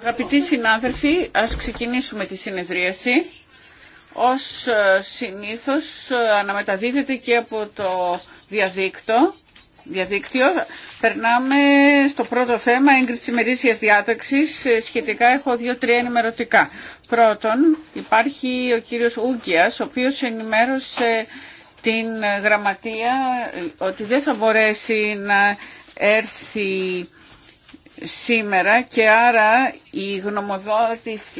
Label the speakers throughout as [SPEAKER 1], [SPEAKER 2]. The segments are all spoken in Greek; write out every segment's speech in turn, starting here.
[SPEAKER 1] Αγαπητοί συνάδελφοι, ας ξεκινήσουμε τη συνεδρίαση. Ως ε, συνήθως ε, αναμεταδίδεται και από το διαδίκτυο. διαδίκτυο. Περνάμε στο πρώτο θέμα, έγκριση μερίσιας διάταξης. Ε, σχετικά έχω δύο-τρία ενημερωτικά. Πρώτον, υπάρχει ο κύριος Ούγκιας, ο οποίος ενημέρωσε την γραμματεία ότι δεν θα μπορέσει να έρθει σήμερα και άρα η,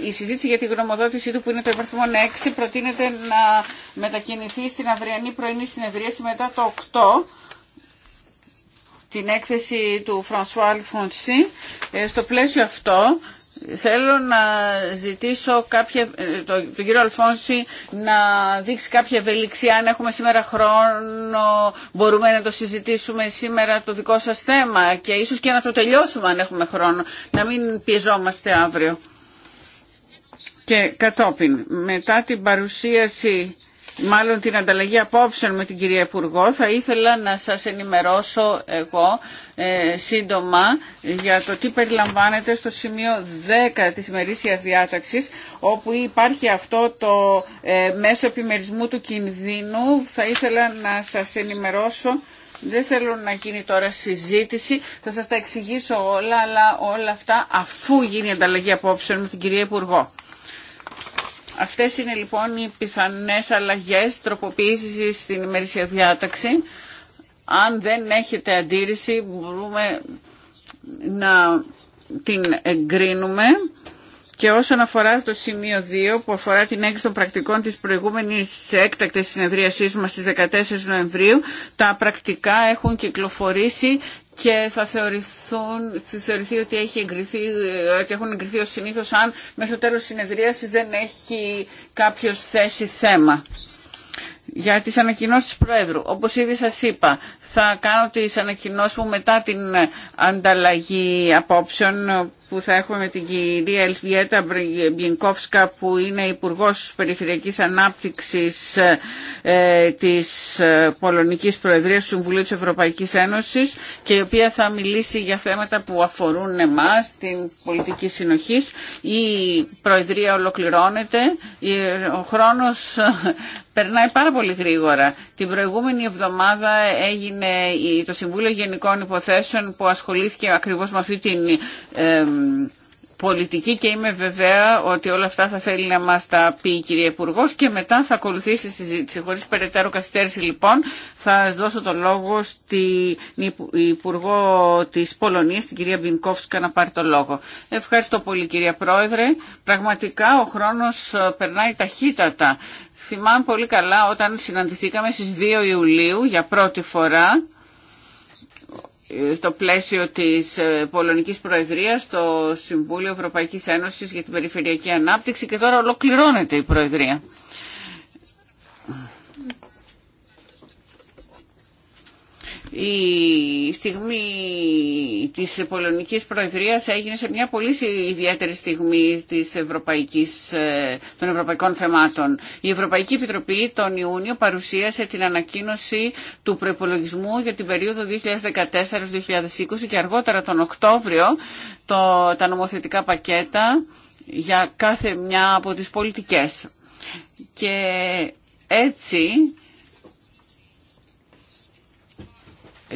[SPEAKER 1] η συζήτηση για τη γνωμοδότησή του που είναι το υπερθμό 6 προτείνεται να μετακινηθεί στην αυριανή πρωινή συνεδρίαση μετά το 8 την έκθεση του Φρανσουάλ Φοντσί, ε, Στο πλαίσιο αυτό Θέλω να ζητήσω κάποια, ε, το, τον κύριο Αλφόνση να δείξει κάποια ευελιξία. Αν έχουμε σήμερα χρόνο, μπορούμε να το συζητήσουμε σήμερα το δικό σας θέμα και ίσως και να το τελειώσουμε αν έχουμε χρόνο, να μην πιεζόμαστε αύριο. Και κατόπιν, μετά την παρουσίαση μάλλον την ανταλλαγή απόψεων με την κυρία Υπουργό, θα ήθελα να σας ενημερώσω εγώ ε, σύντομα για το τι περιλαμβάνεται στο σημείο 10 της ημερήσιας διάταξης, όπου υπάρχει αυτό το ε, μέσο επιμερισμού του κινδύνου. Θα ήθελα να σας ενημερώσω δεν θέλω να γίνει τώρα συζήτηση, θα σας τα εξηγήσω όλα, αλλά όλα αυτά αφού γίνει η ανταλλαγή απόψεων με την κυρία Υπουργό. Αυτές είναι λοιπόν οι πιθανές αλλαγές τροποποίησης στην ημερήσια διάταξη. Αν δεν έχετε αντίρρηση μπορούμε να την εγκρίνουμε. Και όσον αφορά το σημείο 2 που αφορά την έγκριση των πρακτικών της προηγούμενης έκτακτης συνεδρίασής μας στις 14 Νοεμβρίου, τα πρακτικά έχουν κυκλοφορήσει και θα θεωρηθούν, θεωρηθεί ότι, έχει εγκριθεί, ότι έχουν εγκριθεί ως συνήθως αν μέχρι το τέλος της συνεδρίασης δεν έχει κάποιος θέσει θέμα για τις ανακοινώσεις Πρόεδρου. Όπως ήδη σας είπα, θα κάνω τις ανακοινώσεις μου μετά την ανταλλαγή απόψεων που θα έχουμε με την κυρία Ελσβιέτα Μπινκόφσκα που είναι Υπουργός Περιφερειακής Ανάπτυξης ε, της ε, Πολωνικής Προεδρίας του Συμβουλίου της Ευρωπαϊκής Ένωσης και η οποία θα μιλήσει για θέματα που αφορούν εμάς, την πολιτική συνοχής. Η Προεδρία ολοκληρώνεται, ο χρόνος ε, περνάει πάρα πολύ γρήγορα. Την προηγούμενη εβδομάδα έγινε το Συμβούλιο Γενικών Υποθέσεων που ασχολήθηκε ακριβώς με αυτή την πολιτική και είμαι βεβαία ότι όλα αυτά θα θέλει να μας τα πει η κυρία Υπουργό και μετά θα ακολουθήσει η συζήτηση. Χωρίς περαιτέρω καθυστέρηση λοιπόν θα δώσω το λόγο στην Υπουργό της Πολωνίας, την κυρία Μπινκόφσκα να πάρει το λόγο. Ευχαριστώ πολύ κυρία Πρόεδρε. Πραγματικά ο χρόνος ε, περνάει ταχύτατα. Θυμάμαι πολύ καλά όταν συναντηθήκαμε στις 2 Ιουλίου για πρώτη φορά στο πλαίσιο της ε, Πολωνικής Προεδρίας στο Συμβούλιο Ευρωπαϊκής Ένωσης για την Περιφερειακή Ανάπτυξη και τώρα ολοκληρώνεται η Προεδρία. η στιγμή της Πολωνικής Προεδρίας έγινε σε μια πολύ ιδιαίτερη στιγμή της Ευρωπαϊκής, ε, των ευρωπαϊκών θεμάτων. Η Ευρωπαϊκή Επιτροπή τον Ιούνιο παρουσίασε την ανακοίνωση του προπολογισμού για την περίοδο 2014-2020 και αργότερα τον Οκτώβριο τα νομοθετικά πακέτα για κάθε μια από τις πολιτικές. Και έτσι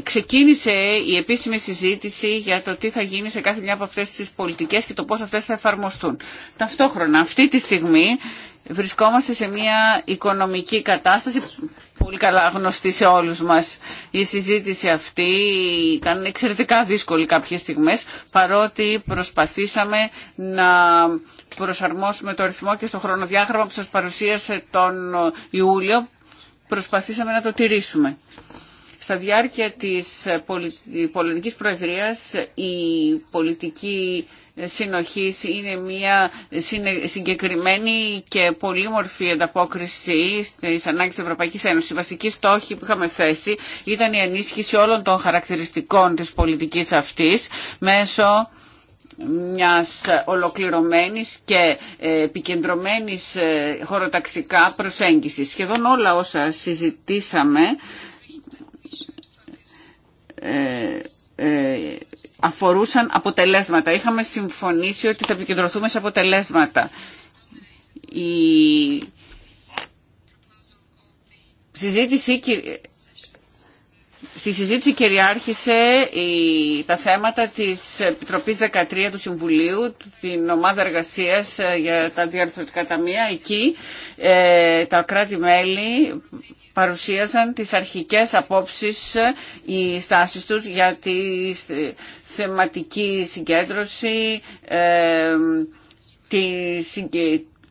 [SPEAKER 1] ξεκίνησε η επίσημη συζήτηση για το τι θα γίνει σε κάθε μια από αυτές τις πολιτικές και το πώς αυτές θα εφαρμοστούν. Ταυτόχρονα, αυτή τη στιγμή βρισκόμαστε σε μια οικονομική κατάσταση πολύ καλά γνωστή σε όλους μας. Η συζήτηση αυτή ήταν εξαιρετικά δύσκολη κάποιες στιγμές, παρότι προσπαθήσαμε να προσαρμόσουμε το ρυθμό και στο χρονοδιάγραμμα που σας παρουσίασε τον Ιούλιο, προσπαθήσαμε να το τηρήσουμε. Στα διάρκεια της πολιτικής Προεδρίας η πολιτική συνοχής είναι μια συγκεκριμένη και πολύμορφη ανταπόκριση στις ανάγκες της Ευρωπαϊκής Ένωσης. Η βασική στόχη που είχαμε θέσει ήταν η ενίσχυση όλων των χαρακτηριστικών της πολιτικής αυτής μέσω μιας ολοκληρωμένης και ε, επικεντρωμένης ε, χωροταξικά προσέγγισης. Σχεδόν όλα όσα συζητήσαμε ε, ε, αφορούσαν αποτελέσματα. Είχαμε συμφωνήσει ότι θα επικεντρωθούμε σε αποτελέσματα. Η συζήτηση Στη συζήτηση κυριάρχησε τα θέματα της Επιτροπής 13 του Συμβουλίου, την ομάδα εργασίας ε, για τα διαρθρωτικά ταμεία. Εκεί ε, τα κράτη-μέλη παρουσίαζαν τις αρχικές απόψεις, ε, οι στάσεις τους για τη θεματική συγκέντρωση, τη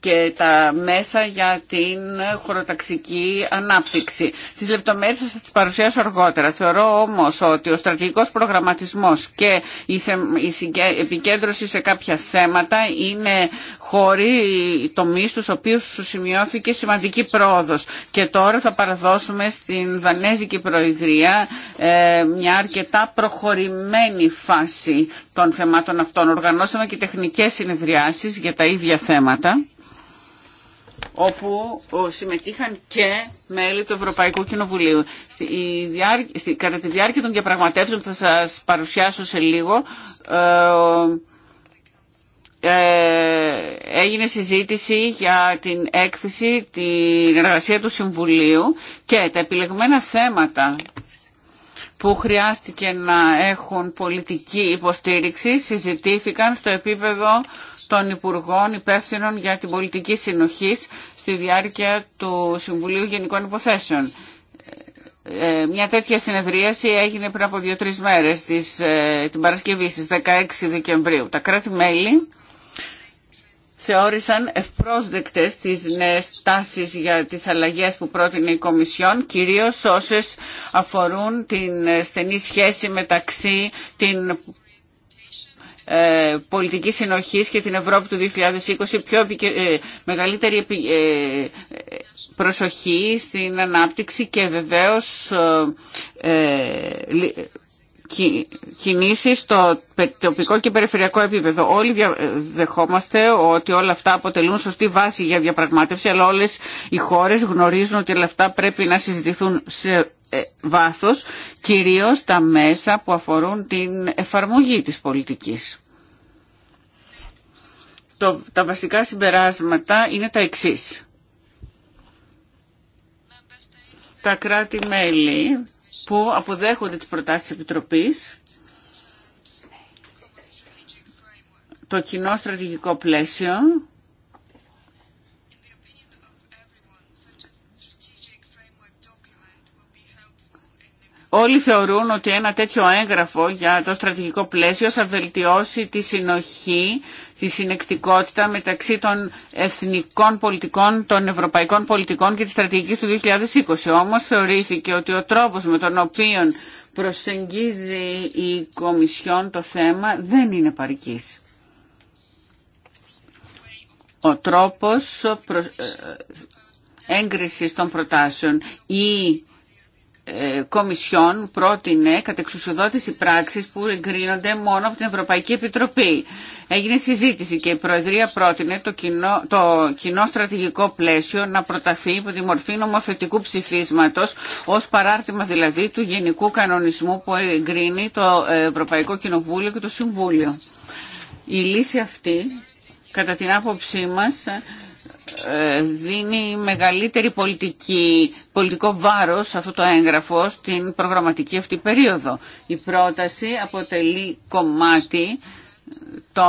[SPEAKER 1] και τα μέσα για την χωροταξική ανάπτυξη. Τις λεπτομέρειες θα τις παρουσιάσω αργότερα. Θεωρώ όμως ότι ο στρατηγικός προγραμματισμός και η επικέντρωση σε κάποια θέματα είναι χώροι τομείς στους οποίους σημειώθηκε σημαντική πρόοδος. Και τώρα θα παραδώσουμε στην Δανέζικη Προεδρία ε, μια αρκετά προχωρημένη φάση των θεμάτων αυτών. Οργανώσαμε και τεχνικές συνεδριάσεις για τα ίδια θέματα όπου συμμετείχαν και μέλη του Ευρωπαϊκού Κοινοβουλίου. Κατά τη διάρκεια των διαπραγματεύσεων που θα σας παρουσιάσω σε λίγο, ε, ε, έγινε συζήτηση για την έκθεση, την εργασία του Συμβουλίου και τα επιλεγμένα θέματα που χρειάστηκε να έχουν πολιτική υποστήριξη συζητήθηκαν στο επίπεδο των Υπουργών Υπεύθυνων για την Πολιτική Συνοχή στη διάρκεια του Συμβουλίου Γενικών Υποθέσεων. Ε, μια τέτοια συνεδρίαση έγινε πριν από δύο-τρεις μέρες της, ε, την Παρασκευή στις 16 Δεκεμβρίου. Τα κράτη-μέλη θεώρησαν ευπρόσδεκτες τις νέες τάσεις για τις αλλαγές που πρότεινε η Κομισιόν, κυρίως όσες αφορούν την ε, στενή σχέση μεταξύ την ε, πολιτική συνοχής και την Ευρώπη του 2020 πιο ε, μεγαλύτερη ε, προσοχή στην ανάπτυξη και βεβαίως κινήσεις στο τοπικό και περιφερειακό επίπεδο. Όλοι δεχόμαστε ότι όλα αυτά αποτελούν σωστή βάση για διαπραγμάτευση, αλλά όλες οι χώρες γνωρίζουν ότι όλα αυτά πρέπει να συζητηθούν σε ε, βάθος, κυρίως τα μέσα που αφορούν την εφαρμογή της πολιτικής. τα βασικά συμπεράσματα είναι τα εξής. Τα κράτη-μέλη που αποδέχονται τις προτάσεις της Επιτροπής το κοινό στρατηγικό πλαίσιο Όλοι θεωρούν ότι ένα τέτοιο έγγραφο για το στρατηγικό πλαίσιο θα βελτιώσει τη συνοχή τη συνεκτικότητα μεταξύ των εθνικών πολιτικών, των ευρωπαϊκών πολιτικών και της στρατηγικής του 2020. Όμως θεωρήθηκε ότι ο τρόπος με τον οποίο προσεγγίζει η Κομισιόν το θέμα δεν είναι παρικής. Ο τρόπος ε, ε, έγκρισης των προτάσεων ή ε, Κομισιόν πρότεινε κατεξουσιοδότηση πράξη που εγκρίνονται μόνο από την Ευρωπαϊκή Επιτροπή. Έγινε συζήτηση και η Προεδρία πρότεινε το κοινό, το κοινό στρατηγικό πλαίσιο να προταθεί υπό τη μορφή νομοθετικού ψηφίσματος ως παράρτημα δηλαδή του γενικού κανονισμού που εγκρίνει το Ευρωπαϊκό Κοινοβούλιο και το Συμβούλιο. Η λύση αυτή, κατά την άποψή μας, ε, δίνει μεγαλύτερη πολιτική, πολιτικό βάρος αυτό το έγγραφο στην προγραμματική αυτή περίοδο. Η πρόταση αποτελεί κομμάτι το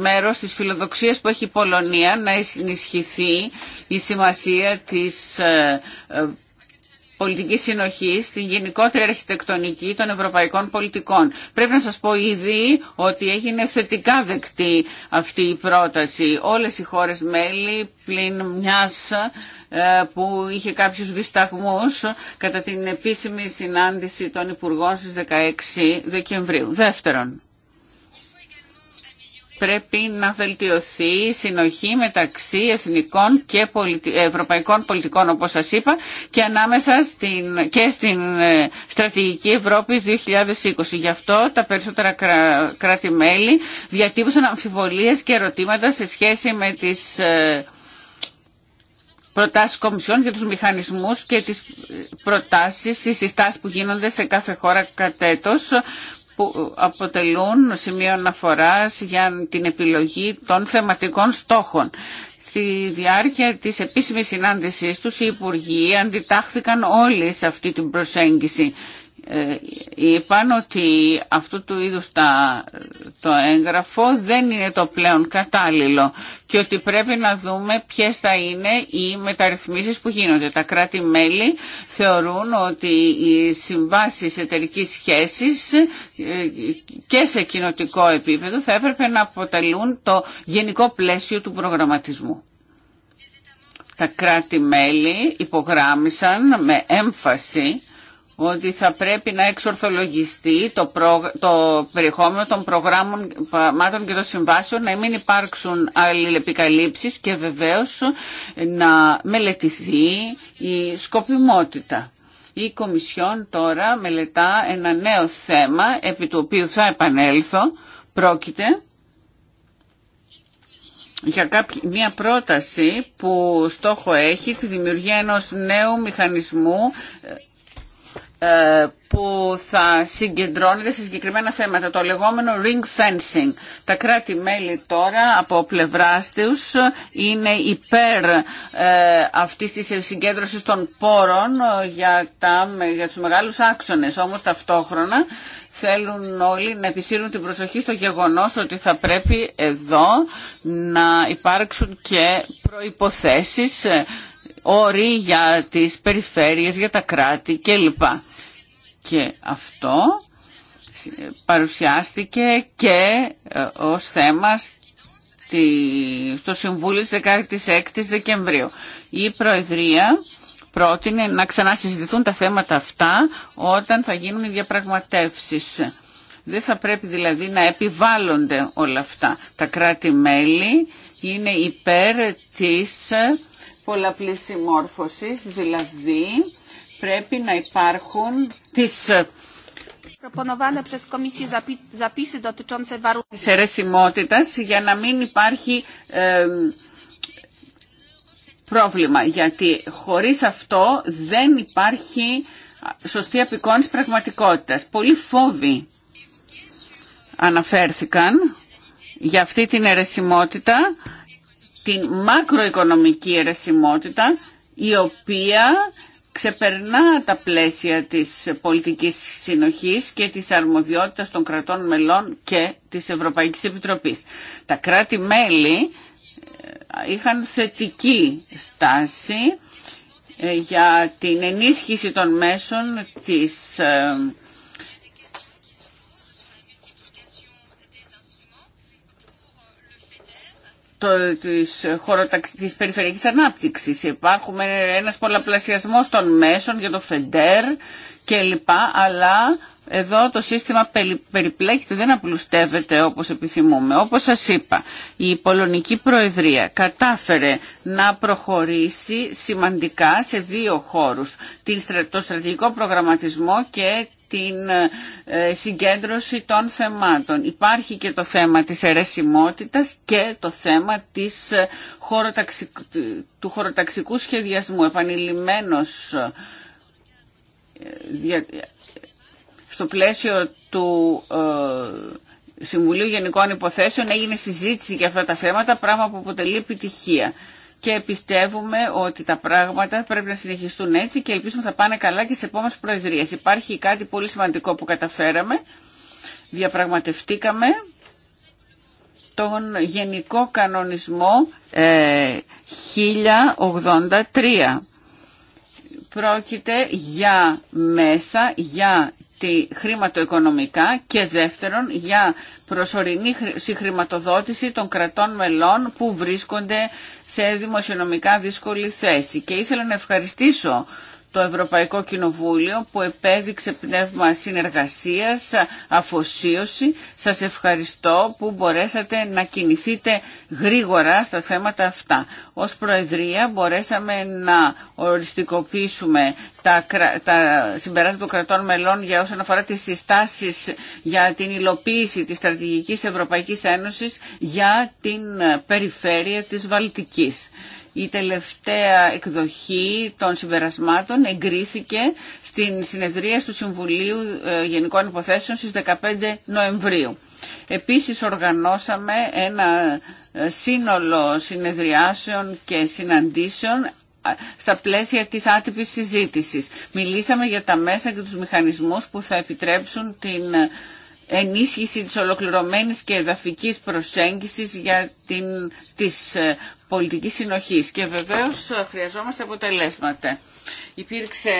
[SPEAKER 1] μέρος της φιλοδοξίας που έχει η Πολωνία να ενισχυθεί η σημασία της ε, πολιτική συνοχή στη γενικότερη αρχιτεκτονική των ευρωπαϊκών πολιτικών. Πρέπει να σας πω ήδη ότι έγινε θετικά δεκτή αυτή η πρόταση. Όλες οι χώρες μέλη πλην μιας ε, που είχε κάποιους δισταγμούς κατά την επίσημη συνάντηση των Υπουργών στις 16 Δεκεμβρίου. Δεύτερον, πρέπει να βελτιωθεί η συνοχή μεταξύ εθνικών και ευρωπαϊκών πολιτικών όπως σας είπα και ανάμεσα στην, και στην ε, στρατηγική Ευρώπης 2020. Γι' αυτό τα περισσότερα κράτη-μέλη διατύπωσαν αμφιβολίες και ερωτήματα σε σχέση με τις ε, προτάσεις κομισιών για τους μηχανισμούς και τις ε, προτάσεις, τις συστάσεις που γίνονται σε κάθε χώρα κατέτος που αποτελούν σημείο αναφοράς για την επιλογή των θεματικών στόχων. Στη διάρκεια της επίσημης συνάντησής τους οι Υπουργοί αντιτάχθηκαν όλοι σε αυτή την προσέγγιση ε, είπαν ότι αυτού του είδους τα, το έγγραφο δεν είναι το πλέον κατάλληλο και ότι πρέπει να δούμε ποιες θα είναι οι μεταρρυθμίσεις που γίνονται. Τα κράτη-μέλη θεωρούν ότι οι συμβάσεις εταιρικής σχέσης ε, και σε κοινοτικό επίπεδο θα έπρεπε να αποτελούν το γενικό πλαίσιο του προγραμματισμού. Τα κράτη-μέλη υπογράμμισαν με έμφαση ότι θα πρέπει να εξορθολογιστεί το, το περιεχόμενο των προγράμματων και των συμβάσεων, να μην υπάρξουν αλληλεπικαλύψεις και βεβαίως να μελετηθεί η σκοπιμότητα. Η Κομισιόν τώρα μελετά ένα νέο θέμα, επί του οποίου θα επανέλθω, πρόκειται για μια πρόταση που στόχο έχει τη δημιουργία ενός νέου μηχανισμού ε, που θα συγκεντρώνεται σε συγκεκριμένα θέματα, το λεγόμενο ring fencing. Τα κράτη-μέλη τώρα από πλευρά του είναι υπέρ ε, αυτής της συγκέντρωσης των πόρων ε, για, τα, για τους μεγάλους άξονες, όμως ταυτόχρονα θέλουν όλοι να επισύρουν την προσοχή στο γεγονός ότι θα πρέπει εδώ να υπάρξουν και προϋποθέσεις ε, όροι για τις περιφέρειες, για τα κράτη κλπ. Και αυτό παρουσιάστηκε και ε, ως θέμα στο Συμβούλιο της 16ης Δεκεμβρίου. Η Προεδρία πρότεινε να ξανασυζητηθούν τα θέματα αυτά όταν θα γίνουν οι διαπραγματεύσεις. Δεν θα πρέπει δηλαδή να επιβάλλονται όλα αυτά. Τα κράτη-μέλη είναι υπέρ της πολλαπλής συμμόρφωσης, δηλαδή πρέπει να υπάρχουν τις ε, της αιρεσιμότητας για να μην υπάρχει πρόβλημα, γιατί χωρίς αυτό δεν υπάρχει σωστή απεικόνηση πραγματικότητας. Πολλοί φόβοι αναφέρθηκαν για αυτή την αιρεσιμότητα την μακροοικονομική αιρεσιμότητα η οποία ξεπερνά τα πλαίσια της πολιτικής συνοχής και της αρμοδιότητας των κρατών μελών και της Ευρωπαϊκής Επιτροπής. Τα κράτη-μέλη ε, είχαν θετική στάση ε, για την ενίσχυση των μέσων της ε, το, της, χωροταξ... της περιφερειακής ανάπτυξης. Υπάρχουν ε, ένας πολλαπλασιασμός των μέσων για το ΦΕΝΤΕΡ και λοιπά, αλλά εδώ το σύστημα περιπλέκεται, δεν απλουστεύεται όπως επιθυμούμε. Όπως σας είπα, η Πολωνική Προεδρία κατάφερε να προχωρήσει σημαντικά σε δύο χώρους. Το στρατηγικό προγραμματισμό και την ε, συγκέντρωση των θεμάτων. Υπάρχει και το θέμα της αιρεσιμότητας και το θέμα της ε, του χωροταξικού σχεδιασμού. Επανειλημμένος ε, στο πλαίσιο του Συμβουλίου Γενικών Υποθέσεων έγινε συζήτηση για αυτά τα θέματα, πράγμα που αποτελεί επιτυχία και πιστεύουμε ότι τα πράγματα πρέπει να συνεχιστούν έτσι και ελπίζουμε θα πάνε καλά και σε επόμενες προεδρίες. Υπάρχει κάτι πολύ σημαντικό που καταφέραμε, διαπραγματευτήκαμε τον Γενικό Κανονισμό ε, 1083 Πρόκειται για μέσα, για τη χρηματοοικονομικά και δεύτερον για προσωρινή συγχρηματοδότηση των κρατών μελών που βρίσκονται σε δημοσιονομικά δύσκολη θέση. Και ήθελα να ευχαριστήσω το Ευρωπαϊκό Κοινοβούλιο που επέδειξε πνεύμα συνεργασίας, αφοσίωση. Σας ευχαριστώ που μπορέσατε να κινηθείτε γρήγορα στα θέματα αυτά. Ως Προεδρία μπορέσαμε να οριστικοποιήσουμε τα, συμπεράσματα των κρατών μελών για όσον αφορά τις συστάσεις για την υλοποίηση της Στρατηγικής Ευρωπαϊκής Ένωσης για την περιφέρεια της Βαλτικής. Η τελευταία εκδοχή των συμπερασμάτων εγκρίθηκε στην συνεδρία του Συμβουλίου ε, Γενικών Υποθέσεων στις 15 Νοεμβρίου. Επίσης οργανώσαμε ένα ε, σύνολο συνεδριάσεων και συναντήσεων ε, στα πλαίσια της άτυπης συζήτησης. Μιλήσαμε για τα μέσα και τους μηχανισμούς που θα επιτρέψουν την ενίσχυση της ολοκληρωμένης και εδαφικής προσέγγισης για την, τις Πολιτική συνοχή και βεβαίω ε, χρειαζόμαστε αποτελέσματα. Υπήρξε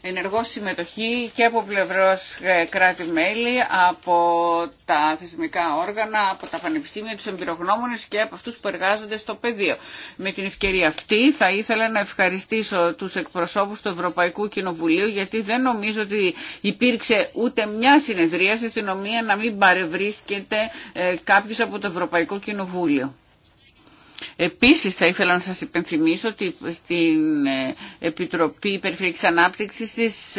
[SPEAKER 1] ενεργό συμμετοχή και από πλευρός ε, κράτη-μέλη, από τα θεσμικά όργανα, από τα πανεπιστήμια, του εμπειρογνώμονε και από αυτού που εργάζονται στο πεδίο. Με την ευκαιρία αυτή θα ήθελα να ευχαριστήσω του εκπροσώπου του Ευρωπαϊκού Κοινοβουλίου γιατί δεν νομίζω ότι υπήρξε ούτε μια συνεδρία στην οποία να μην παρευρίσκεται ε, κάποιο από το Ευρωπαϊκό Κοινοβούλιο. Επίσης θα ήθελα να σας υπενθυμίσω ότι στην ε, Επιτροπή Περιφερειακής Ανάπτυξης στις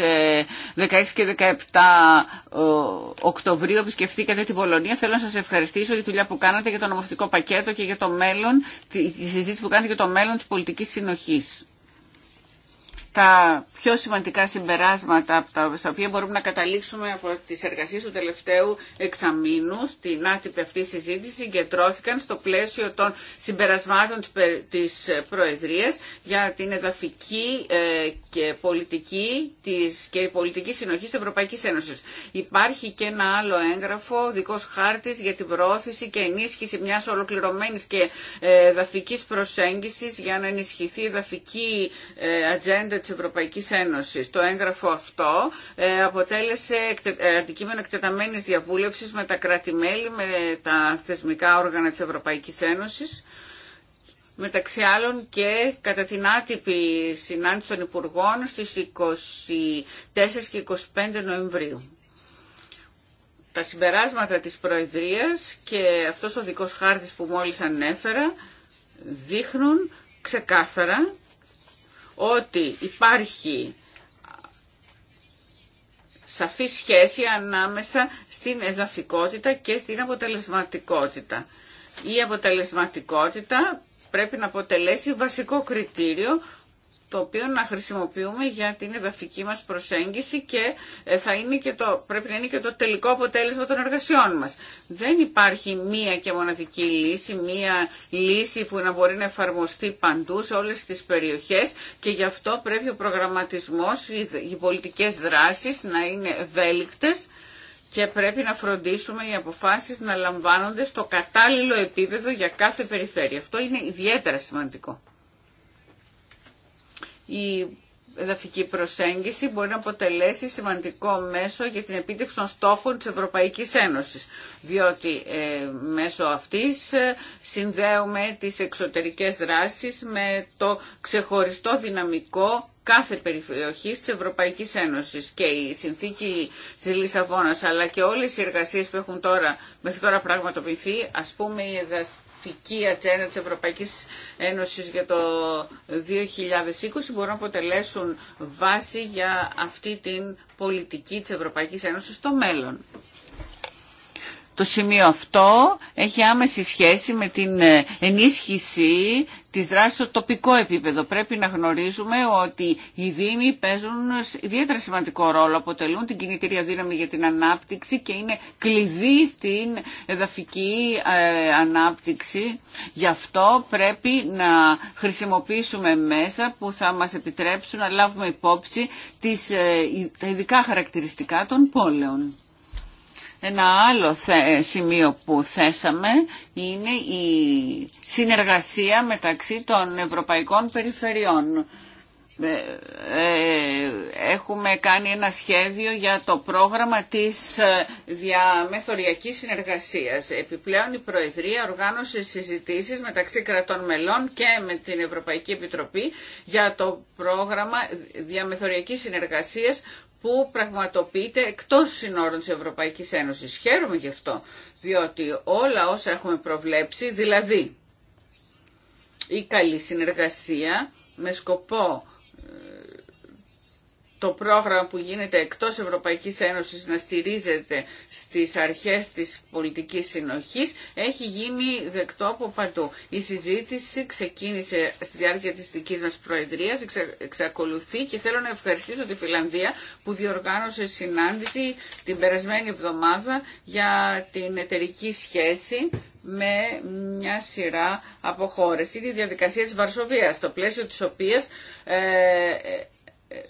[SPEAKER 1] 16 ε, και 17 Οκτωβρίου επισκεφτήκατε την Πολωνία. Θέλω να σας ευχαριστήσω για τη δουλειά που κάνατε για το νομοθετικό πακέτο και για το μέλλον, τη συζήτηση που κάνατε για το μέλλον της πολιτικής συνοχής τα πιο σημαντικά συμπεράσματα στα οποία μπορούμε να καταλήξουμε από τις εργασίες του τελευταίου εξαμήνου στην άτυπη αυτή συζήτηση συγκεντρώθηκαν στο πλαίσιο των συμπερασμάτων της Προεδρίας για την εδαφική ε, και πολιτική της και πολιτική συνοχή της Ευρωπαϊκής Ένωσης. Υπάρχει και ένα άλλο έγγραφο, δικός χάρτης για την προώθηση και ενίσχυση μιας ολοκληρωμένης και ε, εδαφικής προσέγγισης για να ενισχυθεί η εδαφική ε, ατζέντα της Ευρωπαϊκής Ένωσης. Το έγγραφο αυτό ε, αποτέλεσε ε, αντικείμενο εκτεταμένης διαβούλευσης με τα κράτη-μέλη, με τα θεσμικά όργανα της Ευρωπαϊκής Ένωσης μεταξύ άλλων και κατά την άτυπη συνάντηση των Υπουργών στις 24 και 25 Νοεμβρίου. Τα συμπεράσματα της Προεδρίας και αυτός ο δικός χάρτης που μόλις ανέφερα δείχνουν ξεκάθαρα ότι υπάρχει σαφή σχέση ανάμεσα στην εδαφικότητα και στην αποτελεσματικότητα. Η αποτελεσματικότητα πρέπει να αποτελέσει βασικό κριτήριο το οποίο να χρησιμοποιούμε για την εδαφική μας προσέγγιση και ε, θα είναι και το, πρέπει να είναι και το τελικό αποτέλεσμα των εργασιών μας. Δεν υπάρχει μία και μοναδική λύση, μία λύση που να μπορεί να εφαρμοστεί παντού σε όλες τις περιοχές και γι' αυτό πρέπει ο προγραμματισμός, οι πολιτικές δράσεις να είναι ευέλικτες και πρέπει να φροντίσουμε οι αποφάσεις να λαμβάνονται στο κατάλληλο επίπεδο για κάθε περιφέρεια. Αυτό είναι ιδιαίτερα σημαντικό η εδαφική προσέγγιση μπορεί να αποτελέσει σημαντικό μέσο για την επίτευξη των στόχων της Ευρωπαϊκής Ένωσης, διότι ε, μέσω αυτής ε, συνδέουμε τις εξωτερικές δράσεις με το ξεχωριστό δυναμικό κάθε περιοχής της Ευρωπαϊκής Ένωσης και η συνθήκη της Λισαβόνας αλλά και όλες οι εργασίες που έχουν τώρα, μέχρι τώρα πραγματοποιηθεί, ας πούμε η, γραφική ατζέντα της Ευρωπαϊκής Ένωσης για το 2020 μπορούν να αποτελέσουν βάση για αυτή την πολιτική της Ευρωπαϊκής Ένωσης στο μέλλον. Το σημείο αυτό έχει άμεση σχέση με την ε, ενίσχυση της δράσης στο τοπικό επίπεδο. Πρέπει να γνωρίζουμε ότι οι Δήμοι παίζουν ιδιαίτερα σημαντικό ρόλο, αποτελούν την κινητήρια δύναμη για την ανάπτυξη και είναι κλειδί στην εδαφική ε, ανάπτυξη. Γι' αυτό πρέπει να χρησιμοποιήσουμε μέσα που θα μας επιτρέψουν να λάβουμε υπόψη τις, ε, τα ειδικά χαρακτηριστικά των πόλεων. Ένα άλλο ε, σημείο που θέσαμε είναι η συνεργασία μεταξύ των ευρωπαϊκών περιφερειών. Ε, ε, έχουμε κάνει ένα σχέδιο για το πρόγραμμα της διαμεθοριακής συνεργασίας. Επιπλέον η Προεδρία οργάνωσε συζητήσεις μεταξύ κρατών μελών και με την Ευρωπαϊκή Επιτροπή για το πρόγραμμα διαμεθοριακής συνεργασίας που πραγματοποιείται εκτός συνόρων της Ευρωπαϊκής Ένωσης. Χαίρομαι γι' αυτό, διότι όλα όσα έχουμε προβλέψει, δηλαδή η καλή συνεργασία με σκοπό το πρόγραμμα που γίνεται εκτός Ευρωπαϊκής Ένωσης να στηρίζεται στις αρχές της πολιτικής συνοχής έχει γίνει δεκτό από παντού. Η συζήτηση ξεκίνησε στη διάρκεια της δικής μας προεδρίας, εξακολουθεί και θέλω να ευχαριστήσω τη Φιλανδία που διοργάνωσε συνάντηση την περασμένη εβδομάδα για την εταιρική σχέση με μια σειρά από χώρες. Είναι η διαδικασία της Βαρσοβίας, το πλαίσιο της οποίας ε, ε,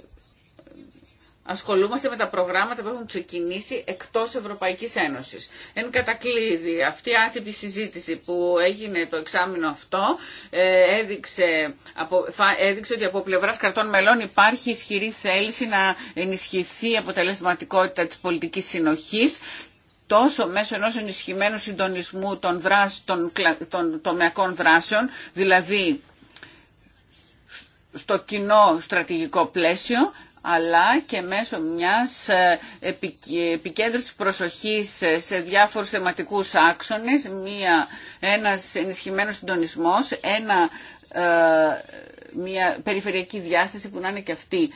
[SPEAKER 1] ασχολούμαστε με τα προγράμματα που έχουν ξεκινήσει εκτός Ευρωπαϊκής Ένωσης. Εν κατακλείδη, αυτή η άτυπη συζήτηση που έγινε το εξάμεινο αυτό ε, έδειξε, έδειξε ότι από πλευράς κρατών μελών υπάρχει ισχυρή θέληση να ενισχυθεί η αποτελεσματικότητα της πολιτικής συνοχής τόσο μέσω ενός ενισχυμένου συντονισμού των, των τομεακών δράσεων, δηλαδή στο κοινό στρατηγικό πλαίσιο, αλλά και μέσω μιας ε, επικέντρωσης προσοχής ε, σε διάφορους θεματικούς άξονες, μια, ένας ενισχυμένος συντονισμός, ένα, ε, μια περιφερειακή διάσταση που να είναι και αυτή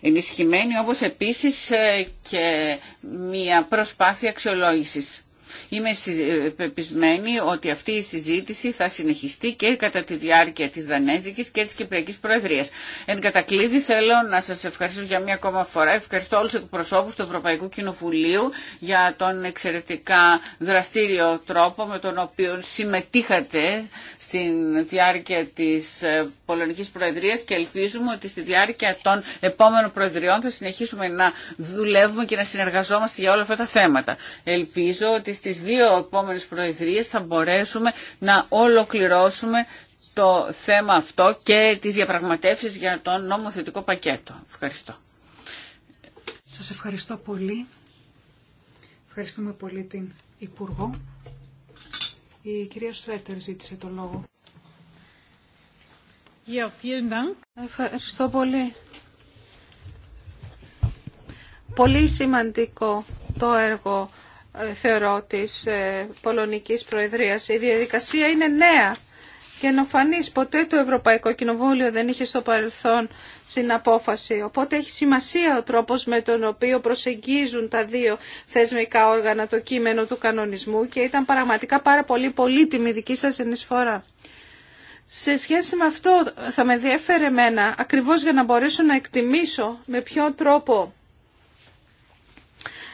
[SPEAKER 1] ενισχυμένη, όπως επίσης και μια προσπάθεια αξιολόγησης. Είμαι ε, πεπισμένη ότι αυτή η συζήτηση θα συνεχιστεί και κατά τη διάρκεια της Δανέζικης και της Κυπριακής Προεδρίας. Εν κατακλείδη θέλω να σας ευχαριστήσω για μια ακόμα φορά. Ευχαριστώ όλους τους προσώπους του Ευρωπαϊκού Κοινοβουλίου για τον εξαιρετικά δραστήριο τρόπο με τον οποίο συμμετείχατε στη διάρκεια της ε, Πολωνικής Προεδρίας και ελπίζουμε ότι στη διάρκεια των επόμενων Προεδριών θα συνεχίσουμε να δουλεύουμε και να συνεργαζόμαστε για όλα αυτά τα θέματα. Ελπίζω ότι στις δύο επόμενες προεδρίες θα μπορέσουμε να ολοκληρώσουμε το θέμα αυτό και τις διαπραγματεύσεις για το νομοθετικό πακέτο. Ευχαριστώ.
[SPEAKER 2] Σας ευχαριστώ πολύ. Ευχαριστούμε πολύ την Υπουργό. Η κυρία Στρέτερ ζήτησε το λόγο.
[SPEAKER 3] Ευχαριστώ πολύ. Πολύ σημαντικό το έργο θεωρώ, της ε, Πολωνικής Προεδρίας. Η διαδικασία είναι νέα και ενοφανής Ποτέ το Ευρωπαϊκό Κοινοβούλιο δεν είχε στο παρελθόν συναπόφαση. Οπότε έχει σημασία ο τρόπος με τον οποίο προσεγγίζουν τα δύο θεσμικά όργανα το κείμενο του κανονισμού και ήταν πραγματικά πάρα πολύ πολύτιμη δική σας ενισφορά. Σε σχέση με αυτό θα με διέφερε εμένα, ακριβώς για να μπορέσω να εκτιμήσω με ποιο τρόπο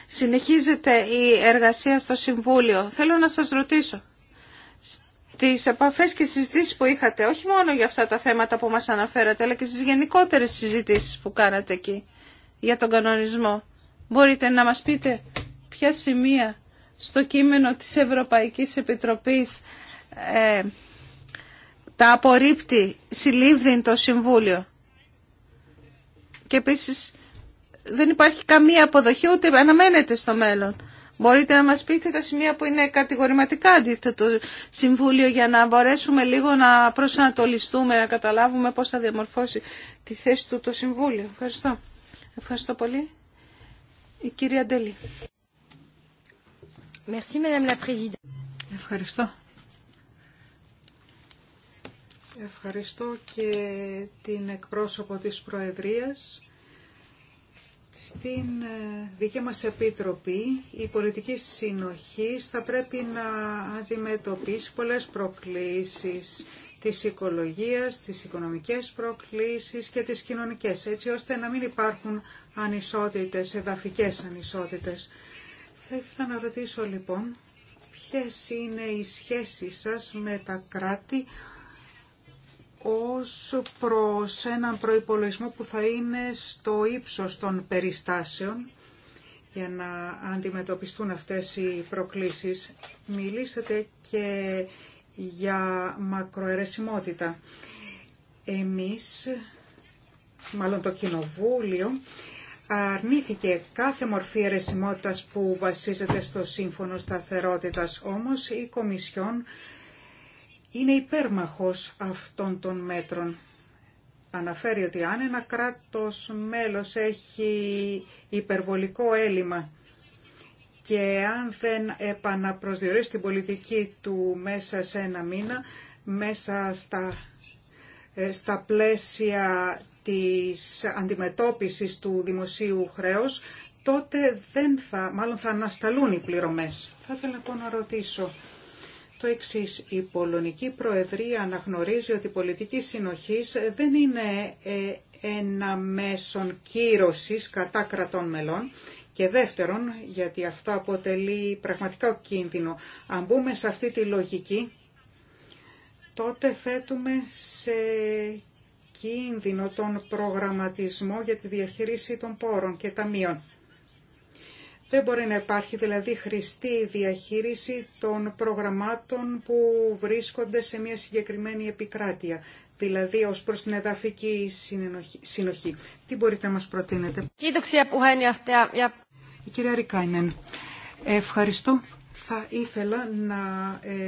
[SPEAKER 3] Συνεχίζεται η εργασία στο Συμβούλιο. Θέλω να σας ρωτήσω, τις επαφές και συζητήσεις που είχατε, όχι μόνο για αυτά τα θέματα που μας αναφέρατε, αλλά και στις γενικότερες συζητήσεις που κάνατε εκεί για τον κανονισμό. Μπορείτε να μας πείτε ποια σημεία στο κείμενο της Ευρωπαϊκής Επιτροπής ε, τα απορρίπτει συλλήβδιν το Συμβούλιο. Και δεν υπάρχει καμία αποδοχή ούτε αναμένεται στο μέλλον. Μπορείτε να μας πείτε τα σημεία που είναι κατηγορηματικά αντίθετο Συμβούλιο για να μπορέσουμε λίγο να προσανατολιστούμε, να καταλάβουμε πώς θα διαμορφώσει τη θέση του το Συμβούλιο. Ευχαριστώ. Ευχαριστώ πολύ. Η κυρία Ντελή. Ευχαριστώ.
[SPEAKER 2] Ευχαριστώ και την εκπρόσωπο της Προεδρίας στην ε, δική μας Επίτροπη, η πολιτική συνοχή θα πρέπει να αντιμετωπίσει πολλές προκλήσεις της οικολογίας, της οικονομικές προκλήσεις και τις κοινωνικές, έτσι ώστε να μην υπάρχουν ανισότητες, εδαφικές ανισότητες. Θα ήθελα να ρωτήσω λοιπόν ποιες είναι οι σχέσεις σας με τα κράτη ως προς έναν προϋπολογισμό που θα είναι στο ύψος των περιστάσεων για να αντιμετωπιστούν αυτές οι προκλήσεις. Μιλήσατε και για μακροαιρεσιμότητα. Εμείς, μάλλον το Κοινοβούλιο, αρνήθηκε κάθε μορφή αιρεσιμότητας που βασίζεται στο Σύμφωνο Σταθερότητας. Όμως η Κομισιόν είναι υπέρμαχος αυτών των μέτρων. Αναφέρει ότι αν ένα κράτος μέλος έχει υπερβολικό έλλειμμα και αν δεν επαναπροσδιορίσει την πολιτική του μέσα σε ένα μήνα, μέσα στα, ε, στα πλαίσια της αντιμετώπισης του δημοσίου χρέους, τότε δεν θα, μάλλον θα ανασταλούν οι πληρωμές. Θα ήθελα πω λοιπόν να ρωτήσω το εξή. Η Πολωνική Προεδρία αναγνωρίζει ότι η πολιτική συνοχής δεν είναι ε, ένα μέσον κύρωση κατά κρατών μελών και δεύτερον, γιατί αυτό αποτελεί πραγματικά κίνδυνο. Αν μπούμε σε αυτή τη λογική, τότε θέτουμε σε κίνδυνο τον προγραμματισμό για τη διαχείριση των πόρων και ταμείων. Δεν μπορεί να υπάρχει δηλαδή χρηστή διαχείριση των προγραμμάτων που βρίσκονται σε μια συγκεκριμένη επικράτεια, δηλαδή ως προς την εδαφική συνοχή. Τι μπορείτε να μας προτείνετε. Η κυρία Ρικάινεν, ευχαριστώ. Θα ήθελα να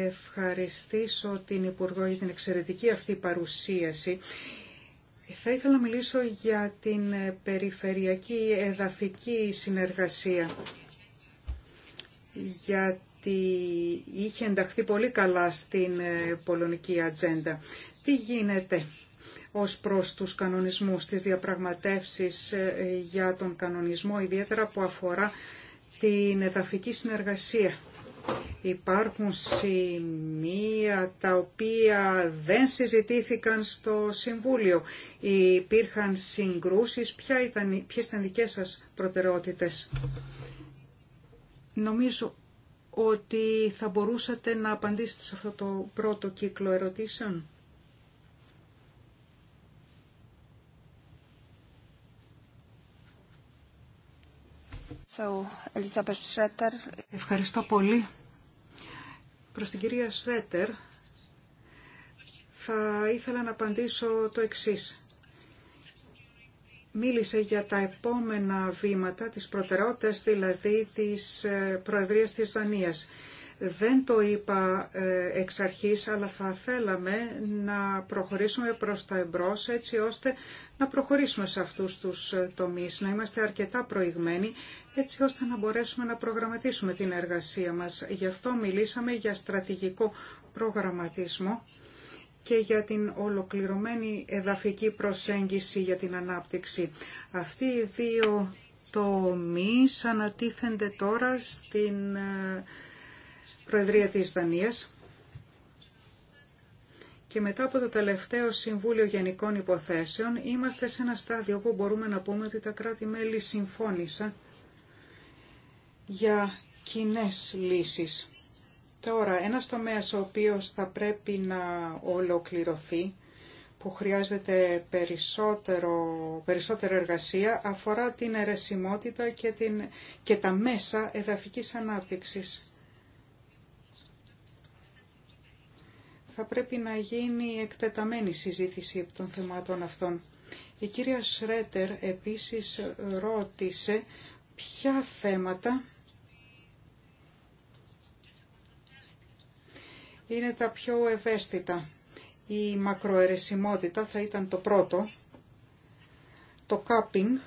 [SPEAKER 2] ευχαριστήσω την Υπουργό για την εξαιρετική αυτή παρουσίαση θα ήθελα να μιλήσω για την περιφερειακή εδαφική συνεργασία, γιατί είχε ενταχθεί πολύ καλά στην ε, πολωνική ατζέντα. Τι γίνεται ως προς τους κανονισμούς, τις διαπραγματεύσεις ε, για τον κανονισμό, ιδιαίτερα που αφορά την εδαφική συνεργασία Υπάρχουν σημεία τα οποία δεν συζητήθηκαν στο Συμβούλιο. Υπήρχαν συγκρούσεις. Ποια ήταν, ποιες ήταν δικές σας προτεραιότητες. Νομίζω ότι θα μπορούσατε να απαντήσετε σε αυτό το πρώτο κύκλο ερωτήσεων. Ευχαριστώ πολύ. Προς την κυρία Σρέτερ θα ήθελα να απαντήσω το εξής. Μίλησε για τα επόμενα βήματα, τις προτεραιότητες δηλαδή της ε, Προεδρίας της Δανίας. Δεν το είπα ε, εξ αρχής, αλλά θα θέλαμε να προχωρήσουμε προς τα εμπρός έτσι ώστε να προχωρήσουμε σε αυτούς τους ε, τομείς, να είμαστε αρκετά προηγμένοι έτσι ώστε να μπορέσουμε να προγραμματίσουμε την εργασία μας. Γι' αυτό μιλήσαμε για στρατηγικό προγραμματισμό και για την ολοκληρωμένη εδαφική προσέγγιση για την ανάπτυξη. Αυτοί οι δύο τομείς ανατίθενται τώρα στην ε, Προεδρία της Δανίας και μετά από το τελευταίο Συμβούλιο Γενικών Υποθέσεων είμαστε σε ένα στάδιο που μπορούμε να πούμε ότι τα κράτη-μέλη συμφώνησαν για κοινέ λύσεις. Τώρα, ένας τομέας ο οποίος θα πρέπει να ολοκληρωθεί, που χρειάζεται περισσότερο, περισσότερη εργασία, αφορά την αιρεσιμότητα και, την, και τα μέσα εδαφικής ανάπτυξης. θα πρέπει να γίνει εκτεταμένη συζήτηση από των θεμάτων αυτών. Η κυρία Σρέτερ επίσης ρώτησε ποια θέματα είναι τα πιο ευαίσθητα. Η μακροαιρεσιμότητα θα ήταν το πρώτο, το κάπινγκ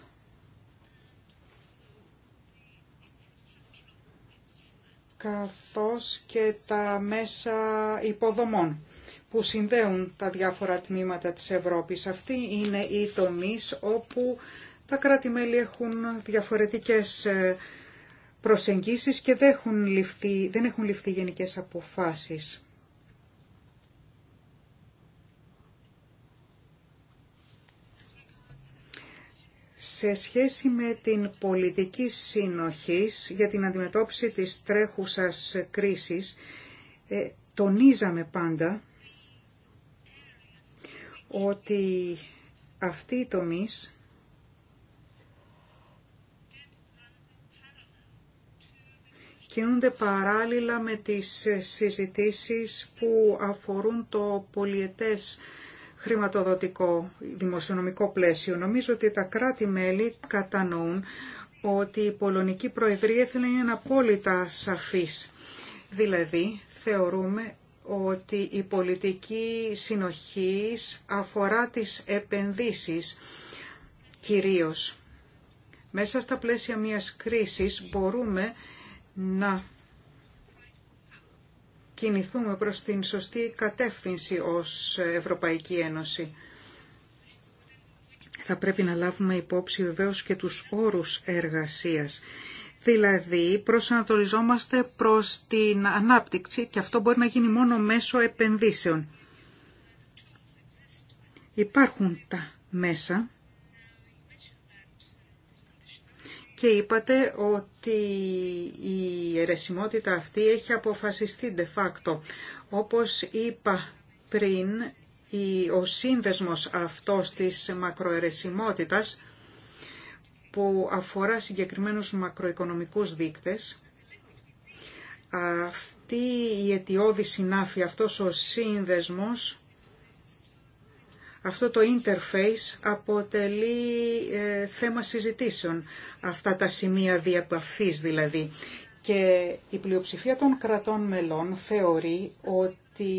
[SPEAKER 2] καθώς και τα μέσα υποδομών που συνδέουν τα διάφορα τμήματα της Ευρώπης. Αυτή είναι οι τομείς όπου τα κράτη-μέλη έχουν διαφορετικές ε, προσεγγίσεις και δεν έχουν ληφθεί, δεν έχουν γενικές αποφάσεις. σε σχέση με την πολιτική συνοχής για την αντιμετώπιση της τρέχουσας κρίσης, ε, τονίζαμε πάντα ότι αυτοί οι τομείς κινούνται παράλληλα με τις συζητήσεις που αφορούν το πολιετές χρηματοδοτικό δημοσιονομικό πλαίσιο. Νομίζω ότι τα κράτη-μέλη κατανοούν ότι η Πολωνική Προεδρία θέλει να είναι απόλυτα σαφής. Δηλαδή, θεωρούμε ότι η πολιτική συνοχής αφορά τις επενδύσεις κυρίως. Μέσα στα πλαίσια μιας κρίσης μπορούμε να κινηθούμε προς την σωστή κατεύθυνση ως Ευρωπαϊκή Ένωση. Θα πρέπει να λάβουμε υπόψη βεβαίως και τους όρους εργασίας. Δηλαδή προσανατολιζόμαστε προς την ανάπτυξη και αυτό μπορεί να γίνει μόνο μέσω επενδύσεων. Υπάρχουν τα μέσα και είπατε ότι η αιρεσιμότητα αυτή έχει αποφασιστεί de facto. Όπως είπα πριν, ο σύνδεσμος αυτός της μακροαιρεσιμότητας που αφορά συγκεκριμένους μακροοικονομικούς δείκτες, αυτή η αιτιώδη συνάφη, αυτός ο σύνδεσμος αυτό το interface αποτελεί ε, θέμα συζητήσεων, αυτά τα σημεία διαπαφής δηλαδή. Και η πλειοψηφία των κρατών μελών θεωρεί ότι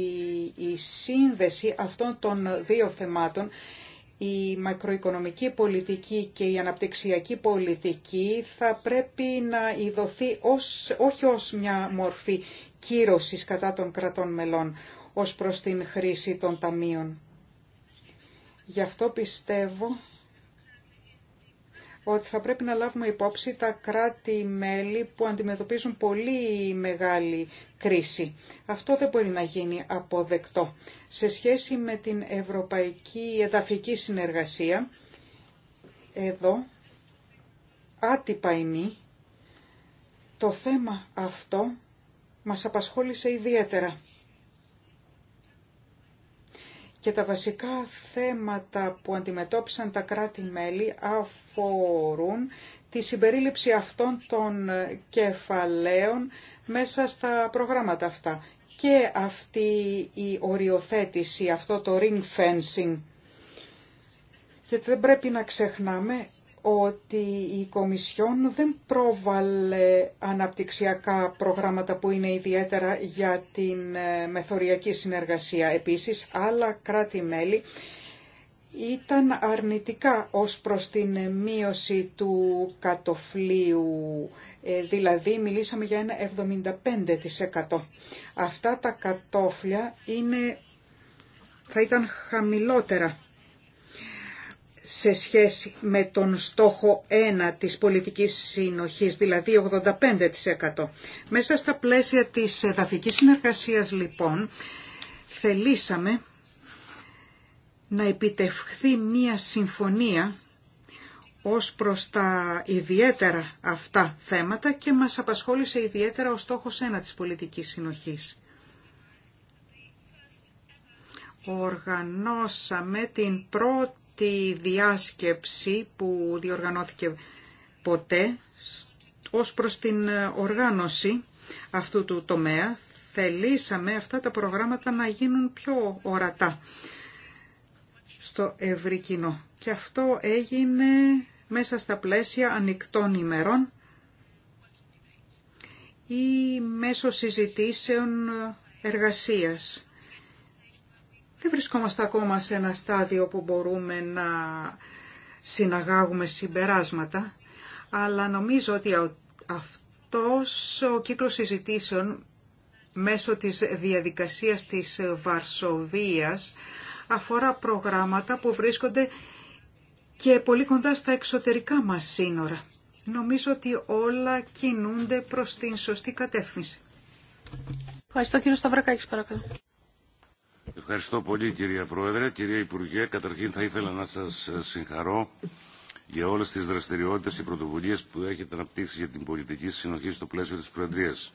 [SPEAKER 2] η σύνδεση αυτών των δύο θεμάτων, η μακροοικονομική πολιτική και η αναπτυξιακή πολιτική θα πρέπει να ιδωθεί ως, όχι ως μια μορφή κύρωσης κατά των κρατών μελών ως προς την χρήση των ταμείων Γι' αυτό πιστεύω ότι θα πρέπει να λάβουμε υπόψη τα κράτη-μέλη που αντιμετωπίζουν πολύ μεγάλη κρίση. Αυτό δεν μπορεί να γίνει αποδεκτό. Σε σχέση με την Ευρωπαϊκή Εδαφική Συνεργασία, εδώ άτυπα ημί, το θέμα αυτό μας απασχόλησε ιδιαίτερα. Και τα βασικά θέματα που αντιμετώπισαν τα κράτη-μέλη αφορούν τη συμπερίληψη αυτών των κεφαλαίων μέσα στα προγράμματα αυτά. Και αυτή η οριοθέτηση, αυτό το ring fencing. Γιατί δεν πρέπει να ξεχνάμε ότι η Κομισιόν δεν πρόβαλε αναπτυξιακά προγράμματα που είναι ιδιαίτερα για την ε, μεθοριακή συνεργασία. Επίσης, άλλα κράτη-μέλη ήταν αρνητικά ως προς την μείωση του κατοφλίου, ε, δηλαδή μιλήσαμε για ένα 75%. Αυτά τα κατόφλια είναι, θα ήταν χαμηλότερα σε σχέση με τον στόχο 1 της πολιτικής συνοχής, δηλαδή 85%. Μέσα στα πλαίσια της εδαφικής συνεργασίας λοιπόν θελήσαμε να επιτευχθεί μία συμφωνία ως προς τα ιδιαίτερα αυτά θέματα και μας απασχόλησε ιδιαίτερα ο στόχος 1 της πολιτικής συνοχής. Οργανώσαμε την πρώτη τη διάσκεψη που διοργανώθηκε ποτέ ως προς την οργάνωση αυτού του τομέα. Θελήσαμε αυτά τα προγράμματα να γίνουν πιο ορατά στο ευρύ κοινό. Και αυτό έγινε μέσα στα πλαίσια ανοιχτών ημερών ή μέσω συζητήσεων εργασίας. Δεν βρισκόμαστε ακόμα σε ένα στάδιο που μπορούμε να συναγάγουμε συμπεράσματα, αλλά νομίζω ότι αυτός ο κύκλος συζητήσεων μέσω της διαδικασίας της Βαρσοβίας αφορά προγράμματα που βρίσκονται και πολύ κοντά στα εξωτερικά μας σύνορα. Νομίζω ότι όλα κινούνται
[SPEAKER 3] προς την σωστή κατεύθυνση. Ευχαριστώ κύριο Σταυρακάκης παρακαλώ.
[SPEAKER 4] Ευχαριστώ πολύ κυρία Πρόεδρε. Κυρία Υπουργέ, καταρχήν θα ήθελα να σας ε, συγχαρώ για όλες τις δραστηριότητες και πρωτοβουλίες που έχετε αναπτύξει για την πολιτική συνοχή στο πλαίσιο της Προεδρίας.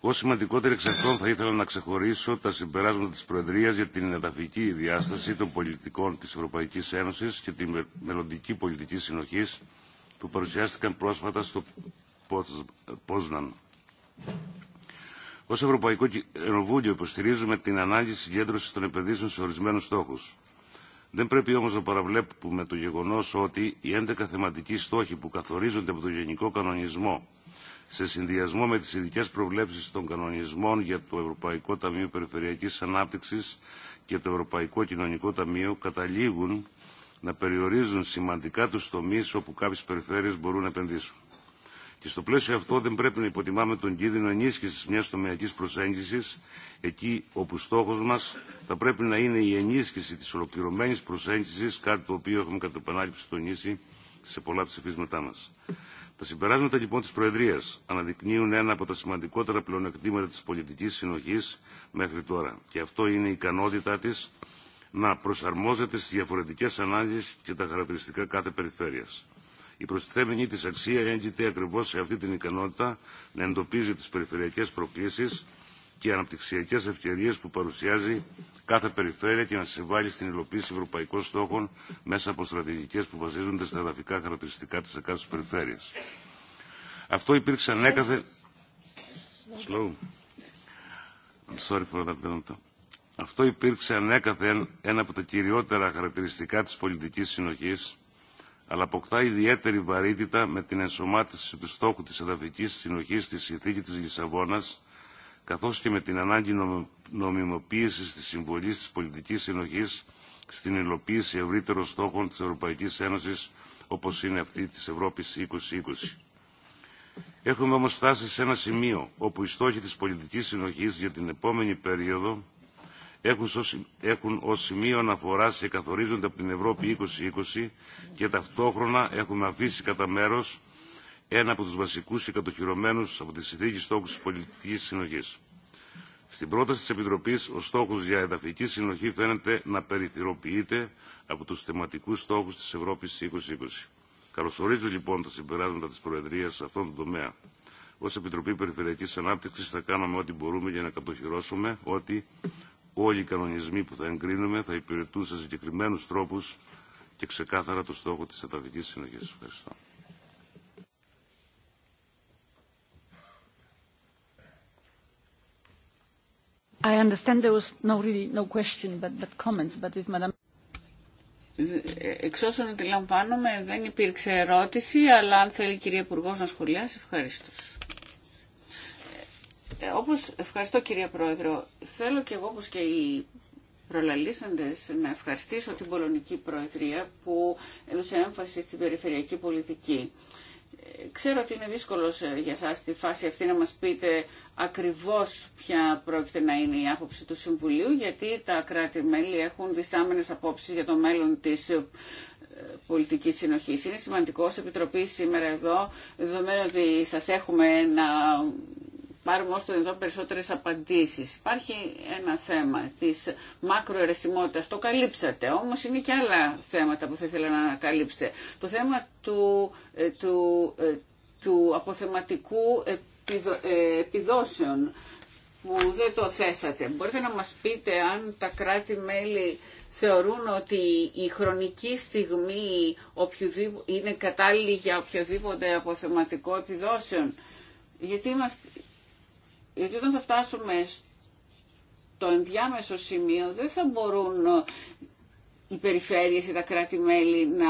[SPEAKER 4] Ω σημαντικότερη εξ αυτών θα ήθελα να ξεχωρίσω τα συμπεράσματα της Προεδρίας για την εδαφική διάσταση των πολιτικών της Ευρωπαϊκής Ένωσης και τη μελλοντική πολιτική συνοχή που παρουσιάστηκαν πρόσφατα στο ε, Πόσναν. Ω Ευρωπαϊκό Κοινοβούλιο υποστηρίζουμε την ανάγκη συγκέντρωση των επενδύσεων σε ορισμένου στόχου. Δεν πρέπει όμω να παραβλέπουμε το γεγονό ότι οι 11 θεματικοί στόχοι που καθορίζονται από τον Γενικό Κανονισμό σε συνδυασμό με τι ειδικέ προβλέψει των κανονισμών για το Ευρωπαϊκό Ταμείο Περιφερειακή Ανάπτυξη και το Ευρωπαϊκό Κοινωνικό Ταμείο καταλήγουν να περιορίζουν σημαντικά του τομεί όπου κάποιε περιφέρειες μπορούν να επενδύσουν. Και στο πλαίσιο αυτό δεν πρέπει να υποτιμάμε τον κίνδυνο ενίσχυση μια τομεακή προσέγγιση εκεί όπου στόχο μα θα πρέπει να είναι η ενίσχυση τη ολοκληρωμένη προσέγγιση, κάτι το οποίο έχουμε κατά επανάληψη τονίσει σε πολλά ψηφίσματά μα. Τα συμπεράσματα λοιπόν τη Προεδρία αναδεικνύουν ένα από τα σημαντικότερα πλεονεκτήματα τη πολιτική συνοχή μέχρι τώρα. Και αυτό είναι η ικανότητά τη να προσαρμόζεται στι διαφορετικέ ανάγκε και τα χαρακτηριστικά κάθε περιφέρεια. Η προστιθέμενη της αξία έγκυται ακριβώς σε αυτή την ικανότητα να εντοπίζει τις περιφερειακές προκλήσεις και αναπτυξιακές ευκαιρίες που παρουσιάζει κάθε περιφέρεια και να συμβάλλει στην υλοποίηση ευρωπαϊκών στόχων μέσα από στρατηγικές που βασίζονται στα εδαφικά χαρακτηριστικά της εκάστοτε περιφέρειας. Αυτό υπήρξε ανέκαθεν... Αυτό υπήρξε ανέκαθεν ένα από τα κυριότερα χαρακτηριστικά της πολιτικής συνοχής αλλά αποκτά ιδιαίτερη βαρύτητα με την ενσωμάτιση του στόχου της εδαφικής συνοχής στη συνθήκη της Λισαβόνας, καθώς και με την ανάγκη νομιμοποίησης της συμβολής της πολιτικής συνοχής στην υλοποίηση ευρύτερων στόχων της Ευρωπαϊκής Ένωσης, όπως είναι αυτή της Ευρώπης 2020. Έχουμε όμως φτάσει σε ένα σημείο όπου οι στόχοι της πολιτικής συνοχής για την επόμενη περίοδο έχουν ως σημείο αναφοράς και καθορίζονται από την Ευρώπη 2020 και ταυτόχρονα έχουμε αφήσει κατά μέρο ένα από τους βασικούς και κατοχυρωμένους από τις συνθήκη στόχους της πολιτικής συνοχής. Στην πρόταση της Επιτροπής, ο στόχος για εδαφική συνοχή φαίνεται να περιθυροποιείται από τους θεματικούς στόχους της Ευρώπης 2020. Καλωσορίζω λοιπόν τα συμπεράσματα της Προεδρίας σε αυτόν τον τομέα. Ως Επιτροπή Περιφερειακής Ανάπτυξης θα κάνουμε ό,τι μπορούμε για να κατοχυρώσουμε ότι όλοι οι κανονισμοί που θα εγκρίνουμε θα υπηρετούν σε συγκεκριμένους τρόπους και ξεκάθαρα το στόχο της Εθνικής Συνοχής. Ευχαριστώ.
[SPEAKER 1] I understand there was no really no question but, but comments, but if Εξ όσων αντιλαμβάνομαι δεν υπήρξε ερώτηση, αλλά αν θέλει κυρία Υπουργό να σχολιάσει, ευχαριστώ. Ε, ευχαριστώ κυρία Πρόεδρο, θέλω και εγώ όπως και οι προλαλήσαντες να ευχαριστήσω την Πολωνική Προεδρία που έδωσε έμφαση στην περιφερειακή πολιτική. Ε, ξέρω ότι είναι δύσκολο ε, για εσά στη φάση αυτή να μα πείτε ακριβώ ποια πρόκειται να είναι η άποψη του Συμβουλίου, γιατί τα κράτη-μέλη έχουν διστάμενε απόψει για το μέλλον τη ε, πολιτική συνοχή. Είναι σημαντικό ω Επιτροπή σήμερα εδώ, δεδομένου ότι σα έχουμε να πάρουμε όσο το περισσότερες απαντήσεις. Υπάρχει ένα θέμα της μακροαιρεσιμότητας, το καλύψατε, όμως είναι και άλλα θέματα που θα ήθελα να ανακαλύψετε. Το θέμα του, ε, του, ε, του αποθεματικού επιδο, ε, επιδόσεων που δεν το θέσατε. Μπορείτε να μας πείτε αν τα κράτη-μέλη θεωρούν ότι η χρονική στιγμή είναι κατάλληλη για οποιοδήποτε αποθεματικό επιδόσεων. Γιατί είμαστε, γιατί όταν θα φτάσουμε στο ενδιάμεσο σημείο δεν θα μπορούν ε, οι περιφέρειες ή τα κράτη-μέλη να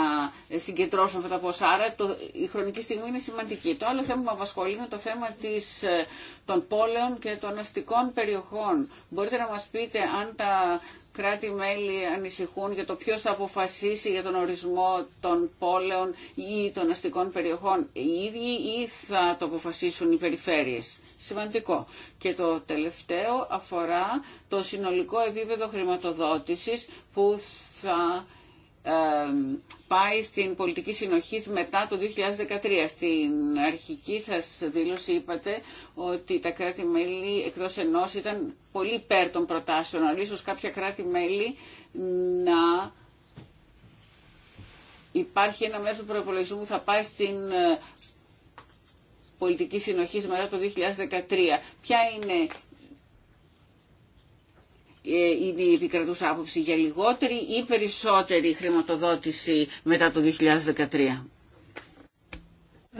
[SPEAKER 1] συγκεντρώσουν αυτά τα ποσά. Άρα το, η χρονική στιγμή είναι σημαντική. Το άλλο θέμα που απασχολεί είναι το θέμα της, ε, των πόλεων και των αστικών περιοχών. Μπορείτε να μας πείτε αν τα κράτη-μέλη ανησυχούν για το ποιο θα αποφασίσει για τον ορισμό των πόλεων ή των αστικών περιοχών οι ίδιοι ή θα το αποφασίσουν οι περιφέρειες σημαντικό. Και το τελευταίο αφορά το συνολικό επίπεδο χρηματοδότησης που θα πάει στην πολιτική συνοχής μετά το 2013. Στην αρχική σας δήλωση είπατε ότι τα κράτη-μέλη εκτός ενός ήταν πολύ υπέρ των προτάσεων, αλλά ίσως κάποια κράτη-μέλη να υπάρχει ένα μέρος του προπολογισμού που θα πάει στην ε, Πολιτική συνοχής μετά το 2013. Ποια ε, είναι η επικρατούσα άποψη για λιγότερη ή περισσότερη χρηματοδότηση μετά το 2013.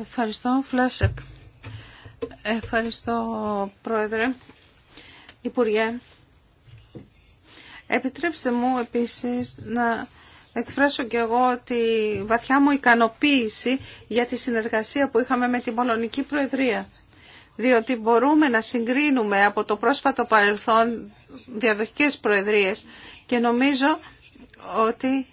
[SPEAKER 3] Ευχαριστώ, Φλάσεκ. Ευχαριστώ, Πρόεδρε. Υπουργέ, επιτρέψτε μου επίσης να εκφράσω και εγώ τη βαθιά μου ικανοποίηση για τη συνεργασία που είχαμε με την Πολωνική Προεδρία. Διότι μπορούμε να συγκρίνουμε από το πρόσφατο παρελθόν διαδοχικές προεδρίες και νομίζω ότι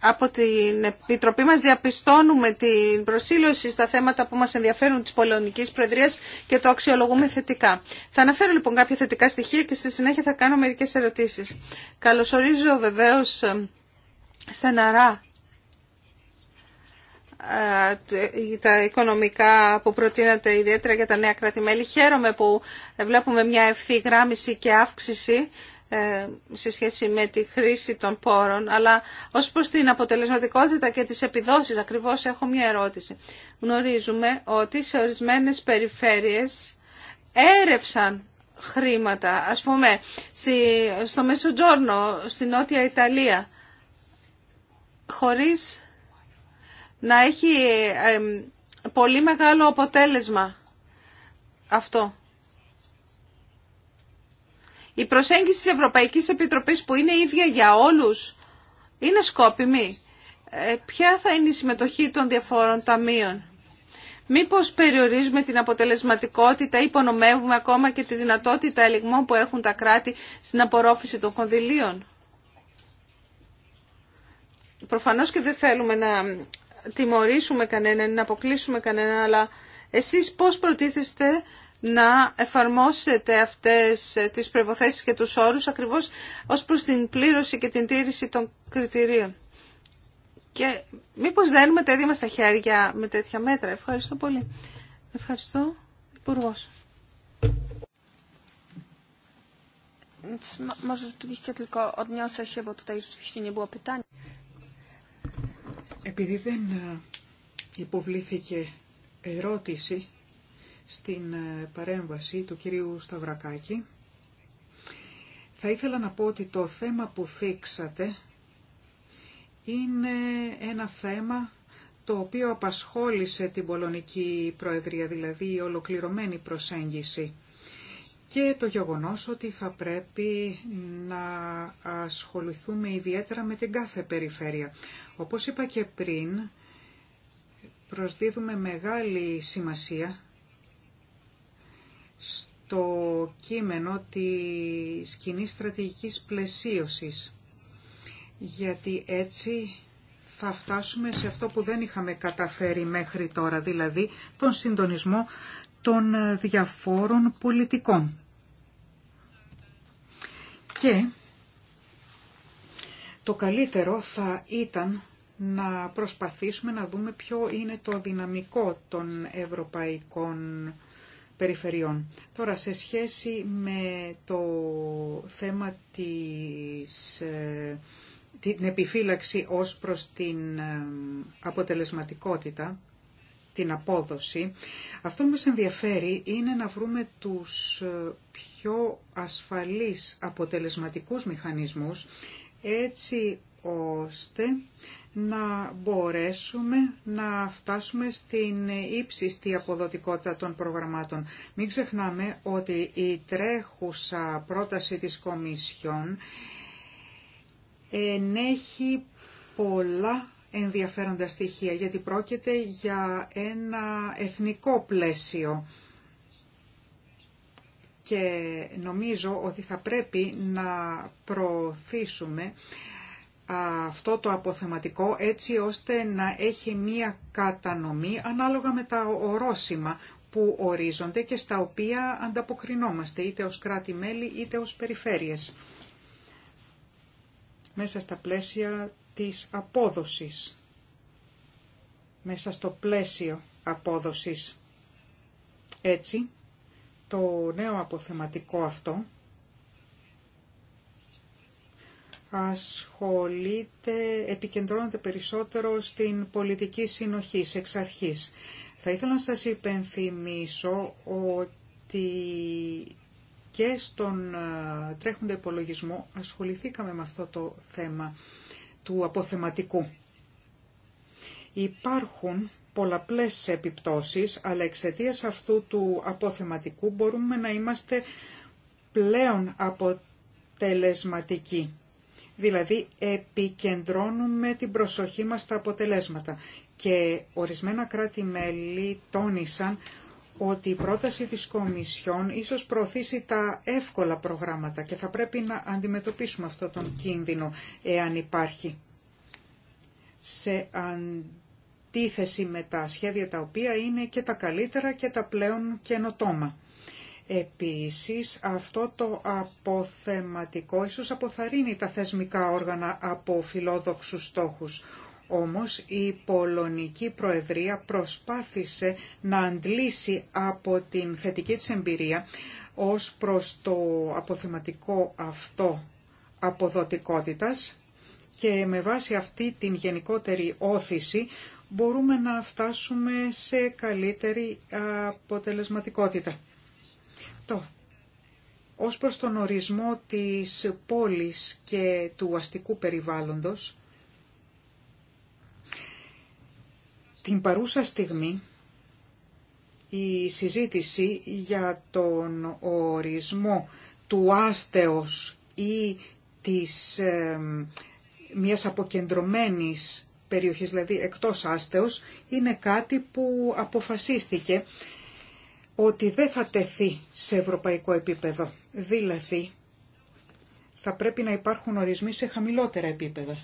[SPEAKER 3] από την Επιτροπή μας διαπιστώνουμε την προσήλωση στα θέματα που μας ενδιαφέρουν της Πολωνικής Προεδρίας και το αξιολογούμε θετικά. Θα αναφέρω λοιπόν κάποια θετικά στοιχεία και στη συνέχεια θα κάνω μερικές ερωτήσεις. Καλωσορίζω βεβαίως στεναρά ε, τα οικονομικά που προτείνατε ιδιαίτερα για τα νέα κράτη-μέλη. Χαίρομαι που βλέπουμε μια γράμμιση και αύξηση ε, σε σχέση με τη χρήση των πόρων, αλλά ως προς την αποτελεσματικότητα και τις επιδόσεις ακριβώς έχω μια ερώτηση. Γνωρίζουμε ότι σε ορισμένες περιφέρειες έρευσαν χρήματα, ας πούμε, στο Μεσοτζόρνο, στην Νότια Ιταλία, χωρίς να έχει ε, πολύ μεγάλο αποτέλεσμα αυτό η προσέγγιση της Ευρωπαϊκής Επιτροπής που είναι ίδια για όλους είναι σκόπιμη. Ε, ποια θα είναι η συμμετοχή των διαφόρων ταμείων. Μήπως περιορίζουμε την αποτελεσματικότητα, ή υπονομεύουμε ακόμα και τη δυνατότητα ελιγμών που έχουν τα κράτη στην απορρόφηση των κονδυλίων. Προφανώς και δεν θέλουμε να τιμωρήσουμε κανέναν, να αποκλείσουμε κανέναν, αλλά εσείς πώς προτίθεστε να εφαρμόσετε αυτές τις προϋποθέσεις και τους όρους ακριβώς ως προς την πλήρωση και την τήρηση των κριτηρίων. Και μήπως δένουμε τα ίδια μας τα χέρια με τέτοια μέτρα. Ευχαριστώ πολύ. Ευχαριστώ. Υπουργό.
[SPEAKER 2] Επειδή δεν ε, υποβλήθηκε ερώτηση, στην ε, παρέμβαση του κυρίου Σταυρακάκη. Θα ήθελα να πω ότι το θέμα που θίξατε είναι ένα θέμα το οποίο απασχόλησε την Πολωνική Προεδρία, δηλαδή η ολοκληρωμένη προσέγγιση και το γεγονός ότι θα πρέπει να ασχοληθούμε ιδιαίτερα με την κάθε περιφέρεια. Όπως είπα και πριν, προσδίδουμε μεγάλη σημασία στο κείμενο τη κοινή στρατηγικής πλαισίωσης, γιατί έτσι θα φτάσουμε σε αυτό που δεν είχαμε καταφέρει μέχρι τώρα, δηλαδή τον συντονισμό των διαφόρων πολιτικών. Και το καλύτερο θα ήταν να προσπαθήσουμε να δούμε ποιο είναι το δυναμικό των ευρωπαϊκών περιφερειών. Τώρα, σε σχέση με το θέμα της, ε, την επιφύλαξη ως προς την ε, αποτελεσματικότητα, την απόδοση, αυτό που μας ενδιαφέρει είναι να βρούμε τους ε, πιο ασφαλείς αποτελεσματικούς μηχανισμούς, έτσι ώστε να μπορέσουμε να φτάσουμε στην ύψιστη αποδοτικότητα των προγραμμάτων. Μην ξεχνάμε ότι η τρέχουσα πρόταση της Κομισιόν ενέχει πολλά ενδιαφέροντα στοιχεία, γιατί πρόκειται για ένα εθνικό πλαίσιο και νομίζω ότι θα πρέπει να προωθήσουμε αυτό το αποθεματικό έτσι ώστε να έχει μία κατανομή ανάλογα με τα ορόσημα που ορίζονται και στα οποία ανταποκρινόμαστε είτε ως κράτη-μέλη είτε ως περιφέρειες μέσα στα πλαίσια της απόδοσης μέσα στο πλαίσιο απόδοσης. Έτσι, το νέο αποθεματικό αυτό ασχολείται, επικεντρώνεται περισσότερο στην πολιτική συνοχή, εξ αρχής. Θα ήθελα να σας υπενθυμίσω ότι και στον τρέχοντα υπολογισμό ασχοληθήκαμε με αυτό το θέμα του αποθεματικού. Υπάρχουν πολλαπλές επιπτώσεις, αλλά εξαιτία αυτού του αποθεματικού μπορούμε να είμαστε πλέον αποτελεσματικοί Δηλαδή επικεντρώνουμε την προσοχή μας στα αποτελέσματα και ορισμένα κράτη-μέλη τόνισαν ότι η πρόταση της Κομισιόν ίσως προωθήσει τα εύκολα προγράμματα και θα πρέπει να αντιμετωπίσουμε αυτό τον κίνδυνο εάν υπάρχει. Σε αντίθεση με τα σχέδια τα οποία είναι και τα καλύτερα και τα πλέον καινοτόμα. Επίσης, αυτό το αποθεματικό ίσως αποθαρρύνει τα θεσμικά όργανα από φιλόδοξους στόχους. Όμως η Πολωνική Προεδρία προσπάθησε να αντλήσει από την θετική της εμπειρία ως προς το αποθεματικό αυτό αποδοτικότητας και με βάση αυτή την γενικότερη όθηση μπορούμε να φτάσουμε σε καλύτερη αποτελεσματικότητα αυτό. Ως προς τον ορισμό της πόλης και του αστικού περιβάλλοντος, την παρούσα στιγμή η συζήτηση για τον ορισμό του άστεως ή της μιας αποκεντρωμένης περιοχής, δηλαδή εκτός άστεως, είναι κάτι που αποφασίστηκε ότι δεν θα τεθεί σε ευρωπαϊκό επίπεδο. Δηλαδή, θα πρέπει να υπάρχουν ορισμοί σε χαμηλότερα επίπεδα.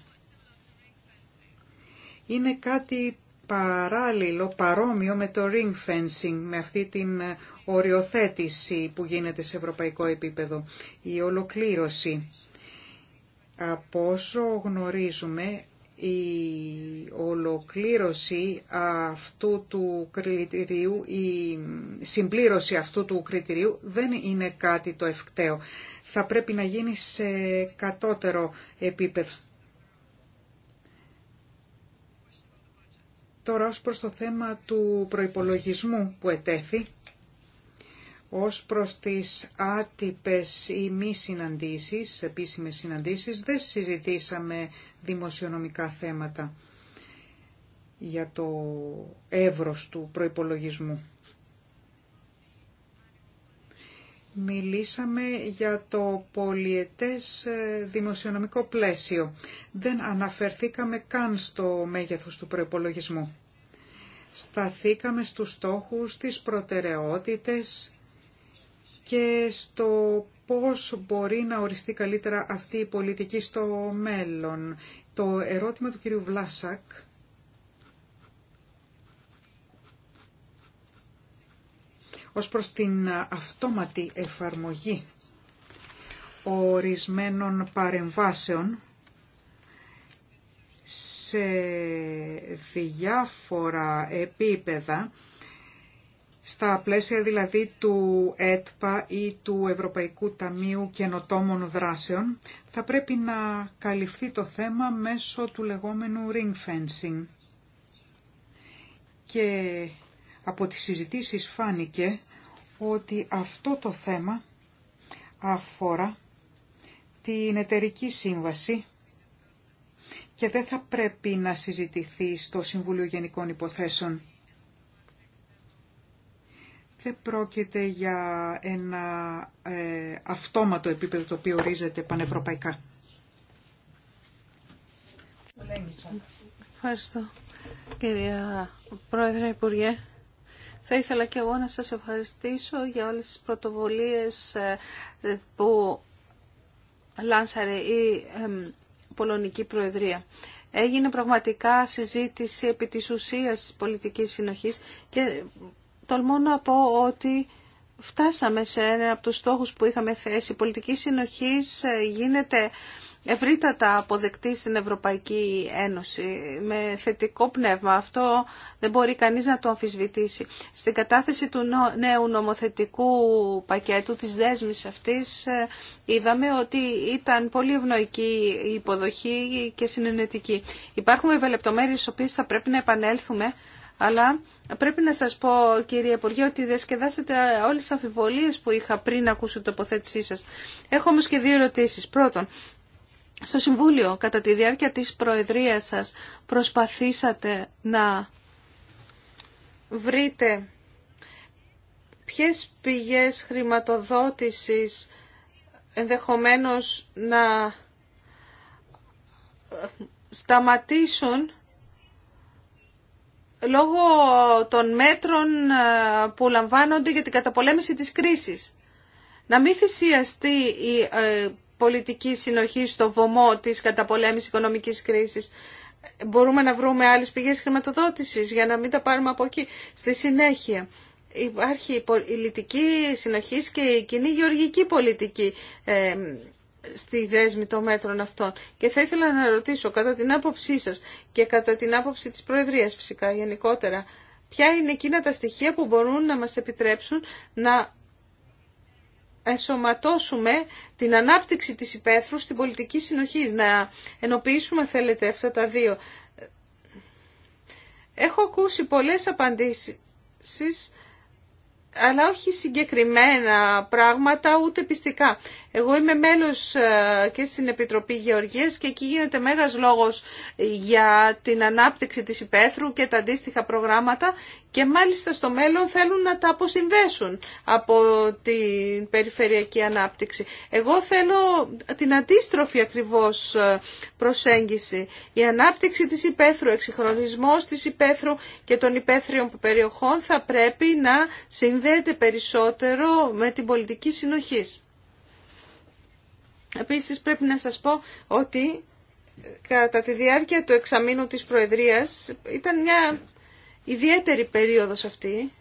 [SPEAKER 2] Είναι κάτι παράλληλο, παρόμοιο με το ring fencing, με αυτή την οριοθέτηση που γίνεται σε ευρωπαϊκό επίπεδο. Η ολοκλήρωση. Από όσο γνωρίζουμε, η ολοκλήρωση αυτού του κριτηρίου, η συμπλήρωση αυτού του κριτηρίου δεν είναι κάτι το ευκταίο. Θα πρέπει να γίνει σε κατώτερο επίπεδο. Τώρα ως προς το θέμα του προϋπολογισμού που ετέθη, ως προς τις άτυπες ή μη συναντήσεις, επίσημες συναντήσεις, δεν συζητήσαμε δημοσιονομικά θέματα για το εύρος του προϋπολογισμού. Μιλήσαμε για το πολιετές ε, δημοσιονομικό πλαίσιο. Δεν αναφερθήκαμε καν στο μέγεθος του προϋπολογισμού. Σταθήκαμε στους στόχους, της προτεραιότητες και στο πώς μπορεί να οριστεί καλύτερα αυτή η πολιτική στο μέλλον. Το ερώτημα του κυρίου Βλάσακ ως προς την αυτόματη εφαρμογή ορισμένων παρεμβάσεων σε διάφορα επίπεδα στα πλαίσια δηλαδή του ΕΤΠΑ ή του Ευρωπαϊκού Ταμείου Καινοτόμων Δράσεων, θα πρέπει να καλυφθεί το θέμα μέσω του λεγόμενου ring fencing. Και από τις συζητήσεις φάνηκε ότι αυτό το θέμα αφορά την εταιρική σύμβαση και δεν θα πρέπει να συζητηθεί στο Συμβούλιο Γενικών Υποθέσεων δεν πρόκειται για ένα ε, αυτόματο επίπεδο το οποίο ορίζεται πανευρωπαϊκά.
[SPEAKER 3] Ευχαριστώ. Κυρία Πρόεδρε Υπουργέ, θα ήθελα και εγώ να σας ευχαριστήσω για όλες τις πρωτοβολίες ε, που λάνσαρε η Πολωνική Προεδρία. Έγινε πραγματικά συζήτηση επί της ουσίας της πολιτικής συνοχής και τολμώ να πω ότι φτάσαμε σε ένα από τους στόχους που είχαμε θέσει. Η πολιτική συνοχής ε, γίνεται ευρύτατα αποδεκτή στην Ευρωπαϊκή Ένωση με θετικό πνεύμα. Αυτό δεν μπορεί κανείς να το αμφισβητήσει. Στην κατάθεση του νέου νομοθετικού πακέτου της δέσμης αυτής ε, είδαμε ότι ήταν πολύ ευνοϊκή η υποδοχή και συνενετική. Υπάρχουν βέβαια στις οποίες θα πρέπει να επανέλθουμε, αλλά Πρέπει να σας πω, κύριε Υπουργέ, ότι διασκεδάσετε όλες τις αμφιβολίες που είχα πριν ακούσω την τοποθέτησή σας. Έχω όμως και δύο ερωτήσεις. Πρώτον, στο Συμβούλιο, κατά τη διάρκεια της Προεδρίας σας, προσπαθήσατε να βρείτε ποιες πηγές χρηματοδότησης ενδεχομένως να σταματήσουν λόγω των μέτρων ε, που λαμβάνονται για την καταπολέμηση της κρίσης. Να μην θυσιαστεί η ε, πολιτική συνοχή στο βωμό της καταπολέμησης οικονομικής κρίσης. Μπορούμε να βρούμε άλλες πηγές χρηματοδότησης για να μην τα πάρουμε από εκεί. Στη συνέχεια υπάρχει η πολιτική συνοχής και η κοινή γεωργική πολιτική ε, στη δέσμη των μέτρων αυτών. Και θα ήθελα να ρωτήσω, κατά την άποψή σας και κατά την άποψη της Προεδρίας φυσικά γενικότερα, ποια είναι εκείνα τα στοιχεία που μπορούν να μας επιτρέψουν να ενσωματώσουμε την ανάπτυξη της υπαίθρου στην πολιτική συνοχή, να ενοποιήσουμε θέλετε αυτά τα δύο. Έχω ακούσει πολλές απαντήσεις αλλά όχι συγκεκριμένα πράγματα ούτε πιστικά. Εγώ είμαι μέλος ε, και στην Επιτροπή Γεωργίας και εκεί γίνεται μέγας λόγος για την ανάπτυξη της υπαίθρου και τα αντίστοιχα προγράμματα και μάλιστα στο μέλλον θέλουν να τα αποσυνδέσουν από την περιφερειακή ανάπτυξη. Εγώ θέλω την αντίστροφη ακριβώς ε, προσέγγιση. Η ανάπτυξη της υπαίθρου, εξυγχρονισμός της υπαίθρου και των υπαίθριων περιοχών θα πρέπει να συνδέεται περισσότερο με την πολιτική συνοχής. Επίσης πρέπει να σας πω ότι ε, κατά τη διάρκεια του εξαμήνου της Προεδρίας ήταν μια ιδιαίτερη περίοδος αυτή.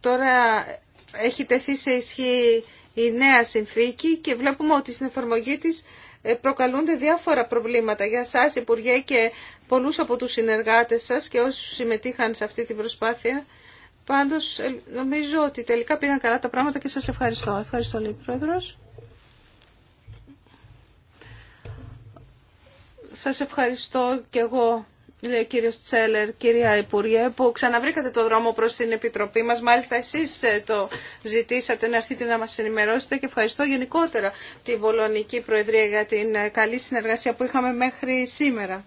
[SPEAKER 3] Τώρα έχει τεθεί σε ισχύ η νέα συνθήκη και βλέπουμε ότι στην εφαρμογή της ε, προκαλούνται διάφορα προβλήματα για σας Υπουργέ και πολλούς από τους συνεργάτες σας και όσους συμμετείχαν σε αυτή την προσπάθεια. Πάντως ε, νομίζω ότι τελικά πήγαν καλά τα πράγματα και σας ευχαριστώ. Ευχαριστώ λέει Πρόεδρος. Σας ευχαριστώ και εγώ, λέει ο κύριος Τσέλερ, κυρία Υπουργέ, που ξαναβρήκατε το δρόμο προς την Επιτροπή μας. Μάλιστα εσείς ε, το ζητήσατε να έρθετε να μας ενημερώσετε και ευχαριστώ γενικότερα την Βολωνική Προεδρία για την ε, καλή συνεργασία που είχαμε μέχρι σήμερα.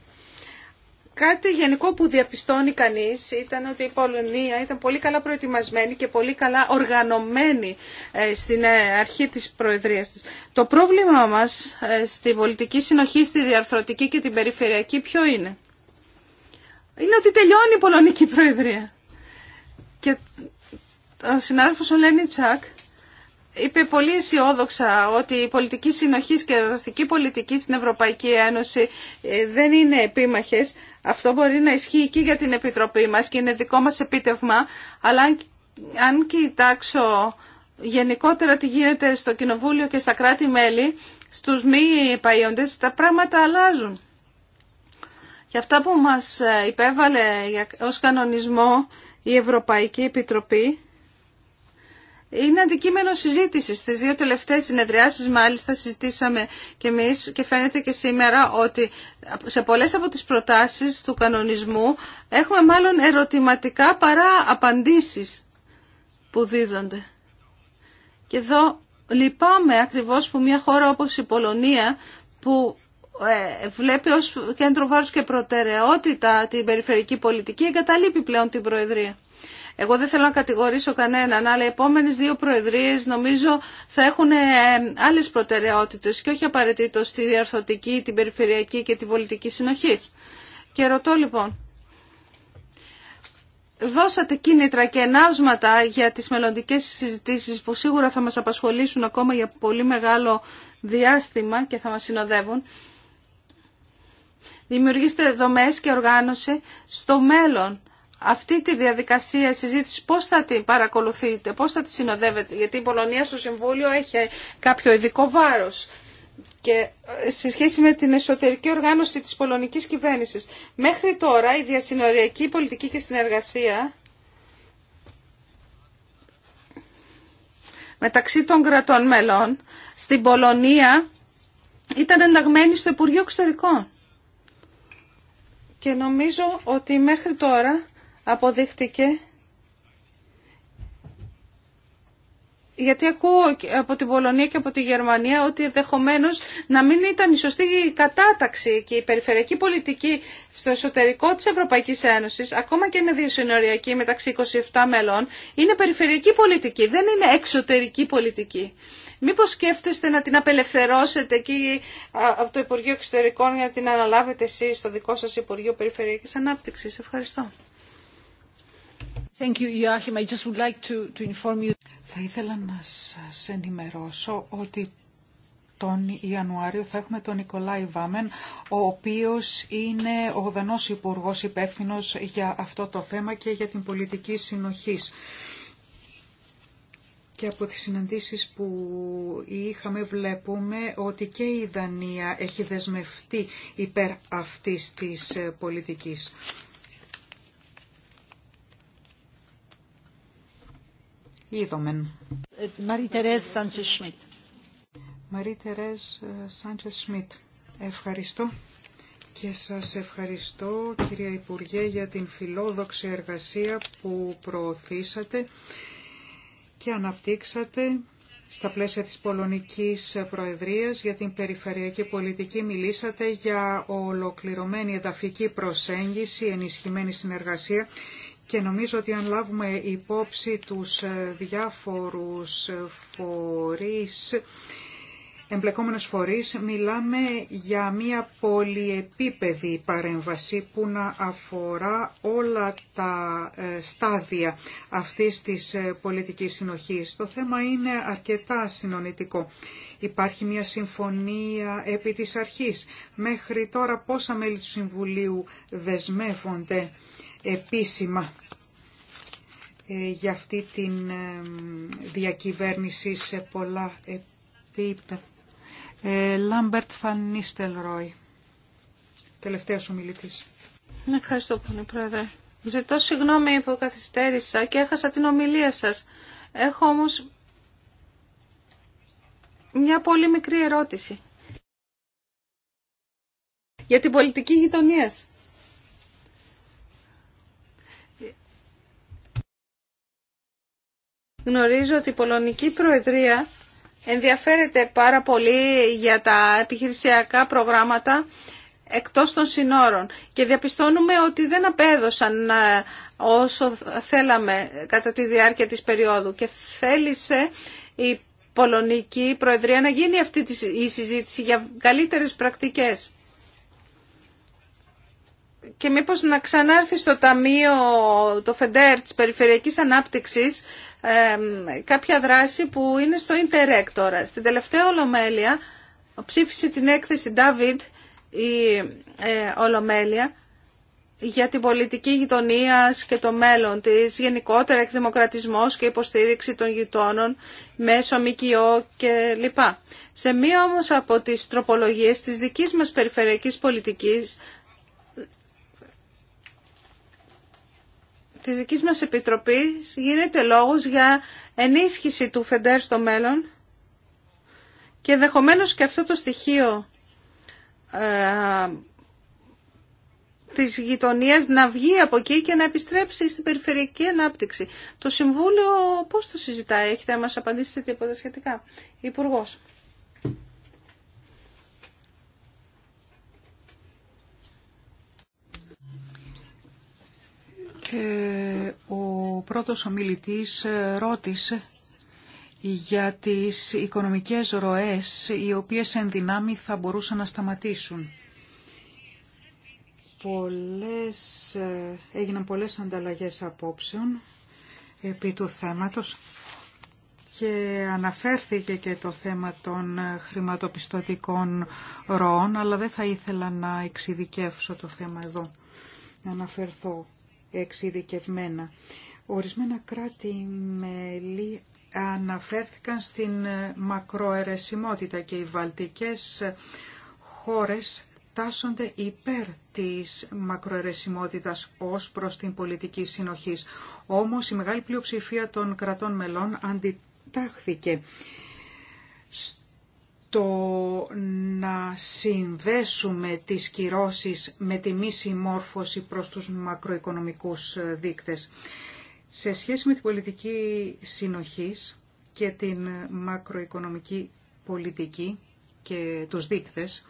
[SPEAKER 3] Κάτι γενικό που διαπιστώνει κανείς ήταν ότι η Πολωνία ήταν πολύ καλά προετοιμασμένη και πολύ καλά οργανωμένη ε, στην ε, αρχή της Προεδρίας της. Το πρόβλημα μας ε, στη πολιτική συνοχή, στη διαρθρωτική και την περιφερειακή ποιο είναι. Είναι ότι τελειώνει η Πολωνική Προεδρία. Και ο συνάδελφος ο Τσακ είπε πολύ αισιόδοξα ότι η πολιτική συνοχή και η πολιτική στην Ευρωπαϊκή Ένωση δεν είναι επίμαχες αυτό μπορεί να ισχύει και για την Επιτροπή μας και είναι δικό μας επίτευγμα, αλλά αν κοιτάξω γενικότερα τι γίνεται στο Κοινοβούλιο και στα κράτη-μέλη, στους μη παϊόντες, τα πράγματα αλλάζουν. για αυτά που μας ε, υπέβαλε ως κανονισμό η Ευρωπαϊκή Επιτροπή είναι αντικείμενο συζήτηση. Στι δύο τελευταίε συνεδριάσει, μάλιστα, συζητήσαμε και εμεί και φαίνεται και σήμερα ότι σε πολλέ από τι προτάσει του κανονισμού έχουμε μάλλον ερωτηματικά παρά απαντήσει που δίδονται. Και εδώ λυπάμαι ακριβώς που μια χώρα όπως η Πολωνία που ε, βλέπει ως κέντρο βάρους και προτεραιότητα την περιφερειακή πολιτική εγκαταλείπει πλέον την Προεδρία. Εγώ δεν θέλω να κατηγορήσω κανέναν, αλλά οι επόμενες δύο προεδρίες νομίζω θα έχουν ε, άλλες προτεραιότητες και όχι απαραίτητο στη διαρθωτική, την περιφερειακή και την πολιτική συνοχής. Και ρωτώ λοιπόν, δώσατε κίνητρα και ενάσματα για τις μελλοντικέ συζητήσεις που σίγουρα θα μας απασχολήσουν ακόμα για πολύ μεγάλο διάστημα και θα μας συνοδεύουν. Δημιουργήστε δομές και οργάνωση στο μέλλον αυτή τη διαδικασία συζήτηση πώς θα την παρακολουθείτε, πώς θα τη συνοδεύετε, γιατί η Πολωνία στο Συμβούλιο έχει κάποιο ειδικό βάρος και ε, σε σχέση με την εσωτερική οργάνωση της πολωνικής κυβέρνησης. Μέχρι τώρα η διασυνοριακή πολιτική και συνεργασία μεταξύ των κρατών μελών στην Πολωνία ήταν ενταγμένη στο Υπουργείο Εξωτερικών. Και νομίζω ότι μέχρι τώρα αποδείχτηκε γιατί ακούω από την Πολωνία και από τη Γερμανία ότι ενδεχομένω να μην ήταν η σωστή κατάταξη και η περιφερειακή πολιτική στο εσωτερικό της Ευρωπαϊκής Ένωσης, ακόμα και είναι διασυνοριακή μεταξύ 27 μελών, είναι περιφερειακή πολιτική, δεν είναι εξωτερική πολιτική. Μήπως σκέφτεστε να την απελευθερώσετε εκεί από το Υπουργείο Εξωτερικών για να την αναλάβετε εσείς στο δικό σας Υπουργείο Περιφερειακής Ανάπτυξης. Ευχαριστώ.
[SPEAKER 2] Θα ήθελα να σας ενημερώσω ότι τον Ιανουάριο θα έχουμε τον Νικολάη Βάμεν, ο οποίος είναι ο Δανός Υπουργός υπεύθυνο για αυτό το θέμα και για την πολιτική συνοχή. Και από τις συναντήσεις που είχαμε βλέπουμε ότι και η Δανία έχει δεσμευτεί υπέρ αυτής της ε, πολιτικής. είδομεν. Μαρή-Τερέζ Σάντσε-Σμιτ. Ε, σμιτ Ευχαριστώ και σας ευχαριστώ κυρία Υπουργέ για την φιλόδοξη εργασία που προωθήσατε και αναπτύξατε στα πλαίσια της Πολωνικής Προεδρίας για την περιφερειακή πολιτική μιλήσατε για ολοκληρωμένη εδαφική προσέγγιση, ενισχυμένη συνεργασία και νομίζω ότι αν λάβουμε υπόψη τους ε, διάφορους ε, φορείς, εμπλεκόμενους φορείς, μιλάμε για μια πολυεπίπεδη παρέμβαση που να αφορά όλα τα ε, στάδια αυτής της πολιτικής συνοχής. Το θέμα είναι αρκετά συνονιτικό. Υπάρχει μια συμφωνία επί της αρχής. Μέχρι τώρα πόσα μέλη του Συμβουλίου δεσμεύονται επίσημα ε, για αυτή την διακυβέρνηση σε πολλά επίπεδα. Ε, Λάμπερτ Φανίστελ Ρόι, τελευταίος
[SPEAKER 3] ομιλητής. Ευχαριστώ πολύ, Πρόεδρε. Ζητώ συγγνώμη που καθυστέρησα και έχασα την ομιλία σας. Έχω όμως μια πολύ μικρή ερώτηση. Για την πολιτική γειτονίας. Γνωρίζω ότι η Πολωνική Προεδρία ενδιαφέρεται πάρα πολύ για τα επιχειρησιακά προγράμματα εκτός των συνόρων και διαπιστώνουμε ότι δεν απέδωσαν ε, όσο θέλαμε κατά τη διάρκεια της περίοδου και θέλησε η Πολωνική Προεδρία να γίνει αυτή η συζήτηση για καλύτερες πρακτικές και μήπως να ξανάρθει στο Ταμείο, το ΦΕΝΤΕΡ της Περιφερειακής Ανάπτυξης, κάποια δράση που είναι στο Ιντερεκ τώρα. Στην τελευταία Ολομέλεια ψήφισε την έκθεση David η ε, Ολομέλεια για την πολιτική γειτονία και το μέλλον της, γενικότερα εκδημοκρατισμός και υποστήριξη των γειτόνων μέσω ΜΚΟ και λοιπά. Σε μία όμως από τις τροπολογίες της δικής μας περιφερειακής πολιτικής της δικής μας Επιτροπής γίνεται λόγος για ενίσχυση του ΦΕΝΤΕΡ στο μέλλον και ενδεχομένω και αυτό το στοιχείο ε, της γειτονίας να βγει από εκεί και να επιστρέψει στην περιφερειακή ανάπτυξη. Το Συμβούλιο πώς το συζητάει, έχετε να μας απαντήσετε τίποτα σχετικά. Υπουργός.
[SPEAKER 2] ο πρώτος ομιλητής ρώτησε για τις οικονομικές ροές οι οποίες εν δυνάμει θα μπορούσαν να σταματήσουν. Πολλές, έγιναν πολλές ανταλλαγές απόψεων επί του θέματος και αναφέρθηκε και το θέμα των χρηματοπιστωτικών ροών, αλλά δεν θα ήθελα να εξειδικεύσω το θέμα εδώ, αναφερθώ εξειδικευμένα. Ορισμένα κράτη-μέλη αναφέρθηκαν στην μακροαιρεσιμότητα και οι βαλτικές χώρες τάσσονται υπέρ της μακροαιρεσιμότητας ως προς την πολιτική συνοχής. Όμως η μεγάλη πλειοψηφία των κρατών μελών αντιτάχθηκε το να συνδέσουμε τις κυρώσεις με τη μη συμμόρφωση προς τους μακροοικονομικούς δείκτες. Σε σχέση με την πολιτική συνοχής και την μακροοικονομική πολιτική και τους δείκτες,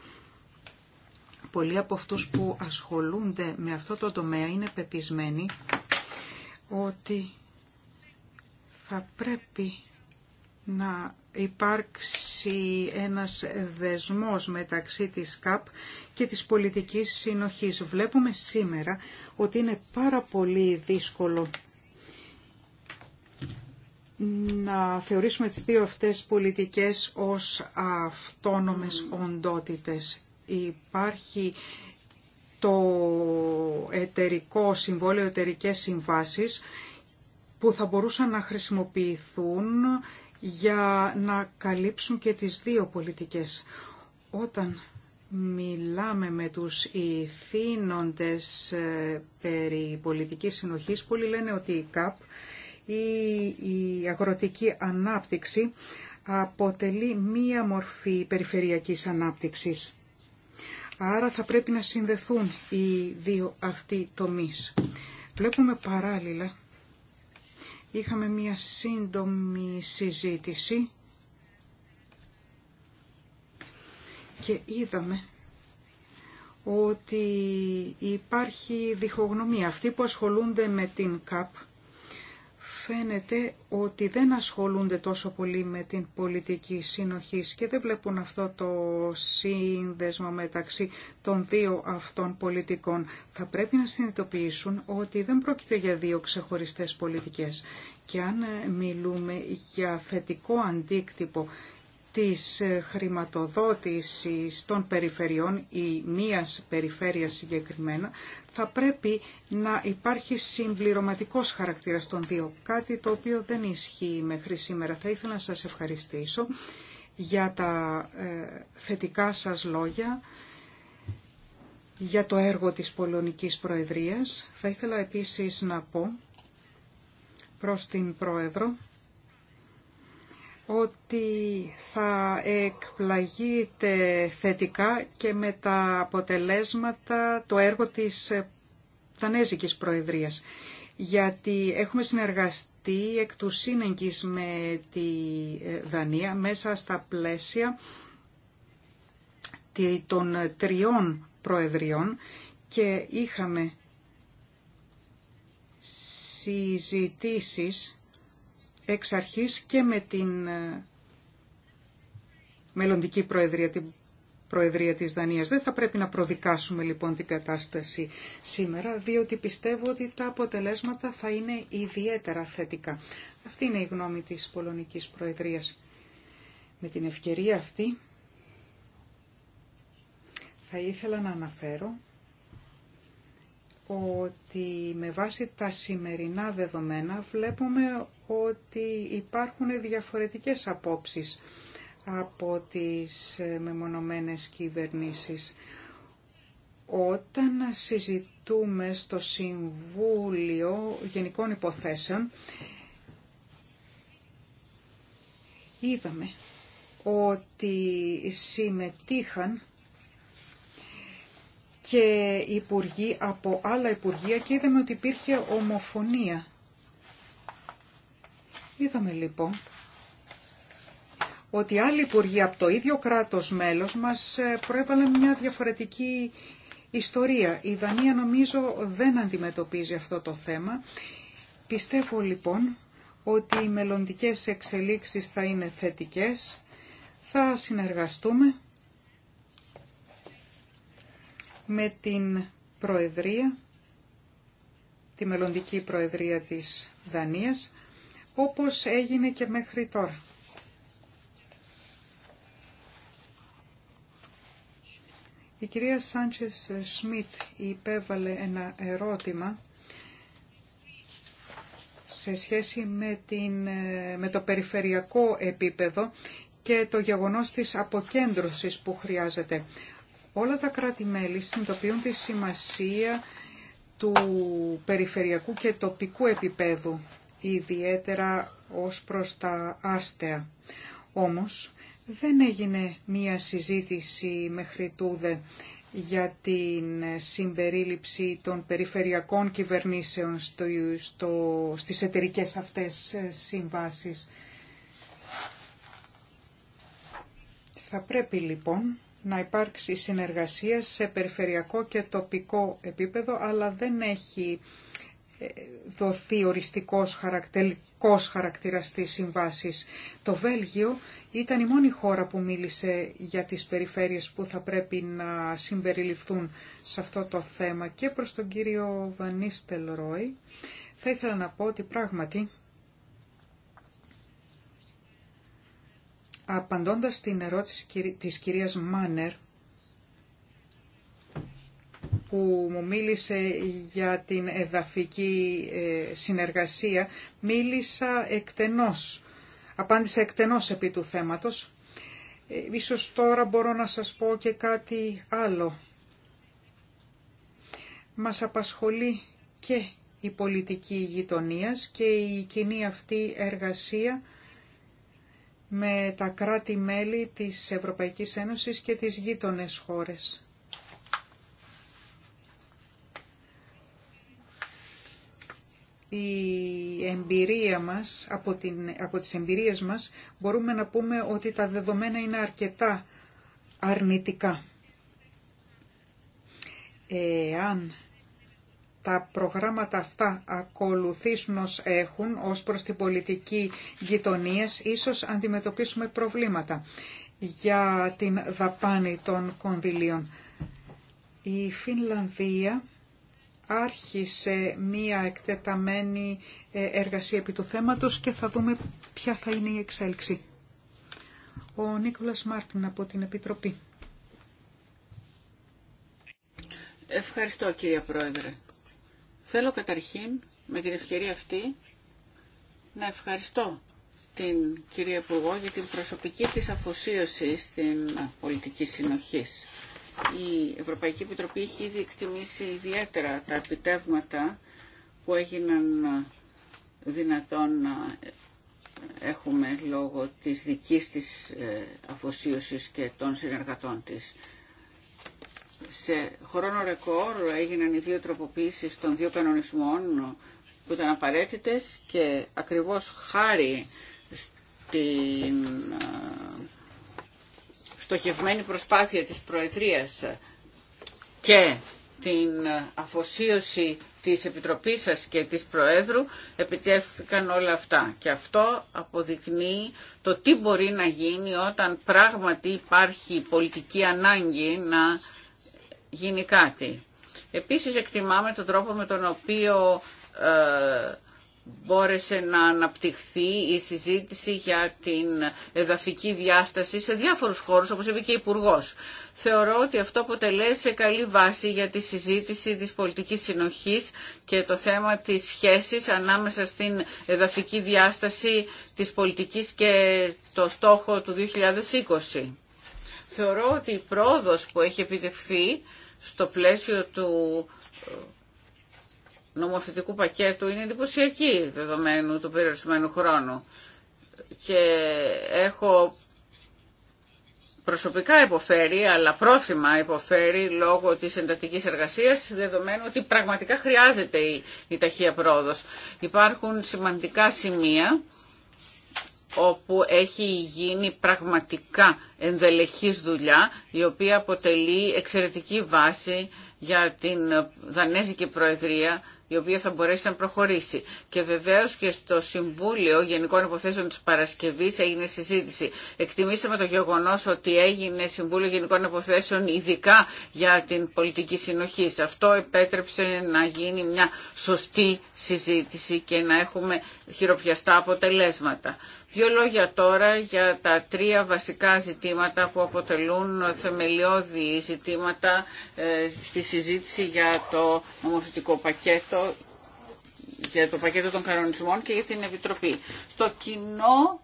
[SPEAKER 2] πολλοί από αυτούς που ασχολούνται με αυτό το τομέα είναι πεπισμένοι ότι θα πρέπει να υπάρξει ένας δεσμός μεταξύ της ΚΑΠ και της πολιτικής συνοχής. Βλέπουμε σήμερα ότι είναι πάρα πολύ δύσκολο να θεωρήσουμε τις δύο αυτές πολιτικές ως αυτόνομες οντότητες. Υπάρχει το εταιρικό συμβόλαιο, εταιρικές συμβάσεις που θα μπορούσαν να χρησιμοποιηθούν για να καλύψουν και τις δύο πολιτικές. Όταν μιλάμε με τους ηθήνοντες ε, περί πολιτικής συνοχής, πολλοί λένε ότι η ΚΑΠ ή η αγροτική ανάπτυξη αποτελεί μία μορφή περιφερειακής ανάπτυξης. Άρα θα πρέπει να συνδεθούν οι δύο αυτοί τομείς. Βλέπουμε παράλληλα Είχαμε μία σύντομη συζήτηση και είδαμε ότι υπάρχει διχογνωμία. Αυτοί που ασχολούνται με την ΚΑΠ φαίνεται ότι δεν ασχολούνται τόσο πολύ με την πολιτική συνοχή και δεν βλέπουν αυτό το σύνδεσμο μεταξύ των δύο αυτών πολιτικών. Θα πρέπει να συνειδητοποιήσουν ότι δεν πρόκειται για δύο ξεχωριστές πολιτικές. Και αν ε, μιλούμε για θετικό αντίκτυπο της ε, χρηματοδότησης των περιφερειών ή μίας περιφέρειας συγκεκριμένα θα πρέπει να υπάρχει συμπληρωματικός χαρακτήρας των δύο, κάτι το οποίο δεν ισχύει μέχρι σήμερα. Θα ήθελα να σας ευχαριστήσω για τα ε, θετικά σας λόγια για το έργο της Πολωνικής Προεδρίας. Θα ήθελα επίσης να πω προς την Πρόεδρο ότι θα εκπλαγείτε θετικά και με τα αποτελέσματα το έργο της Δανέζικης Προεδρίας. Γιατί έχουμε συνεργαστεί εκ του σύνεγγης με τη Δανία μέσα στα πλαίσια των τριών προεδριών και είχαμε συζητήσεις εξ αρχής και με την ε, μελλοντική προεδρία, την Προεδρία της Δανίας. Δεν θα πρέπει να προδικάσουμε λοιπόν την κατάσταση σήμερα, διότι πιστεύω ότι τα αποτελέσματα θα είναι ιδιαίτερα θετικά. Αυτή είναι η γνώμη της Πολωνικής Προεδρίας. Με την ευκαιρία αυτή θα ήθελα να αναφέρω ότι με βάση τα σημερινά δεδομένα βλέπουμε ότι υπάρχουν διαφορετικές απόψεις από τις μεμονωμένες κυβερνήσεις. Όταν συζητούμε στο Συμβούλιο Γενικών Υποθέσεων, είδαμε ότι συμμετείχαν και υπουργοί από άλλα υπουργεία και είδαμε ότι υπήρχε ομοφωνία Είδαμε λοιπόν ότι άλλοι υπουργοί από το ίδιο κράτος μέλος μας ε, προέβαλαν μια διαφορετική ιστορία. Η Δανία νομίζω δεν αντιμετωπίζει αυτό το θέμα. Πιστεύω λοιπόν ότι οι μελλοντικές εξελίξεις θα είναι θετικές. Θα συνεργαστούμε με την Προεδρία, τη μελλοντική Προεδρία της Δανίας όπως έγινε και μέχρι τώρα. Η κυρία Σάντσες Σμιτ υπέβαλε ένα ερώτημα σε σχέση με, την, με το περιφερειακό επίπεδο και το γεγονός της αποκέντρωσης που χρειάζεται. Όλα τα κράτη-μέλη συνειδητοποιούν τη σημασία του περιφερειακού και τοπικού επίπεδου ιδιαίτερα ως προς τα άστεα. Όμως δεν έγινε μία συζήτηση μέχρι τούδε για την συμπερίληψη των περιφερειακών κυβερνήσεων στο, στο, στις εταιρικές αυτές συμβάσεις. Θα πρέπει λοιπόν να υπάρξει συνεργασία σε περιφερειακό και τοπικό επίπεδο, αλλά δεν έχει δοθεί οριστικός χαρακτελικός χαρακτήρας Το Βέλγιο ήταν η μόνη χώρα που μίλησε για τις περιφέρειες που θα πρέπει να συμπεριληφθούν σε αυτό το θέμα και προς τον κύριο Βανίστελ Ρόι. Θα ήθελα να πω ότι πράγματι, απαντώντας στην ερώτηση της κυρίας Μάνερ, που μου μίλησε για την εδαφική ε, συνεργασία, μίλησα εκτενώς, απάντησα εκτενώς επί του θέματος. Ε, ίσως τώρα μπορώ να σας πω και κάτι άλλο. Μας απασχολεί και η πολιτική γειτονίας και η κοινή αυτή εργασία με τα κράτη-μέλη της Ευρωπαϊκής Ένωσης και τις γείτονες χώρες. η εμπειρία μας, από, την, από τις εμπειρίες μας, μπορούμε να πούμε ότι τα δεδομένα είναι αρκετά αρνητικά. Εάν τα προγράμματα αυτά ακολουθήσουν ως έχουν ως προς την πολιτική γειτονία, ίσως αντιμετωπίσουμε προβλήματα για την δαπάνη των κονδυλίων. Η Φινλανδία άρχισε μία εκτεταμένη ε, εργασία επί του θέματος και θα δούμε ποια θα είναι η εξέλιξη. Ο Νίκολας Μάρτιν από την Επιτροπή.
[SPEAKER 1] Ευχαριστώ κύριε Πρόεδρε. Θέλω καταρχήν με την ευκαιρία αυτή να ευχαριστώ την κυρία Υπουργό για την προσωπική της αφοσίωση στην πολιτική συνοχής η Ευρωπαϊκή Επιτροπή έχει ήδη εκτιμήσει ιδιαίτερα τα επιτεύγματα που έγιναν δυνατόν να έχουμε λόγω της δικής της ε, αφοσίωσης και των συνεργατών της. Σε χρόνο ρεκόρ έγιναν οι δύο τροποποίησεις των δύο κανονισμών που ήταν απαραίτητες και ακριβώς χάρη στην ε, στοχευμένη προσπάθεια της Προεδρίας και την αφοσίωση της Επιτροπής σας και της Προέδρου επιτεύχθηκαν όλα αυτά. Και αυτό αποδεικνύει το τι μπορεί να γίνει όταν πράγματι υπάρχει πολιτική ανάγκη να γίνει κάτι. Επίσης εκτιμάμε τον τρόπο με τον οποίο ε, μπόρεσε να αναπτυχθεί η συζήτηση για την εδαφική διάσταση σε διάφορους χώρους, όπως είπε και ο υπουργό. Θεωρώ ότι αυτό αποτελεί σε καλή βάση για τη συζήτηση της πολιτικής συνοχής και το θέμα της σχέσης ανάμεσα στην εδαφική διάσταση της πολιτικής και το στόχο του 2020. Θεωρώ ότι η πρόοδος που έχει επιτευχθεί στο πλαίσιο του νομοθετικού πακέτου είναι εντυπωσιακή δεδομένου του περιορισμένου χρόνου. Και έχω προσωπικά υποφέρει, αλλά πρόθυμα υποφέρει λόγω της εντατικής εργασίας, δεδομένου ότι πραγματικά χρειάζεται η, η ταχεία πρόοδος. Υπάρχουν σημαντικά σημεία όπου έχει γίνει πραγματικά ενδελεχής δουλειά, η οποία αποτελεί εξαιρετική βάση για την Δανέζικη Προεδρία η οποία θα μπορέσει να προχωρήσει. Και βεβαίω και στο Συμβούλιο Γενικών Υποθέσεων τη Παρασκευή έγινε συζήτηση. Εκτιμήσαμε το γεγονό ότι έγινε Συμβούλιο Γενικών Υποθέσεων ειδικά για την πολιτική συνοχή. Αυτό επέτρεψε να γίνει μια σωστή συζήτηση και να έχουμε χειροπιαστά αποτελέσματα. Δύο λόγια τώρα για τα τρία βασικά ζητήματα που αποτελούν θεμελιώδη ζητήματα ε, στη συζήτηση για το νομοθετικό πακέτο, για το πακέτο των κανονισμών και για την Επιτροπή. Στο κοινό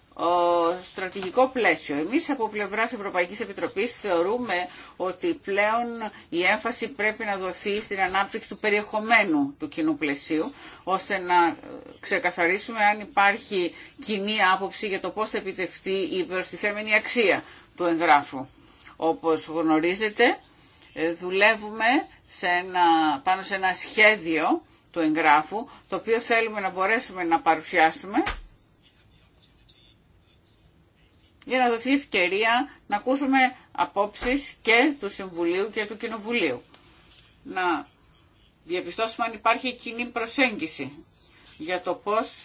[SPEAKER 1] στρατηγικό πλαίσιο. Εμείς από πλευράς Ευρωπαϊκής Επιτροπής θεωρούμε ότι πλέον η έμφαση πρέπει να δοθεί στην ανάπτυξη του περιεχομένου του κοινού πλαισίου, ώστε να ξεκαθαρίσουμε αν υπάρχει κοινή άποψη για το πώς θα επιτευχθεί η προστιθέμενη αξία του εγγράφου. Όπως γνωρίζετε, ε, δουλεύουμε σε ένα, πάνω σε ένα σχέδιο του εγγράφου, το οποίο θέλουμε να μπορέσουμε να παρουσιάσουμε για να δοθεί ευκαιρία να ακούσουμε απόψεις και του Συμβουλίου και του Κοινοβουλίου. Να διαπιστώσουμε αν υπάρχει κοινή προσέγγιση για το πώς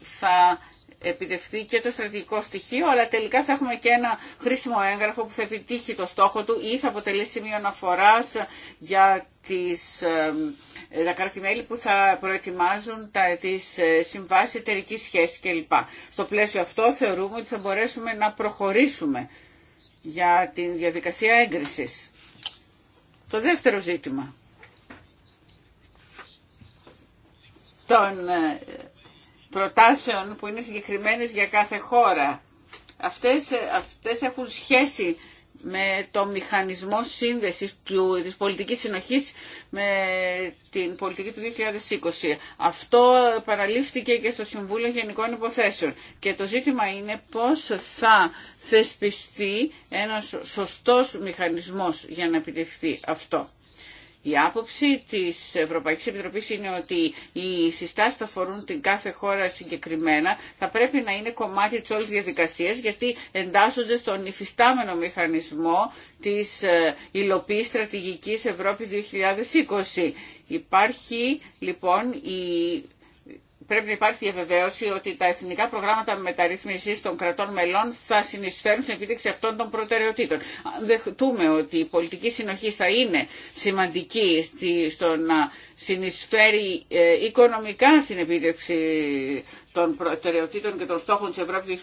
[SPEAKER 1] θα επιτευχθεί και το στρατηγικό στοιχείο, αλλά τελικά θα έχουμε και ένα χρήσιμο έγγραφο που θα επιτύχει το στόχο του ή θα αποτελεί σημείο αναφορά για τις, ε, τα κράτη-μέλη που θα προετοιμάζουν τα, τις ε, συμβάσεις εταιρική σχέση κλπ. Στο πλαίσιο αυτό θεωρούμε ότι θα μπορέσουμε να προχωρήσουμε για την διαδικασία έγκρισης. Το δεύτερο ζήτημα ε, προτάσεων που είναι συγκεκριμένες για κάθε χώρα. Αυτές, αυτές έχουν σχέση με το μηχανισμό σύνδεσης του, της πολιτικής συνοχής με την πολιτική του 2020. Αυτό παραλήφθηκε και στο Συμβούλιο Γενικών Υποθέσεων. Και το ζήτημα είναι πώς θα θεσπιστεί ένας σωστός μηχανισμός για να επιτευχθεί αυτό. Η άποψη της Ευρωπαϊκής Επιτροπής είναι ότι οι συστάσεις θα αφορούν την κάθε χώρα συγκεκριμένα, θα πρέπει να είναι κομμάτι της όλης διαδικασίας γιατί εντάσσονται στον υφιστάμενο μηχανισμό της ε, υλοποίησης στρατηγικής Ευρώπης 2020. Υπάρχει λοιπόν η πρέπει να υπάρχει διαβεβαίωση ότι τα εθνικά προγράμματα μεταρρύθμισης των κρατών μελών θα συνεισφέρουν στην επίτευξη αυτών των προτεραιοτήτων. Αν δεχτούμε ότι η πολιτική συνοχή θα είναι σημαντική στο να συνεισφέρει ε, οικονομικά στην επίτευξη των προτεραιοτήτων και των στόχων της Ευρώπης 2020,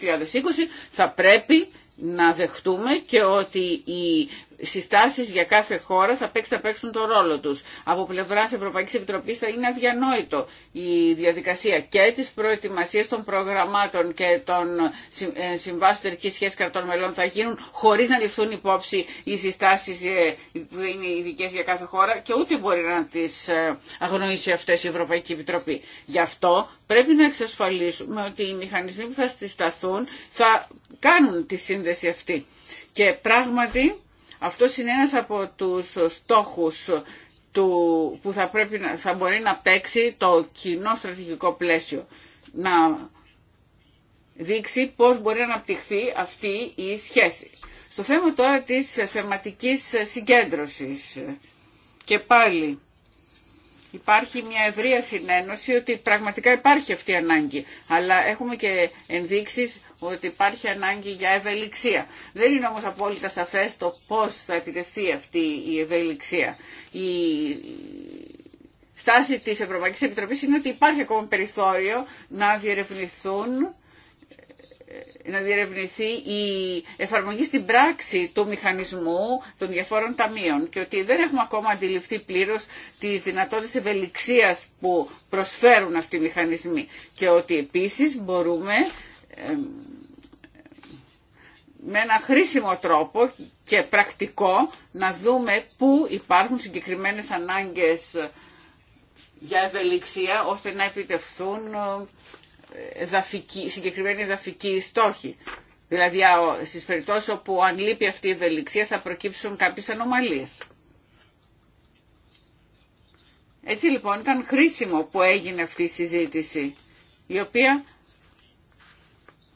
[SPEAKER 1] θα πρέπει να δεχτούμε και ότι η συστάσεις για κάθε χώρα θα, παίξουν, θα παίξουν το ρόλο του. Από πλευρά Ευρωπαϊκή Επιτροπή θα είναι αδιανόητο η διαδικασία και τη προετοιμασία των προγραμμάτων και των ε, συμβάσεων σχέση σχέση κρατών μελών θα γίνουν χωρί να ληφθούν υπόψη οι συστάσει ε, που είναι ειδικέ για κάθε χώρα και ούτε μπορεί να τι ε, αγνοήσει αυτέ η Ευρωπαϊκή Επιτροπή. Γι' αυτό πρέπει να εξασφαλίσουμε ότι οι μηχανισμοί που θα συσταθούν θα κάνουν τη σύνδεση αυτή. Και πράγματι αυτό είναι ένας από τους στόχους του, που θα, πρέπει, θα μπορεί να παίξει το κοινό στρατηγικό πλαίσιο. Να δείξει πώς μπορεί να αναπτυχθεί αυτή η σχέση. Στο θέμα τώρα της θεματικής συγκέντρωσης και πάλι υπάρχει μια ευρεία συνένωση ότι πραγματικά υπάρχει αυτή η ανάγκη. Αλλά έχουμε και ενδείξεις ότι υπάρχει ανάγκη για ευελιξία. Δεν είναι όμως απόλυτα σαφές το πώς θα επιτεθεί αυτή η ευελιξία. Η στάση της Ευρωπαϊκής Επιτροπής είναι ότι υπάρχει ακόμα περιθώριο να διερευνηθούν ε, να διερευνηθεί η εφαρμογή στην πράξη του μηχανισμού των διαφόρων ταμείων και ότι δεν έχουμε ακόμα αντιληφθεί πλήρως τις δυνατότητες ευελιξίας που προσφέρουν αυτοί οι μηχανισμοί και ότι επίσης μπορούμε με ένα χρήσιμο τρόπο και πρακτικό να δούμε πού υπάρχουν συγκεκριμένες ανάγκες για ευελιξία ώστε να επιτευχθούν δαφική, συγκεκριμένη στόχη. Δηλαδή στις περιπτώσεις όπου αν λείπει αυτή η ευελιξία θα προκύψουν κάποιες ανομαλίες. Έτσι λοιπόν ήταν χρήσιμο που έγινε αυτή η συζήτηση, η οποία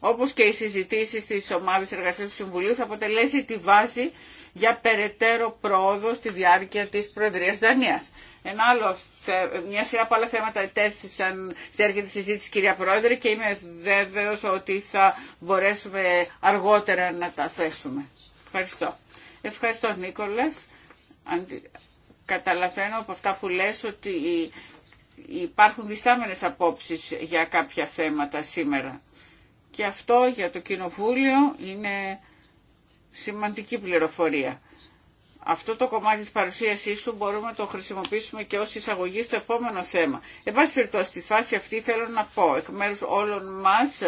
[SPEAKER 1] όπως και οι συζητήσεις της ομάδας εργασίας του Συμβουλίου θα αποτελέσει τη βάση για περαιτέρω πρόοδο στη διάρκεια της Προεδρίας Δανίας. Ένα άλλο, μια σειρά από άλλα θέματα ετέθησαν στη διάρκεια της συζήτησης κυρία Πρόεδρε και είμαι βέβαιος ότι θα μπορέσουμε αργότερα να τα θέσουμε. Ευχαριστώ. Ευχαριστώ Νίκολας. Καταλαβαίνω από αυτά που λες ότι υπάρχουν διστάμενες απόψεις για κάποια θέματα σήμερα. Και αυτό για το Κοινοβούλιο είναι σημαντική πληροφορία. Αυτό το κομμάτι της παρουσίασής σου μπορούμε να το χρησιμοποιήσουμε και ως εισαγωγή στο επόμενο θέμα. Εν πάση περιπτώσει, στη φάση αυτή θέλω να πω εκ μέρους όλων μας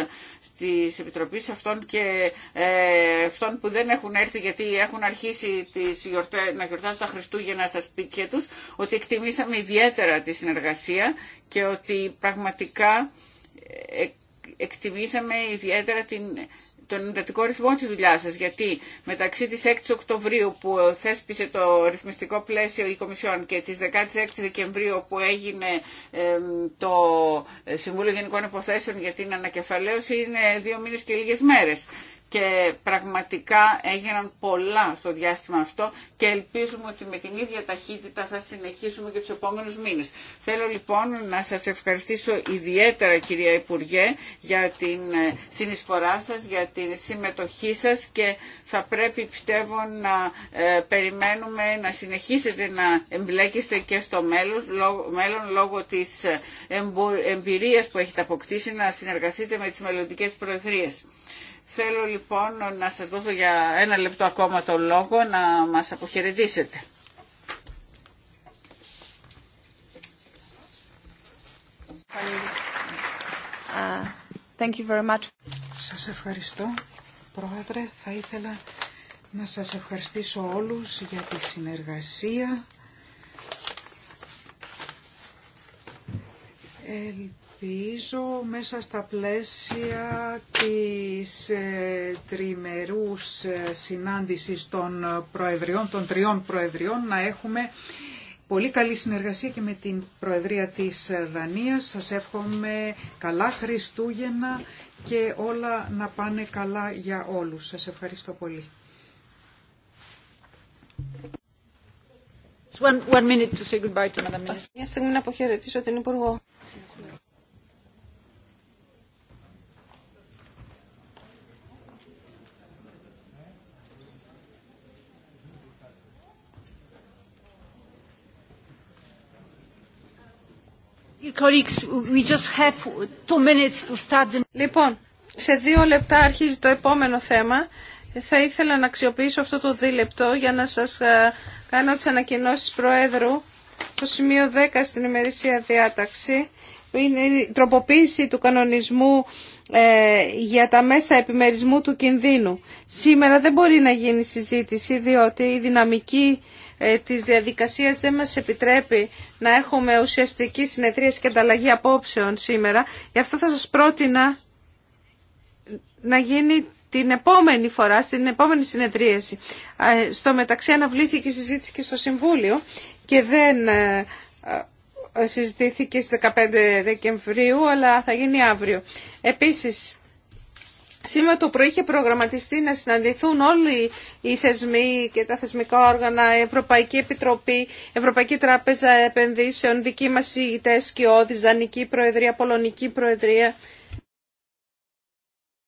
[SPEAKER 1] της Επιτροπής αυτών και ε, αυτών που δεν έχουν έρθει γιατί έχουν αρχίσει τις γιορτέ, να γιορτάζουν τα Χριστούγεννα στα σπίτια τους, ότι εκτιμήσαμε ιδιαίτερα τη συνεργασία και ότι πραγματικά ε, εκτιμήσαμε ιδιαίτερα την τον εντατικό ρυθμό της δουλειάς σας, γιατί μεταξύ της 6 Οκτωβρίου που θέσπισε το ρυθμιστικό πλαίσιο η Κομισιόν και της 16 Δεκεμβρίου που έγινε το Συμβούλιο Γενικών Υποθέσεων για την ανακεφαλαίωση είναι δύο μήνες και λίγες μέρες και πραγματικά έγιναν πολλά στο διάστημα αυτό και ελπίζουμε ότι με την ίδια ταχύτητα θα συνεχίσουμε και τους επόμενους μήνες. Θέλω λοιπόν να σας ευχαριστήσω ιδιαίτερα κυρία Υπουργέ για την ε, συνεισφορά σας, για την συμμετοχή σας και θα πρέπει πιστεύω να ε, περιμένουμε να συνεχίσετε να εμπλέκεστε και στο μέλλον, μέλλον λόγω της ε, εμπειρίας που έχετε αποκτήσει να συνεργαστείτε με τις μελλοντικές προεδρίες. Θέλω λοιπόν να σας δώσω για ένα λεπτό ακόμα το λόγο να μας αποχαιρετήσετε. Uh, thank you very
[SPEAKER 2] Σας ευχαριστώ, Πρόεδρε. Θα ήθελα να σας ευχαριστήσω όλους για τη συνεργασία ελπίζω μέσα στα πλαίσια της ε, τριμερούς ε, συνάντησης των προεδριών, των τριών προεδριών, να έχουμε πολύ καλή συνεργασία και με την Προεδρία της Δανίας. Σας εύχομαι καλά Χριστούγεννα και όλα να πάνε καλά για όλους. Σας ευχαριστώ πολύ. One, one minute to say goodbye to
[SPEAKER 3] Μια αποχαιρετήσω την Υπουργό. Λοιπόν, σε δύο λεπτά αρχίζει το επόμενο θέμα. Θα ήθελα να αξιοποιήσω αυτό το δίλεπτο για να σας ε, κάνω τις ανακοινώσεις Προέδρου. Το σημείο 10 στην ημερησία διάταξη είναι η τροποποίηση του κανονισμού ε, για τα μέσα επιμερισμού του κινδύνου. Σήμερα δεν μπορεί να γίνει συζήτηση διότι η δυναμική ε, της διαδικασίας δεν μας επιτρέπει να έχουμε ουσιαστική συνεδρίαση και ανταλλαγή απόψεων σήμερα. Γι' αυτό θα σας πρότεινα να γίνει την επόμενη φορά, στην επόμενη συνεδρίαση. Ε, στο μεταξύ αναβλήθηκε η συζήτηση και στο Συμβούλιο και δεν ε, συζητήθηκε στις 15 Δεκεμβρίου, αλλά θα γίνει αύριο. Επίσης, Σήμερα το πρωί είχε προγραμματιστεί να συναντηθούν όλοι οι θεσμοί και τα θεσμικά όργανα, η Ευρωπαϊκή Επιτροπή, Ευρωπαϊκή Τράπεζα Επενδύσεων, δικοί μας ηγητές και όδης, Δανική Προεδρία, Πολωνική Προεδρία.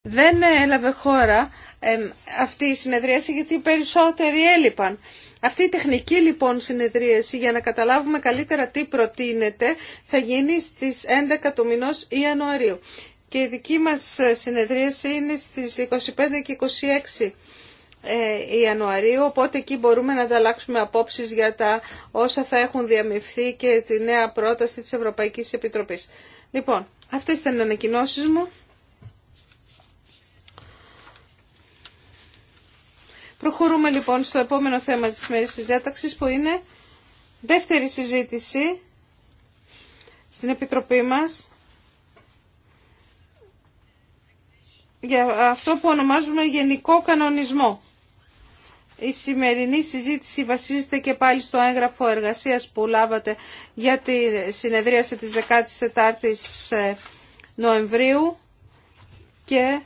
[SPEAKER 3] Δεν έλαβε χώρα ε, αυτή η συνεδρίαση γιατί οι περισσότεροι έλειπαν. Αυτή η τεχνική λοιπόν συνεδρίαση για να καταλάβουμε καλύτερα τι προτείνεται θα γίνει στις 11 του μηνός Ιανουαρίου και η δική μας συνεδρίαση είναι στις 25 και 26 ε, Ιανουαρίου, οπότε εκεί μπορούμε να ανταλλάξουμε απόψεις για τα όσα θα έχουν διαμειφθεί και τη νέα πρόταση της Ευρωπαϊκής Επιτροπής. Λοιπόν, αυτές ήταν οι ανακοινώσει μου. Προχωρούμε λοιπόν στο επόμενο θέμα της μέρης της διάταξης που είναι δεύτερη συζήτηση στην Επιτροπή μας για αυτό που ονομάζουμε γενικό κανονισμό. Η σημερινή συζήτηση βασίζεται και πάλι στο έγγραφο εργασίας που λάβατε για τη συνεδρίαση της 14ης ε, Νοεμβρίου και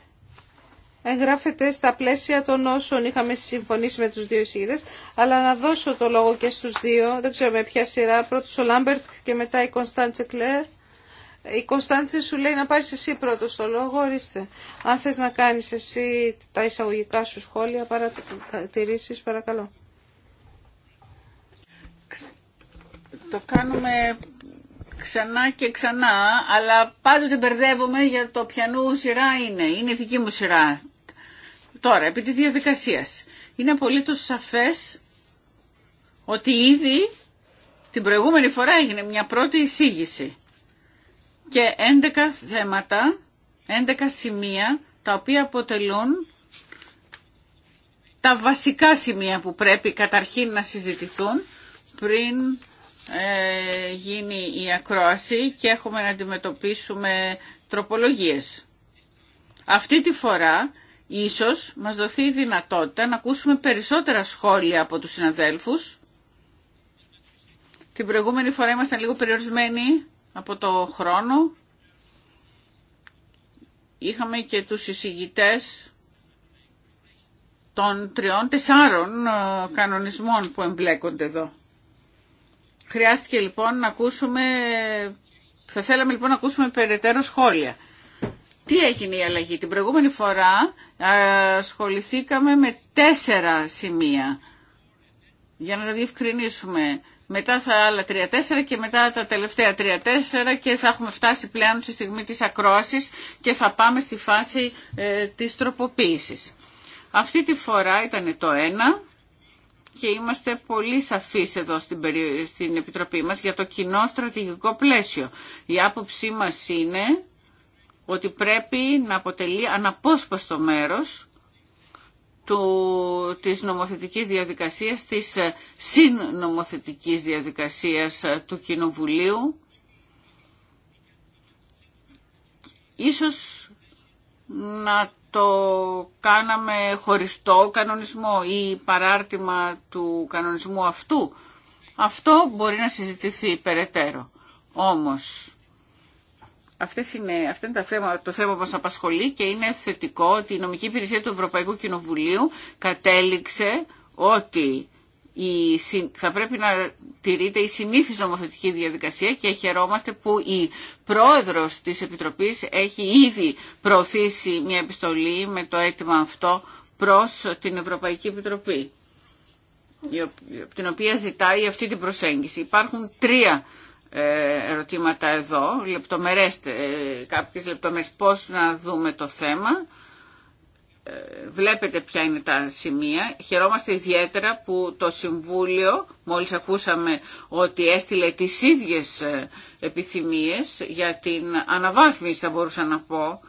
[SPEAKER 3] εγγράφεται στα πλαίσια των όσων είχαμε συμφωνήσει με τους δύο εισηγητές, αλλά να δώσω το λόγο και στους δύο, δεν ξέρω με ποια σειρά, πρώτος ο Λάμπερτ και μετά η Κωνσταντσε η Κωνσταντζή σου λέει να πάρεις εσύ πρώτο το λόγο, ορίστε. Αν θες να κάνεις εσύ τα εισαγωγικά σου σχόλια, παρατηρήσεις, παρακαλώ. Το κάνουμε
[SPEAKER 1] ξανά και ξανά, αλλά πάντοτε μπερδεύουμε για το πιανού σειρά είναι. Είναι η δική μου σειρά. Τώρα, επί της διαδικασίας. Είναι απολύτως σαφές ότι ήδη την προηγούμενη φορά έγινε μια πρώτη εισήγηση και 11 θέματα, 11 σημεία, τα οποία αποτελούν τα βασικά σημεία που πρέπει καταρχήν να συζητηθούν πριν ε, γίνει η ακρόαση και έχουμε να αντιμετωπίσουμε τροπολογίες. Αυτή τη φορά ίσως μας δοθεί η δυνατότητα να ακούσουμε περισσότερα σχόλια από τους συναδέλφους. Την προηγούμενη φορά ήμασταν λίγο περιορισμένοι από το χρόνο είχαμε και τους εισηγητές των τριών, τεσσάρων ε, κανονισμών που εμπλέκονται εδώ. Χρειάστηκε λοιπόν να ακούσουμε, θα θέλαμε λοιπόν να ακούσουμε περαιτέρω σχόλια. Τι έγινε η αλλαγή. Την προηγούμενη φορά ε, ασχοληθήκαμε με τέσσερα σημεία για να τα διευκρινίσουμε μετά θα άλλα 3-4 και μετά τα τελευταία 3-4 και θα έχουμε φτάσει πλέον στη στιγμή της ακρόασης και θα πάμε στη φάση ε, της τροποποίησης. Αυτή τη φορά ήταν το 1 και είμαστε πολύ σαφείς εδώ στην, στην Επιτροπή μας για το κοινό στρατηγικό πλαίσιο. Η άποψή μας είναι ότι πρέπει να αποτελεί αναπόσπαστο μέρος του, της νομοθετικής διαδικασίας, της συνομοθετικής διαδικασίας του Κοινοβουλίου. Ίσως να το κάναμε χωριστό κανονισμό ή παράρτημα του κανονισμού αυτού. Αυτό μπορεί να συζητηθεί περαιτέρω. Όμως, Αυτές είναι, θέμα, το θέμα που μας απασχολεί και είναι θετικό ότι η νομική υπηρεσία του Ευρωπαϊκού Κοινοβουλίου κατέληξε ότι η, θα πρέπει να τηρείται η συνήθις νομοθετική διαδικασία και χαιρόμαστε που η πρόεδρος της Επιτροπής έχει ήδη προωθήσει μια επιστολή με το αίτημα αυτό προς την Ευρωπαϊκή Επιτροπή την οποία ζητάει αυτή την προσέγγιση. Υπάρχουν τρία ε, ερωτήματα εδώ, λεπτομερές, ε, κάποιες λεπτομέρειες πώς να δούμε το θέμα. Ε, βλέπετε ποια είναι τα σημεία. Χαιρόμαστε ιδιαίτερα που το Συμβούλιο, μόλις ακούσαμε ότι έστειλε τις ίδιες επιθυμίες για την αναβάθμιση, θα μπορούσα να πω,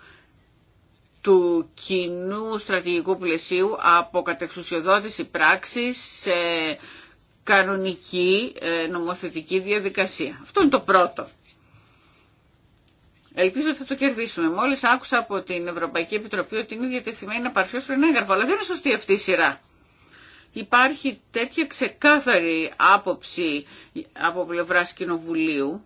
[SPEAKER 1] του κοινού στρατηγικού πλαισίου από κατεξουσιοδότηση πράξης σε κανονική ε, νομοθετική διαδικασία. Αυτό είναι το πρώτο. Ελπίζω ότι θα το κερδίσουμε. Μόλι άκουσα από την Ευρωπαϊκή Επιτροπή ότι είναι διατεθειμένη να παρουσιάσουν ένα έγγραφο, αλλά δεν είναι σωστή αυτή η σειρά. Υπάρχει τέτοια ξεκάθαρη άποψη από πλευρά Κοινοβουλίου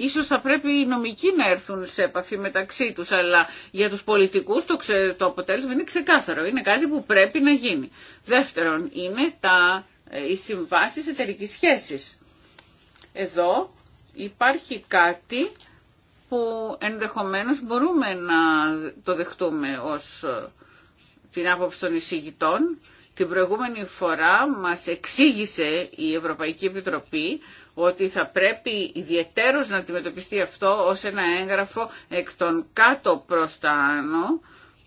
[SPEAKER 1] Ίσως θα πρέπει οι νομικοί να έρθουν σε επαφή μεταξύ τους, αλλά για τους πολιτικούς το, το αποτέλεσμα είναι ξεκάθαρο. Είναι κάτι που πρέπει να γίνει. Δεύτερον, είναι τα... Ε, οι συμβάσεις εταιρική σχέσης. Εδώ υπάρχει κάτι που ενδεχομένως μπορούμε να το δεχτούμε ως ε, την άποψη των εισηγητών. Την προηγούμενη φορά μας εξήγησε η Ευρωπαϊκή Επιτροπή ότι θα πρέπει ιδιαιτέρως να αντιμετωπιστεί αυτό ως ένα έγγραφο εκ των κάτω προς τα άνω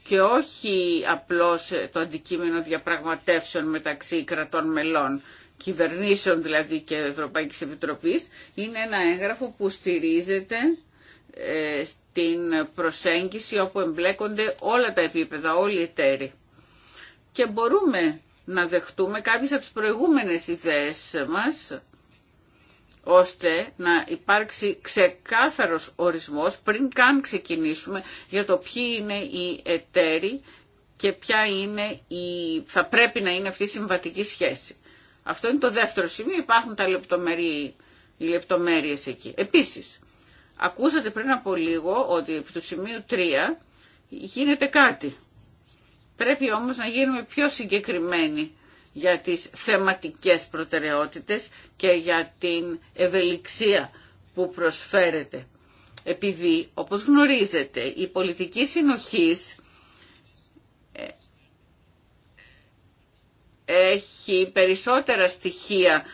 [SPEAKER 1] και όχι απλώς το αντικείμενο διαπραγματεύσεων μεταξύ κρατών μελών κυβερνήσεων δηλαδή και Ευρωπαϊκής Επιτροπής, είναι ένα έγγραφο που στηρίζεται ε, στην προσέγγιση όπου εμπλέκονται όλα τα επίπεδα, όλοι οι εταίροι. Και μπορούμε να δεχτούμε κάποιες από τις προηγούμενες ιδέες μας, ώστε να υπάρξει ξεκάθαρος ορισμός πριν καν ξεκινήσουμε για το ποιοι είναι οι εταίροι και ποια είναι η... θα πρέπει να είναι αυτή η συμβατική σχέση. Αυτό είναι το δεύτερο σημείο, υπάρχουν τα λεπτομερή... λεπτομέρειες εκεί. Επίσης, ακούσατε πριν από λίγο ότι από το σημείο 3 γίνεται κάτι. Πρέπει όμως να γίνουμε πιο συγκεκριμένοι για τις θεματικές προτεραιότητες και για την ευελιξία που προσφέρεται. Επειδή, όπως γνωρίζετε, η πολιτική συνοχής ε, έχει περισσότερα στοιχεία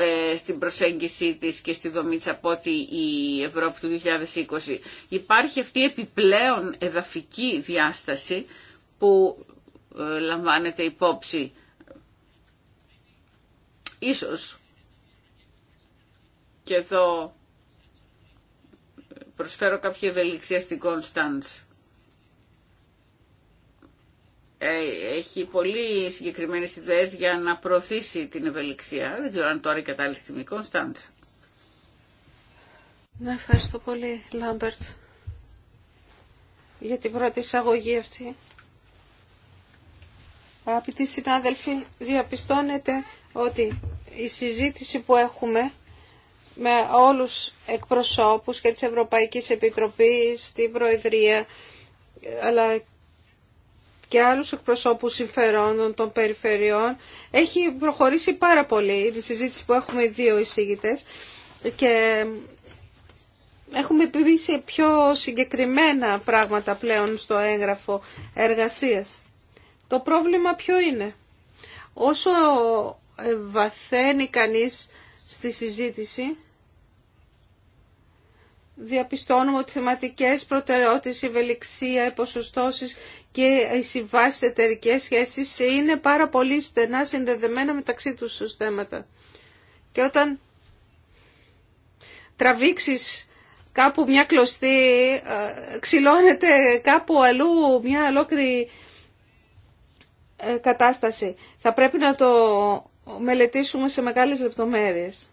[SPEAKER 1] ε, στην προσέγγιση της και στη δομή της από ότι η Ευρώπη του 2020. Υπάρχει αυτή η επιπλέον εδαφική διάσταση που ε, λαμβάνεται υπόψη Ίσως και εδώ προσφέρω κάποια ευελιξία στην Κόνσταντς. Ε, έχει πολύ συγκεκριμένες ιδέες για να προωθήσει την ευελιξία. Δεν ξέρω αν τώρα η κατάλληλη στιγμή, Κωνσταντ.
[SPEAKER 3] Ναι, ευχαριστώ πολύ, Λάμπερτ, για την πρώτη εισαγωγή αυτή. Αγαπητοί συνάδελφοι, διαπιστώνεται ότι η συζήτηση που έχουμε με όλους εκπροσώπους και της Ευρωπαϊκής Επιτροπής, την Προεδρία, αλλά και άλλους εκπροσώπους συμφερόντων των περιφερειών, έχει προχωρήσει πάρα πολύ η συζήτηση που έχουμε οι δύο εισήγητες και έχουμε πει σε πιο συγκεκριμένα πράγματα πλέον στο έγγραφο εργασίας. Το πρόβλημα ποιο είναι. Όσο βαθαίνει κανείς στη συζήτηση, διαπιστώνουμε ότι θεματικές προτεραιότητες, η ευελιξία, οι και οι συμβάσει εταιρικέ σχέσεις είναι πάρα πολύ στενά συνδεδεμένα μεταξύ τους στους θέματα. Και όταν τραβήξεις κάπου μια κλωστή, ε, ξυλώνεται κάπου αλλού μια ολόκληρη ε, κατάσταση. Θα πρέπει να το μελετήσουμε σε μεγάλες λεπτομέρειες.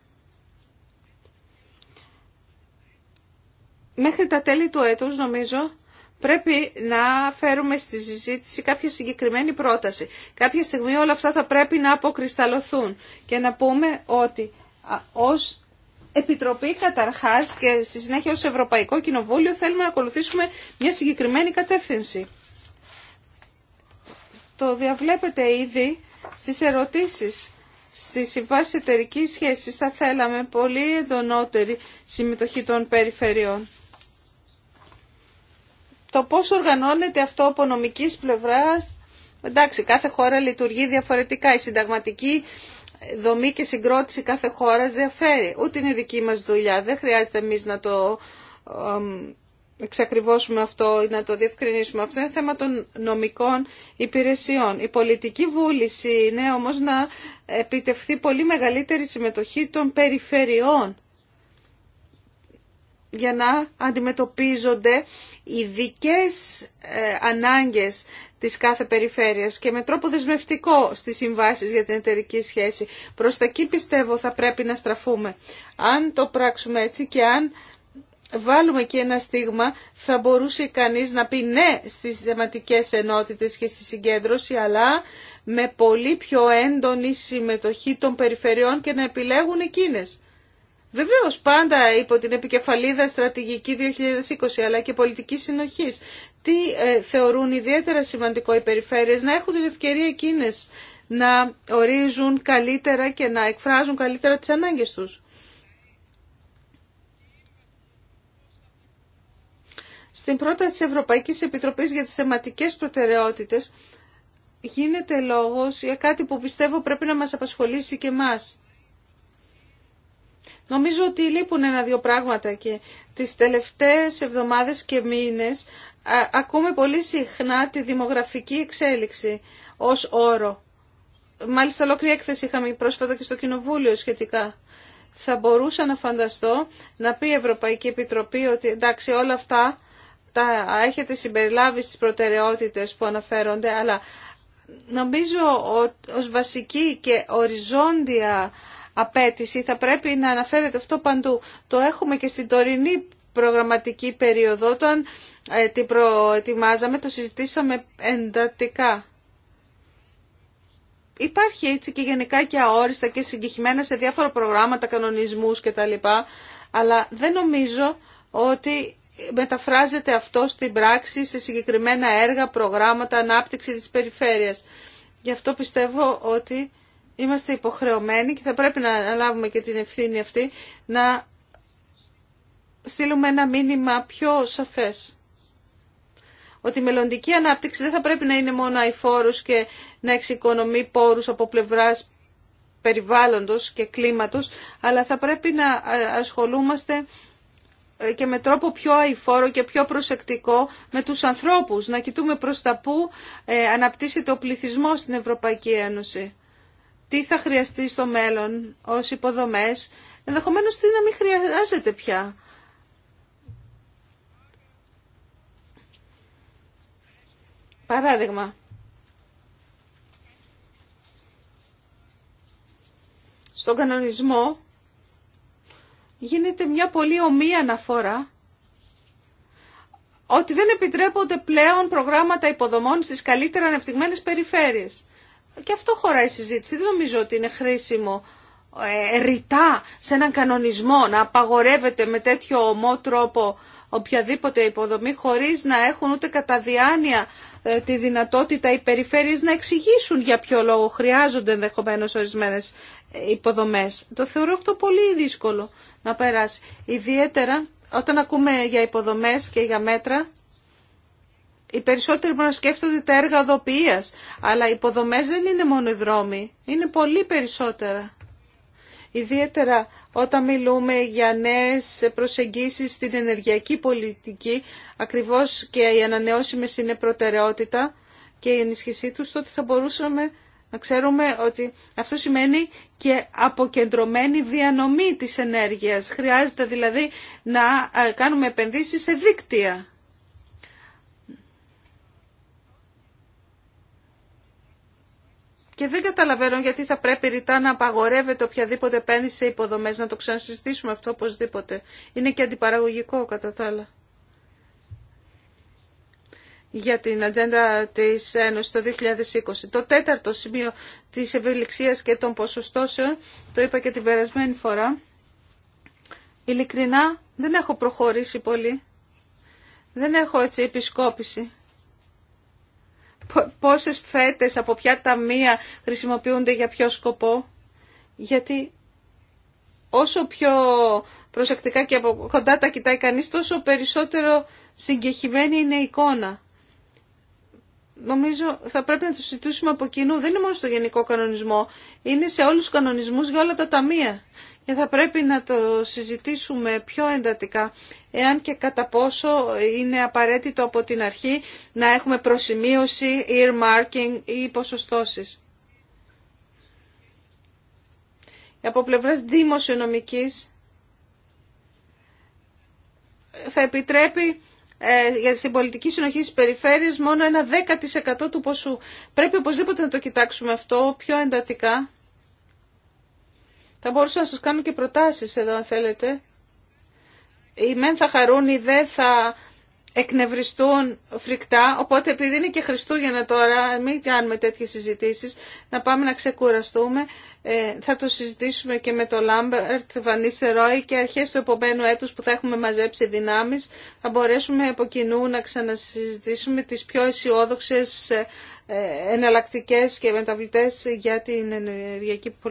[SPEAKER 3] Μέχρι τα τέλη του έτους, νομίζω, πρέπει να φέρουμε στη συζήτηση κάποια συγκεκριμένη πρόταση. Κάποια στιγμή όλα αυτά θα πρέπει να αποκρισταλωθούν και να πούμε ότι ως Επιτροπή καταρχάς και στη συνέχεια ως Ευρωπαϊκό Κοινοβούλιο θέλουμε να ακολουθήσουμε μια συγκεκριμένη κατεύθυνση. Το διαβλέπετε ήδη στις ερωτήσεις Στη συμβάση εταιρική σχέση θα θέλαμε πολύ εντονότερη συμμετοχή των περιφερειών. Το πώς οργανώνεται αυτό από νομικής πλευράς, εντάξει κάθε χώρα λειτουργεί διαφορετικά, η συνταγματική δομή και συγκρότηση κάθε χώρας διαφέρει. Ούτε είναι η δική μας δουλειά, δεν χρειάζεται εμείς να το εξακριβώσουμε αυτό ή να το διευκρινίσουμε. Αυτό είναι θέμα των νομικών υπηρεσιών. Η πολιτική βούληση είναι όμως να επιτευχθεί πολύ μεγαλύτερη συμμετοχή των περιφερειών για να αντιμετωπίζονται οι ειδικέ ε, ανάγκες της κάθε περιφέρειας και με τρόπο δεσμευτικό στις συμβάσεις για την εταιρική σχέση. Προς τα εκεί πιστεύω θα πρέπει να στραφούμε. Αν το πράξουμε έτσι και αν βάλουμε και ένα στίγμα, θα μπορούσε κανείς να πει ναι στις θεματικές ενότητες και στη συγκέντρωση, αλλά με πολύ πιο έντονη συμμετοχή των περιφερειών και να επιλέγουν εκείνες. Βεβαίω πάντα υπό την επικεφαλίδα στρατηγική 2020 αλλά και πολιτική συνοχή. Τι ε, θεωρούν ιδιαίτερα σημαντικό οι περιφέρειες να έχουν την ευκαιρία εκείνες να ορίζουν καλύτερα και να εκφράζουν καλύτερα τις ανάγκες τους. Στην πρόταση της Ευρωπαϊκής Επιτροπής για τις θεματικές προτεραιότητες γίνεται λόγος για κάτι που πιστεύω πρέπει να μας απασχολήσει και μας. Νομίζω ότι λείπουν ένα-δύο πράγματα και τις τελευταίες εβδομάδες και μήνες ακούμε πολύ συχνά τη δημογραφική εξέλιξη ως όρο. Μάλιστα ολόκληρη έκθεση είχαμε πρόσφατα και στο Κοινοβούλιο σχετικά. Θα μπορούσα να φανταστώ να πει η Ευρωπαϊκή Επιτροπή ότι εντάξει όλα αυτά τα έχετε συμπεριλάβει στις προτεραιότητες που αναφέρονται, αλλά νομίζω ότι ως βασική και οριζόντια απέτηση θα πρέπει να αναφέρεται αυτό παντού. Το έχουμε και στην τωρινή προγραμματική περίοδο, όταν ε, την προετοιμάζαμε, το συζητήσαμε εντατικά. Υπάρχει έτσι και γενικά και αόριστα και συγκεκριμένα σε διάφορα προγράμματα, κανονισμούς κτλ. Αλλά δεν νομίζω ότι μεταφράζεται αυτό στην πράξη σε συγκεκριμένα έργα, προγράμματα, ανάπτυξη της περιφέρειας. Γι' αυτό πιστεύω ότι είμαστε υποχρεωμένοι και θα πρέπει να αναλάβουμε και την ευθύνη αυτή να στείλουμε ένα μήνυμα πιο σαφές. Ότι η μελλοντική ανάπτυξη δεν θα πρέπει να είναι μόνο αϊφόρους και να εξοικονομεί πόρους από πλευράς περιβάλλοντος και κλίματος, αλλά θα πρέπει να ασχολούμαστε ε, και με τρόπο πιο αηφόρο και πιο προσεκτικό με τους ανθρώπους. Να κοιτούμε προς τα πού ε, αναπτύσσεται ο πληθυσμός στην Ευρωπαϊκή Ένωση. Τι θα χρειαστεί στο μέλλον ως υποδομές. Ενδεχομένως τι να μην χρειάζεται πια. Παράδειγμα. Στον κανονισμό γίνεται μια πολύ ομοία αναφορά ότι δεν επιτρέπονται πλέον προγράμματα υποδομών στις καλύτερα ανεπτυγμένες περιφέρειες. Και αυτό χωράει συζήτηση. Δεν νομίζω ότι είναι χρήσιμο ε, ρητά σε έναν κανονισμό να απαγορεύεται με τέτοιο ομό τρόπο οποιαδήποτε υποδομή χωρίς να έχουν ούτε κατά διάνοια ε, τη δυνατότητα οι περιφέρειες να εξηγήσουν για ποιο λόγο χρειάζονται ενδεχομένω ορισμένες ε, υποδομές. Το θεωρώ αυτό πολύ δύσκολο να περάσει. Ιδιαίτερα όταν ακούμε για υποδομές και για μέτρα, οι περισσότεροι μπορούν να σκέφτονται τα έργα οδοποιίας, αλλά οι υποδομές δεν είναι μόνο οι δρόμοι, είναι πολύ περισσότερα. Ιδιαίτερα όταν μιλούμε για νέες προσεγγίσεις στην ενεργειακή πολιτική, ακριβώς και οι ανανεώσιμες είναι προτεραιότητα και η ενισχυσή τους, τότε θα μπορούσαμε να ξέρουμε ότι αυτό σημαίνει και αποκεντρωμένη διανομή της ενέργειας. Χρειάζεται δηλαδή να ε, κάνουμε επενδύσεις σε δίκτυα. Και δεν καταλαβαίνω γιατί θα πρέπει ρητά να απαγορεύεται οποιαδήποτε επένδυση σε υποδομές, να το ξανασυστήσουμε αυτό οπωσδήποτε. Είναι και αντιπαραγωγικό κατά τα άλλα. Για την ατζέντα της Ένωση το 2020. Το τέταρτο σημείο της ευελιξίας και των ποσοστώσεων, το είπα και την περασμένη φορά, ειλικρινά δεν έχω προχωρήσει πολύ. Δεν έχω έτσι επισκόπηση πόσες φέτες από ποια ταμεία χρησιμοποιούνται για ποιο σκοπό. Γιατί όσο πιο προσεκτικά και από κοντά τα κοιτάει κανείς, τόσο περισσότερο συγκεχημένη είναι η εικόνα νομίζω θα πρέπει να το συζητήσουμε από κοινού. Δεν είναι μόνο στο γενικό κανονισμό, είναι σε όλους τους κανονισμούς για όλα τα ταμεία. Και θα πρέπει να το συζητήσουμε πιο εντατικά, εάν και κατά πόσο είναι απαραίτητο από την αρχή να έχουμε προσημείωση, earmarking ή ποσοστώσεις. Από πλευράς δημοσιονομικής θα επιτρέπει ε, για την πολιτική συνοχή της περιφέρειας μόνο ένα 10% του ποσού. Πρέπει οπωσδήποτε να το κοιτάξουμε αυτό πιο εντατικά. Θα μπορούσα να σας κάνω και προτάσεις εδώ αν θέλετε. Οι μεν θα χαρούν, οι δε θα εκνευριστούν φρικτά, οπότε επειδή είναι και Χριστούγεννα τώρα, μην κάνουμε τέτοιες συζητήσεις, να πάμε να ξεκουραστούμε. Ε, θα το συζητήσουμε και με τον Λάμπερτ Βανίσε Ρόι και αρχές του επομένου έτους που θα έχουμε μαζέψει δυνάμεις θα μπορέσουμε από κοινού να ξανασυζητήσουμε τις πιο αισιόδοξε ε, εναλλακτικέ και μεταβλητέ για την,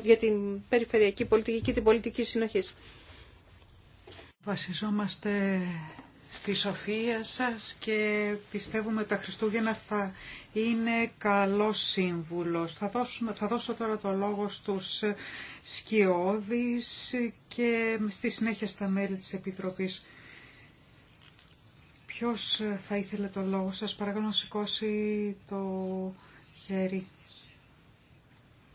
[SPEAKER 3] για την περιφερειακή πολιτική και την πολιτική συνοχή.
[SPEAKER 2] Βασιζόμαστε στη σοφία σας και πιστεύουμε τα Χριστούγεννα θα είναι καλό σύμβουλο. Θα, δώσουμε, θα δώσω τώρα το λόγο στους σκιώδεις και στη συνέχεια στα μέλη της Επιτροπής. Ποιος θα ήθελε το λόγο σας, παρακαλώ να σηκώσει το χέρι.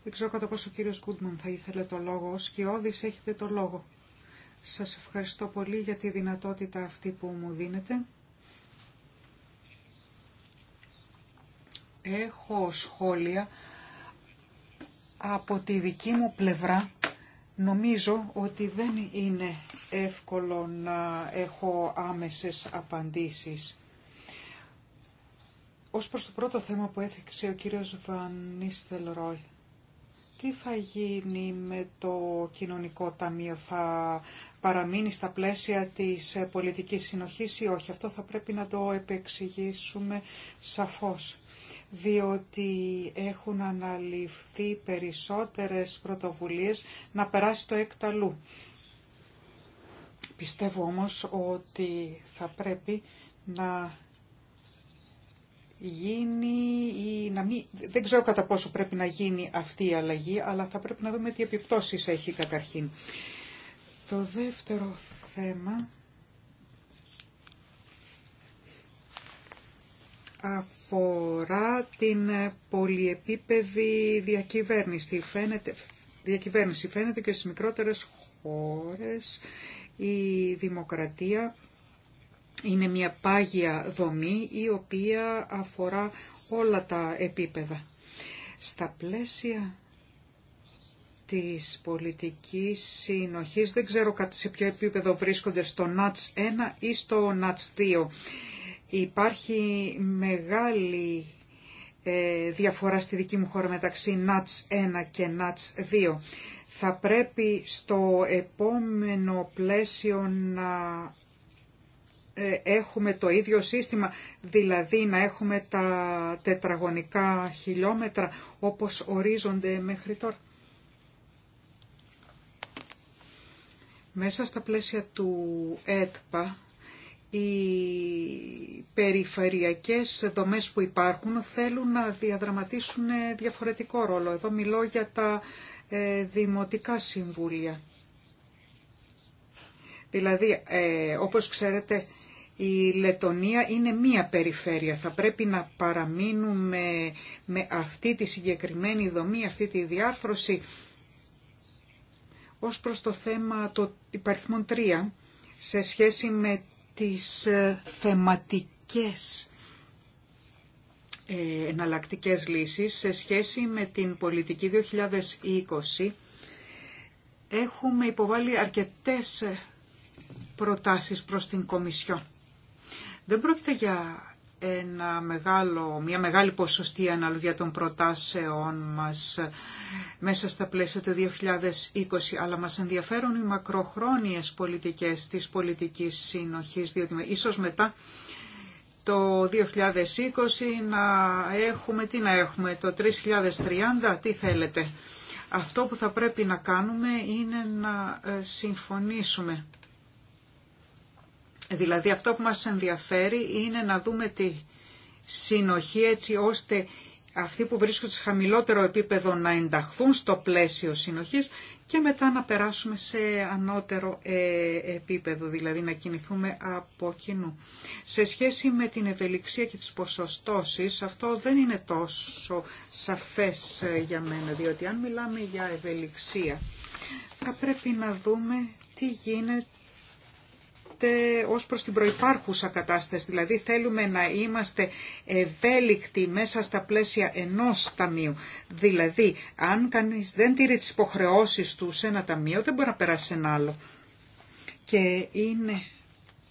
[SPEAKER 2] Δεν ξέρω κατά πόσο ο κύριος Κούντμαν θα ήθελε το λόγο. Ο σκιώδης έχετε το λόγο. Σας ευχαριστώ πολύ για τη δυνατότητα αυτή που μου δίνετε. Έχω σχόλια από τη δική μου πλευρά. Νομίζω ότι δεν είναι εύκολο να έχω άμεσες απαντήσεις. Ως προς το πρώτο θέμα που έφεξε ο κύριος Βανίστελ Ρόι, τι θα γίνει με το κοινωνικό ταμείο, θα παραμείνει στα πλαίσια της πολιτικής συνοχής ή όχι. Αυτό θα πρέπει να το επεξηγήσουμε σαφώς διότι έχουν αναλυφθεί περισσότερες πρωτοβουλίες να περάσει το εκταλού. Πιστεύω όμως ότι θα πρέπει να γίνει να μην... Δεν ξέρω κατά πόσο πρέπει να γίνει αυτή η αλλαγή, αλλά θα πρέπει να δούμε τι επιπτώσεις έχει καταρχήν. Το δεύτερο θέμα αφορά την πολυεπίπεδη διακυβέρνηση. Φαίνεται, διακυβέρνηση φαίνεται και στις μικρότερες χώρες η δημοκρατία είναι μια πάγια δομή η οποία αφορά όλα τα επίπεδα. Στα πλαίσια της πολιτικής συνοχής, δεν ξέρω σε ποιο επίπεδο βρίσκονται στο ΝΑΤΣ 1 ή στο ΝΑΤΣ 2. Υπάρχει μεγάλη ε, διαφορά στη δική μου χώρα μεταξύ ΝΑΤΣ 1 και ΝΑΤΣ 2. Θα πρέπει στο επόμενο πλαίσιο να ε, έχουμε το ίδιο σύστημα, δηλαδή να έχουμε τα τετραγωνικά χιλιόμετρα όπως ορίζονται μέχρι τώρα. Μέσα στα πλαίσια του ΕΤΠΑ, οι περιφερειακές δομές που υπάρχουν θέλουν να διαδραματίσουν διαφορετικό ρόλο. Εδώ μιλώ για τα ε, δημοτικά συμβούλια. Δηλαδή, ε, όπως ξέρετε, η Λετωνία είναι μία περιφέρεια. Θα πρέπει να παραμείνουμε με αυτή τη συγκεκριμένη δομή, αυτή τη διάρθρωση. Ως προς το θέμα το υπαριθμών 3, σε σχέση με τις ε, θεματικές ε, εναλλακτικές λύσεις, σε σχέση με την πολιτική 2020, έχουμε υποβάλει αρκετές ε, προτάσεις προς την Κομισιόν. Δεν πρόκειται για ένα μεγάλο, μια μεγάλη ποσοστή αναλογία των προτάσεών μας μέσα στα πλαίσια του 2020, αλλά μας ενδιαφέρουν οι μακροχρόνιες πολιτικές της πολιτικής συνοχής, διότι ίσως μετά το 2020 να έχουμε, τι να έχουμε, το 3030, τι θέλετε. Αυτό που θα πρέπει να κάνουμε είναι να ε, συμφωνήσουμε Δηλαδή αυτό που μας ενδιαφέρει είναι να δούμε τη συνοχή έτσι ώστε αυτοί που βρίσκονται σε χαμηλότερο επίπεδο να ενταχθούν στο πλαίσιο συνοχής και μετά να περάσουμε σε ανώτερο ε, επίπεδο, δηλαδή να κινηθούμε από κοινού. Σε σχέση με την ευελιξία και τις ποσοστώσεις, αυτό δεν είναι τόσο σαφές ε, για μένα, διότι αν μιλάμε για ευελιξία, θα πρέπει να δούμε τι γίνεται Ω ως προς την προϋπάρχουσα κατάσταση. Δηλαδή θέλουμε να είμαστε ευέλικτοι μέσα στα πλαίσια ενός ταμείου. Δηλαδή, αν κανείς δεν τηρεί τις υποχρεώσεις του σε ένα ταμείο, δεν μπορεί να περάσει ένα άλλο. Και είναι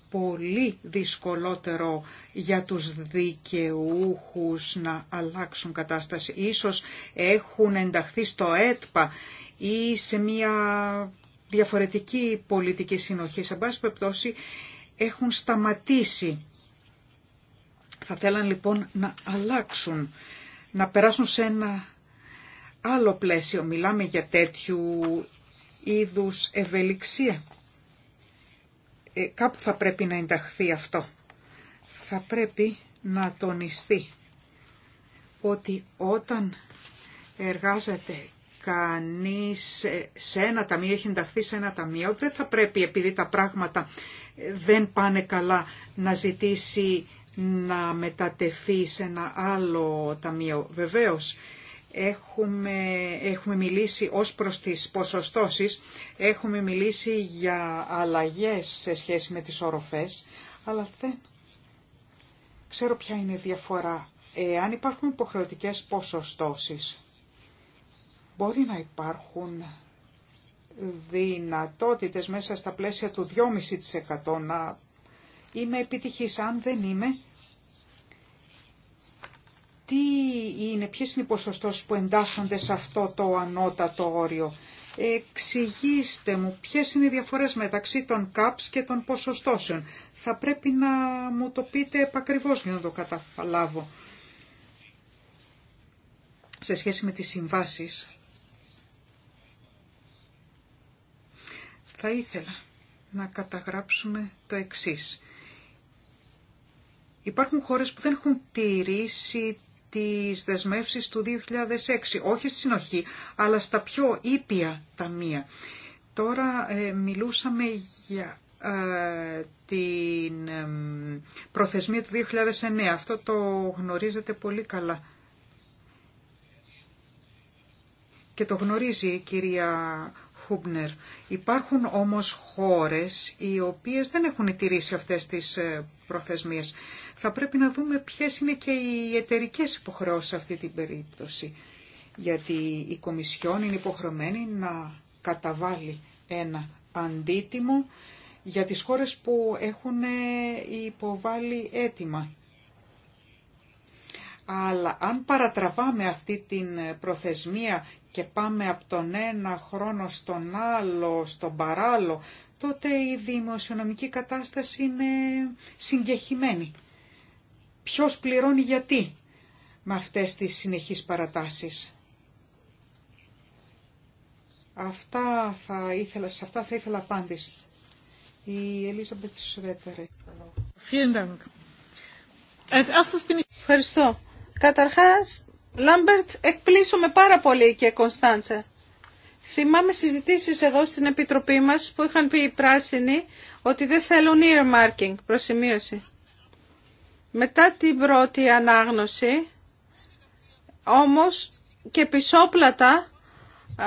[SPEAKER 2] πολύ δυσκολότερο για τους δικαιούχους να αλλάξουν κατάσταση. Ίσως έχουν ενταχθεί στο έτπα ή σε μια διαφορετική πολιτική συνοχή. Σε πάση περιπτώσει έχουν σταματήσει. Θα θέλαν λοιπόν να αλλάξουν, να περάσουν σε ένα άλλο πλαίσιο. Μιλάμε για τέτοιου είδους ευελιξία. Ε, κάπου θα πρέπει να ενταχθεί αυτό. Θα πρέπει να τονιστεί ότι όταν εργάζεται κανείς ε, σε ένα ταμείο, έχει ενταχθεί σε ένα ταμείο, δεν θα πρέπει επειδή τα πράγματα ε, δεν πάνε καλά να ζητήσει να μετατεθεί σε ένα άλλο ταμείο. Βεβαίως, έχουμε, έχουμε μιλήσει ως προς τις ποσοστώσεις, έχουμε μιλήσει για αλλαγές σε σχέση με τις οροφές, αλλά δεν ξέρω ποια είναι η διαφορά. Εάν υπάρχουν υποχρεωτικές ποσοστώσεις, Μπορεί να υπάρχουν δυνατότητες μέσα στα πλαίσια του 2,5% να είμαι επιτυχής. Αν δεν είμαι, τι είναι, ποιες είναι οι ποσοστώσεις που εντάσσονται σε αυτό το ανώτατο όριο. Εξηγήστε μου ποιες είναι οι διαφορές μεταξύ των ΚΑΠΣ και των ποσοστώσεων. Θα πρέπει να μου το πείτε επακριβώς για να το καταλάβω. Σε σχέση με τις συμβάσεις, Θα ήθελα να καταγράψουμε το εξής. Υπάρχουν χώρες που δεν έχουν τηρήσει τις δεσμεύσεις του 2006, όχι στη συνοχή, αλλά στα πιο ήπια ταμεία. Τώρα ε, μιλούσαμε για ε, την ε, προθεσμία του 2009. Αυτό το γνωρίζετε πολύ καλά. Και το γνωρίζει η κυρία Υπάρχουν όμως χώρες οι οποίες δεν έχουν τηρήσει αυτές τις ε, προθεσμίες. Θα πρέπει να δούμε ποιες είναι και οι εταιρικέ υποχρεώσεις σε αυτή την περίπτωση. Γιατί η Κομισιόν είναι υποχρεωμένη να καταβάλει ένα αντίτιμο για τις χώρες που έχουν ε, υποβάλει αίτημα. Αλλά αν παρατραβάμε αυτή την ε, προθεσμία και πάμε από τον ένα χρόνο στον άλλο, στον παράλλο, τότε η δημοσιονομική κατάσταση είναι συγκεχημένη. Ποιος πληρώνει γιατί με αυτές τις συνεχείς παρατάσεις. Αυτά θα ήθελα, σε αυτά θα ήθελα απάντηση. Η
[SPEAKER 3] Ελίζα Μπετσουρέτερε. Ευχαριστώ. Καταρχάς, Λάμπερτ, με πάρα πολύ και Κωνσταντσα. Θυμάμαι συζητήσεις εδώ στην Επιτροπή μας που είχαν πει οι πράσινοι ότι δεν θέλουν earmarking, προσημείωση. Μετά την πρώτη ανάγνωση, όμως και πισόπλατα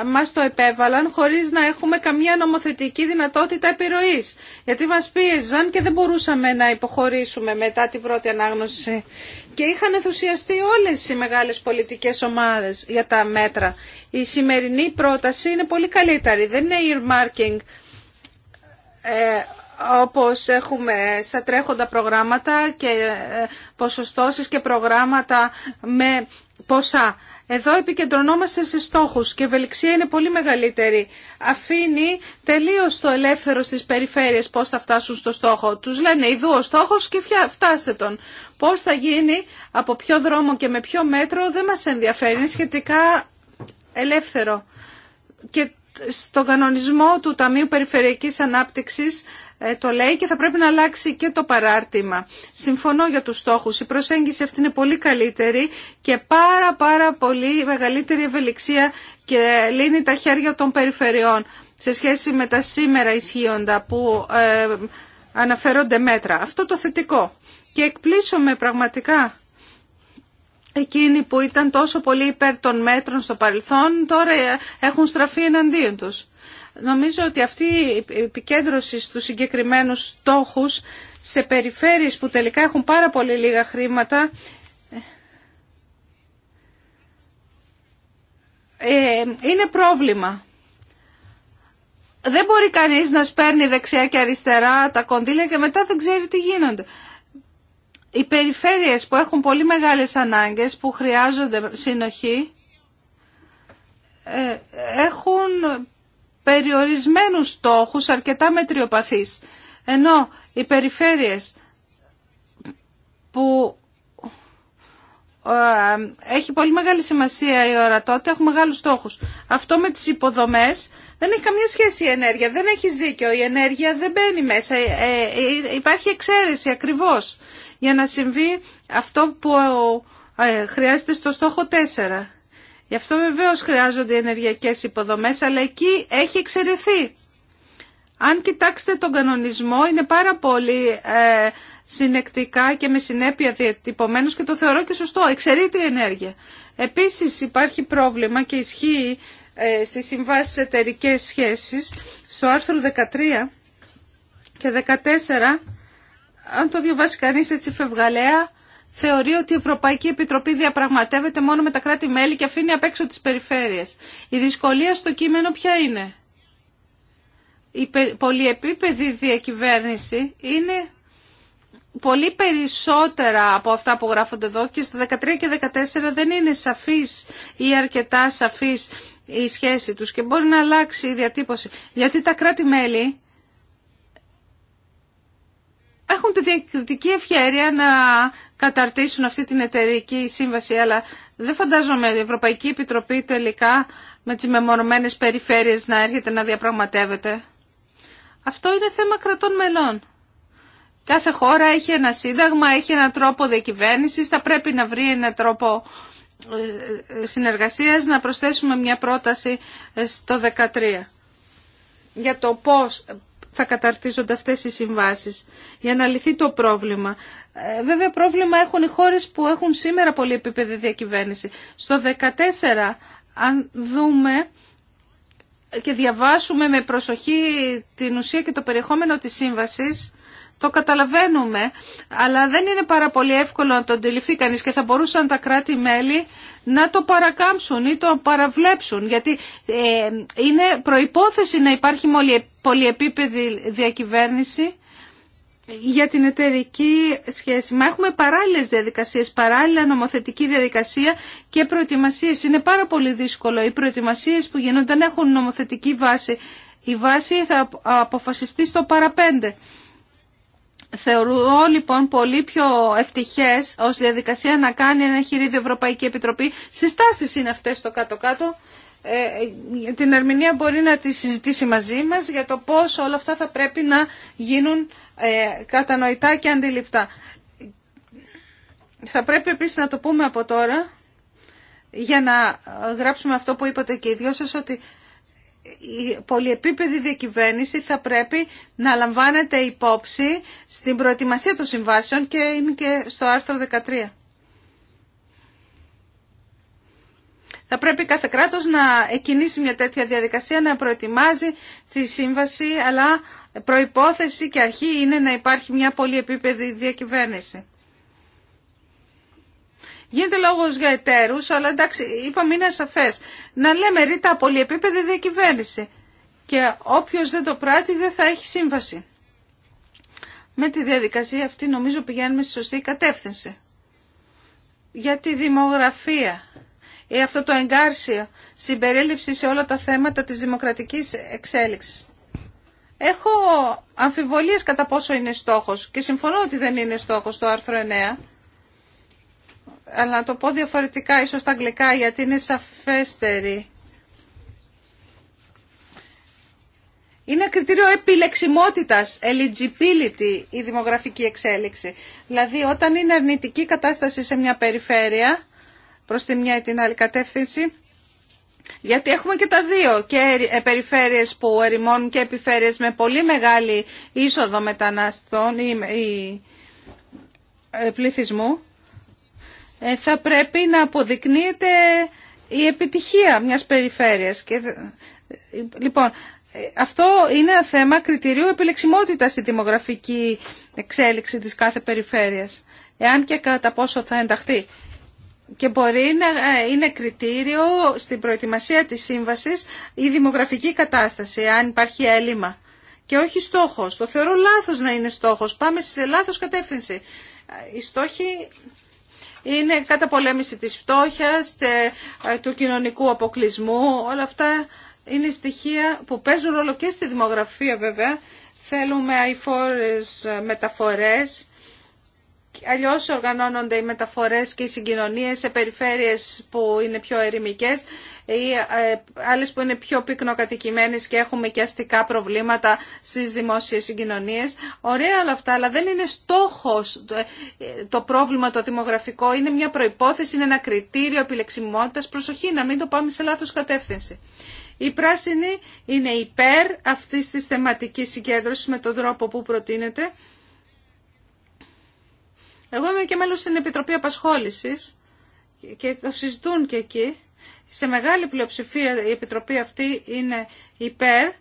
[SPEAKER 3] μας το επέβαλαν χωρίς να έχουμε καμία νομοθετική δυνατότητα επιρροής. Γιατί μας πίεζαν και δεν μπορούσαμε να υποχωρήσουμε μετά την πρώτη ανάγνωση. Και είχαν ενθουσιαστεί όλες οι μεγάλες πολιτικές ομάδες για τα μέτρα. Η σημερινή πρόταση είναι πολύ καλύτερη. Δεν είναι earmarking ε, όπως έχουμε στα τρέχοντα προγράμματα και ε, ποσοστώσεις και προγράμματα με ποσά. Εδώ επικεντρωνόμαστε σε στόχους και η ευελιξία είναι πολύ μεγαλύτερη. Αφήνει τελείως το ελεύθερο στις περιφέρειες πώς θα φτάσουν στο στόχο. Τους λένε ειδού ο στόχος και φτάστε τον. Πώς θα γίνει, από ποιο δρόμο και με ποιο μέτρο δεν μας ενδιαφέρει. Είναι σχετικά ελεύθερο. Και στον κανονισμό του Ταμείου Περιφερειακής Ανάπτυξης ε, το λέει και θα πρέπει να αλλάξει και το παράρτημα. Συμφωνώ για τους στόχους. Η προσέγγιση αυτή είναι πολύ καλύτερη και πάρα πάρα πολύ μεγαλύτερη ευελιξία και λύνει τα χέρια των περιφερειών σε σχέση με τα σήμερα ισχύοντα που ε, αναφέρονται μέτρα. Αυτό το θετικό. Και με πραγματικά εκείνοι που ήταν τόσο πολύ υπέρ των μέτρων στο παρελθόν τώρα έχουν στραφεί εναντίον τους. Νομίζω ότι αυτή η επικέντρωση στους συγκεκριμένους στόχους σε περιφέρειες που τελικά έχουν πάρα πολύ λίγα χρήματα ε, είναι πρόβλημα. Δεν μπορεί κανείς να σπέρνει δεξιά και αριστερά τα κονδύλια και μετά δεν ξέρει τι γίνονται οι περιφέρειες που έχουν πολύ μεγάλες ανάγκες, που χρειάζονται συνοχή, ε, έχουν περιορισμένους στόχους αρκετά μετριοπαθείς. Ενώ οι περιφέρειες που ε, έχει πολύ μεγάλη σημασία η τότε έχουμε μεγάλους στόχους. Αυτό με τις υποδομές δεν έχει καμία σχέση η ενέργεια, δεν έχεις δίκιο, η ενέργεια δεν μπαίνει μέσα, ε, ε, υπάρχει εξαίρεση ακριβώς για να συμβεί αυτό που χρειάζεται στο στόχο 4. Γι' αυτό βεβαίω χρειάζονται οι ενεργειακές υποδομές, αλλά εκεί έχει εξαιρεθεί. Αν κοιτάξετε τον κανονισμό, είναι πάρα πολύ συνεκτικά και με συνέπεια διατυπωμένος και το θεωρώ και σωστό. Εξαιρείται η ενέργεια. Επίσης υπάρχει πρόβλημα και ισχύει ε, στις συμβάσεις εταιρικέ σχέσεις στο άρθρο 13 και 14 αν το διαβάσει κανείς έτσι φευγαλέα θεωρεί ότι η Ευρωπαϊκή Επιτροπή διαπραγματεύεται μόνο με τα κράτη-μέλη και αφήνει απ' έξω τις περιφέρειες. Η δυσκολία στο κείμενο ποια είναι. Η πολυεπίπεδη διακυβέρνηση είναι πολύ περισσότερα από αυτά που γράφονται εδώ και στο 13 και 14 δεν είναι σαφής ή αρκετά σαφής η σχέση τους και μπορεί να αλλάξει η διατύπωση. Γιατί τα κράτη-μέλη έχουν τη διακριτική ευχαίρεια να καταρτήσουν αυτή την εταιρική σύμβαση, αλλά δεν φαντάζομαι η Ευρωπαϊκή Επιτροπή τελικά με τις μεμονωμένες περιφέρειες να έρχεται να διαπραγματεύεται. Αυτό είναι θέμα κρατών μελών. Κάθε χώρα έχει ένα σύνταγμα, έχει έναν τρόπο διακυβέρνηση. θα πρέπει να βρει έναν τρόπο ε, συνεργασίας να προσθέσουμε μια πρόταση ε, στο 13 για το πώς θα καταρτίζονται αυτές οι συμβάσεις για να λυθεί το πρόβλημα. Ε, βέβαια πρόβλημα έχουν οι χώρες που έχουν σήμερα πολύ επίπεδη διακυβέρνηση. Στο 14 αν δούμε και διαβάσουμε με προσοχή την ουσία και το περιεχόμενο της σύμβασης το καταλαβαίνουμε, αλλά δεν είναι πάρα πολύ εύκολο να το αντιληφθεί κανείς και θα μπορούσαν τα κράτη-μέλη να το παρακάμψουν ή το παραβλέψουν, γιατί ε, είναι προϋπόθεση να υπάρχει πολυεπίπεδη διακυβέρνηση για την εταιρική σχέση. Μα έχουμε παράλληλες διαδικασίες, παράλληλα νομοθετική διαδικασία και προετοιμασίες. Είναι πάρα πολύ δύσκολο. Οι προετοιμασίες που γίνονται δεν έχουν νομοθετική βάση. Η βάση θα αποφασιστεί στο παραπέντε. Θεωρώ λοιπόν πολύ πιο ευτυχέ ω διαδικασία να κάνει ένα χειρίδιο Ευρωπαϊκή Επιτροπή. Συστάσεις είναι αυτές στο κάτω-κάτω. Ε, ε, την ερμηνεία μπορεί να τη συζητήσει μαζί μας για το πώς όλα αυτά θα πρέπει να γίνουν ε, κατανοητά και αντιληπτά. Θα πρέπει επίσης να το πούμε από τώρα για να γράψουμε αυτό που είπατε και οι δυο σας ότι η πολυεπίπεδη διακυβέρνηση θα πρέπει να λαμβάνεται υπόψη στην προετοιμασία των συμβάσεων και είναι και στο άρθρο 13. Θα πρέπει κάθε κράτος να εκκινήσει μια τέτοια διαδικασία, να προετοιμάζει τη σύμβαση, αλλά προϋπόθεση και αρχή είναι να υπάρχει μια πολυεπίπεδη διακυβέρνηση. Γίνεται λόγος για εταίρου, αλλά εντάξει, είπαμε είναι σαφές. Να λέμε ρητά πολυεπίπεδη διακυβέρνηση και όποιο δεν το πράττει δεν θα έχει σύμβαση. Με τη διαδικασία αυτή νομίζω πηγαίνουμε στη σωστή κατεύθυνση. Για τη δημογραφία ή ε, αυτό το εγκάρσιο συμπερίληψη σε όλα τα θέματα της δημοκρατικής εξέλιξης. Έχω αμφιβολίες κατά πόσο είναι στόχος και συμφωνώ ότι δεν είναι στόχος το άρθρο 9 αλλά να το πω διαφορετικά, ίσως στα αγγλικά, γιατί είναι σαφέστερη. Είναι κριτήριο επιλεξιμότητας, eligibility, η δημογραφική εξέλιξη. Δηλαδή, όταν είναι αρνητική κατάσταση σε μια περιφέρεια, προς τη μια ή την άλλη κατεύθυνση, γιατί έχουμε και τα δύο, και ε, περιφέρειες που ερημώνουν και επιφέρειες με πολύ μεγάλη είσοδο μεταναστών ή ε, πληθυσμού, ε, θα πρέπει να αποδεικνύεται η επιτυχία μιας περιφέρειας. Και, ε, λοιπόν, ε, αυτό είναι θέμα κριτηρίου επιλεξιμότητας στη δημογραφική εξέλιξη της κάθε περιφέρειας, εάν και κατά πόσο θα ενταχθεί. Και μπορεί να είναι κριτήριο στην προετοιμασία της σύμβασης η δημογραφική κατάσταση, αν υπάρχει έλλειμμα. Και όχι στόχος. Το θεωρώ λάθος να είναι στόχος. Πάμε σε λάθος κατεύθυνση. Οι στόχοι είναι κατά πολέμηση της φτώχειας, ε, του κοινωνικού αποκλεισμού. Όλα αυτά είναι στοιχεία που παίζουν ρόλο και στη δημογραφία βέβαια. Θέλουμε αηφόρες ε, μεταφορές Αλλιώς οργανώνονται οι μεταφορές και οι συγκοινωνίες σε περιφέρειες που είναι πιο ερημικές ή ε, άλλες που είναι πιο πυκνοκατοικημένες και έχουμε και αστικά προβλήματα στις δημόσιες συγκοινωνίες. Ωραία όλα αυτά, αλλά δεν είναι στόχος ε, το πρόβλημα το δημογραφικό, είναι μια προϋπόθεση, είναι ένα κριτήριο επιλεξιμότητας. Προσοχή να μην το πάμε σε λάθος κατεύθυνση. Η πράσινη είναι υπέρ αυτής της θεματικής συγκέντρωσης με τον τρόπο που προτείνεται εγώ είμαι και μέλος στην Επιτροπή Απασχόλησης και το συζητούν και εκεί. Σε μεγάλη πλειοψηφία η Επιτροπή αυτή είναι υπέρ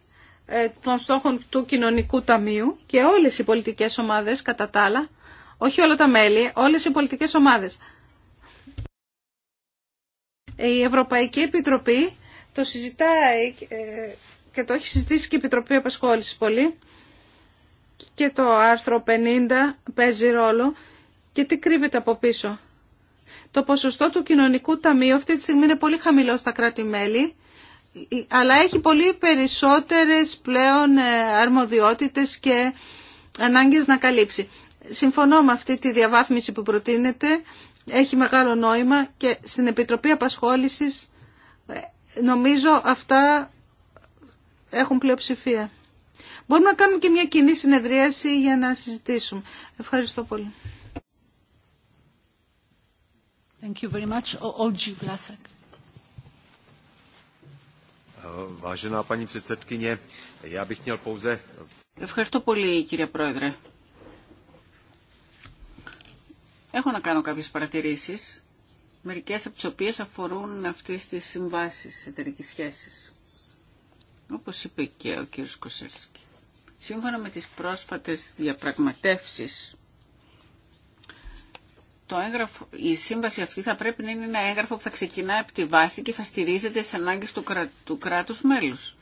[SPEAKER 3] ε, των στόχων του Κοινωνικού Ταμείου και όλες οι πολιτικές ομάδες κατά τα άλλα, όχι όλα τα μέλη, όλες οι πολιτικές ομάδες. Η Ευρωπαϊκή Επιτροπή το συζητάει ε, και το έχει συζητήσει και η Επιτροπή Απασχόλησης πολύ και το άρθρο 50 παίζει ρόλο και τι κρύβεται από πίσω. Το ποσοστό του κοινωνικού ταμείου αυτή τη στιγμή είναι πολύ χαμηλό στα κράτη-μέλη, αλλά έχει πολύ περισσότερες πλέον ε, αρμοδιότητες και ανάγκες να καλύψει. Συμφωνώ με αυτή τη διαβάθμιση που προτείνεται, έχει μεγάλο νόημα και στην Επιτροπή Απασχόλησης ε, νομίζω αυτά έχουν πλειοψηφία. Μπορούμε να κάνουμε και μια κοινή συνεδρίαση για να συζητήσουμε. Ευχαριστώ πολύ.
[SPEAKER 1] Ευχαριστώ πολύ κύριε Πρόεδρε. Έχω να κάνω κάποιες παρατηρήσεις, μερικές από τις οποίες αφορούν αυτές τις συμβάσεις εταιρική σχέσεις, Όπως είπε και ο κύριος Κοσέλσκι. Σύμφωνα με τις πρόσφατες διαπραγματεύσεις το έγγραφο, η σύμβαση αυτή θα πρέπει να είναι ένα έγγραφο που θα ξεκινά από τη βάση και θα στηρίζεται στις ανάγκες του, κρα, του κράτους μέλους.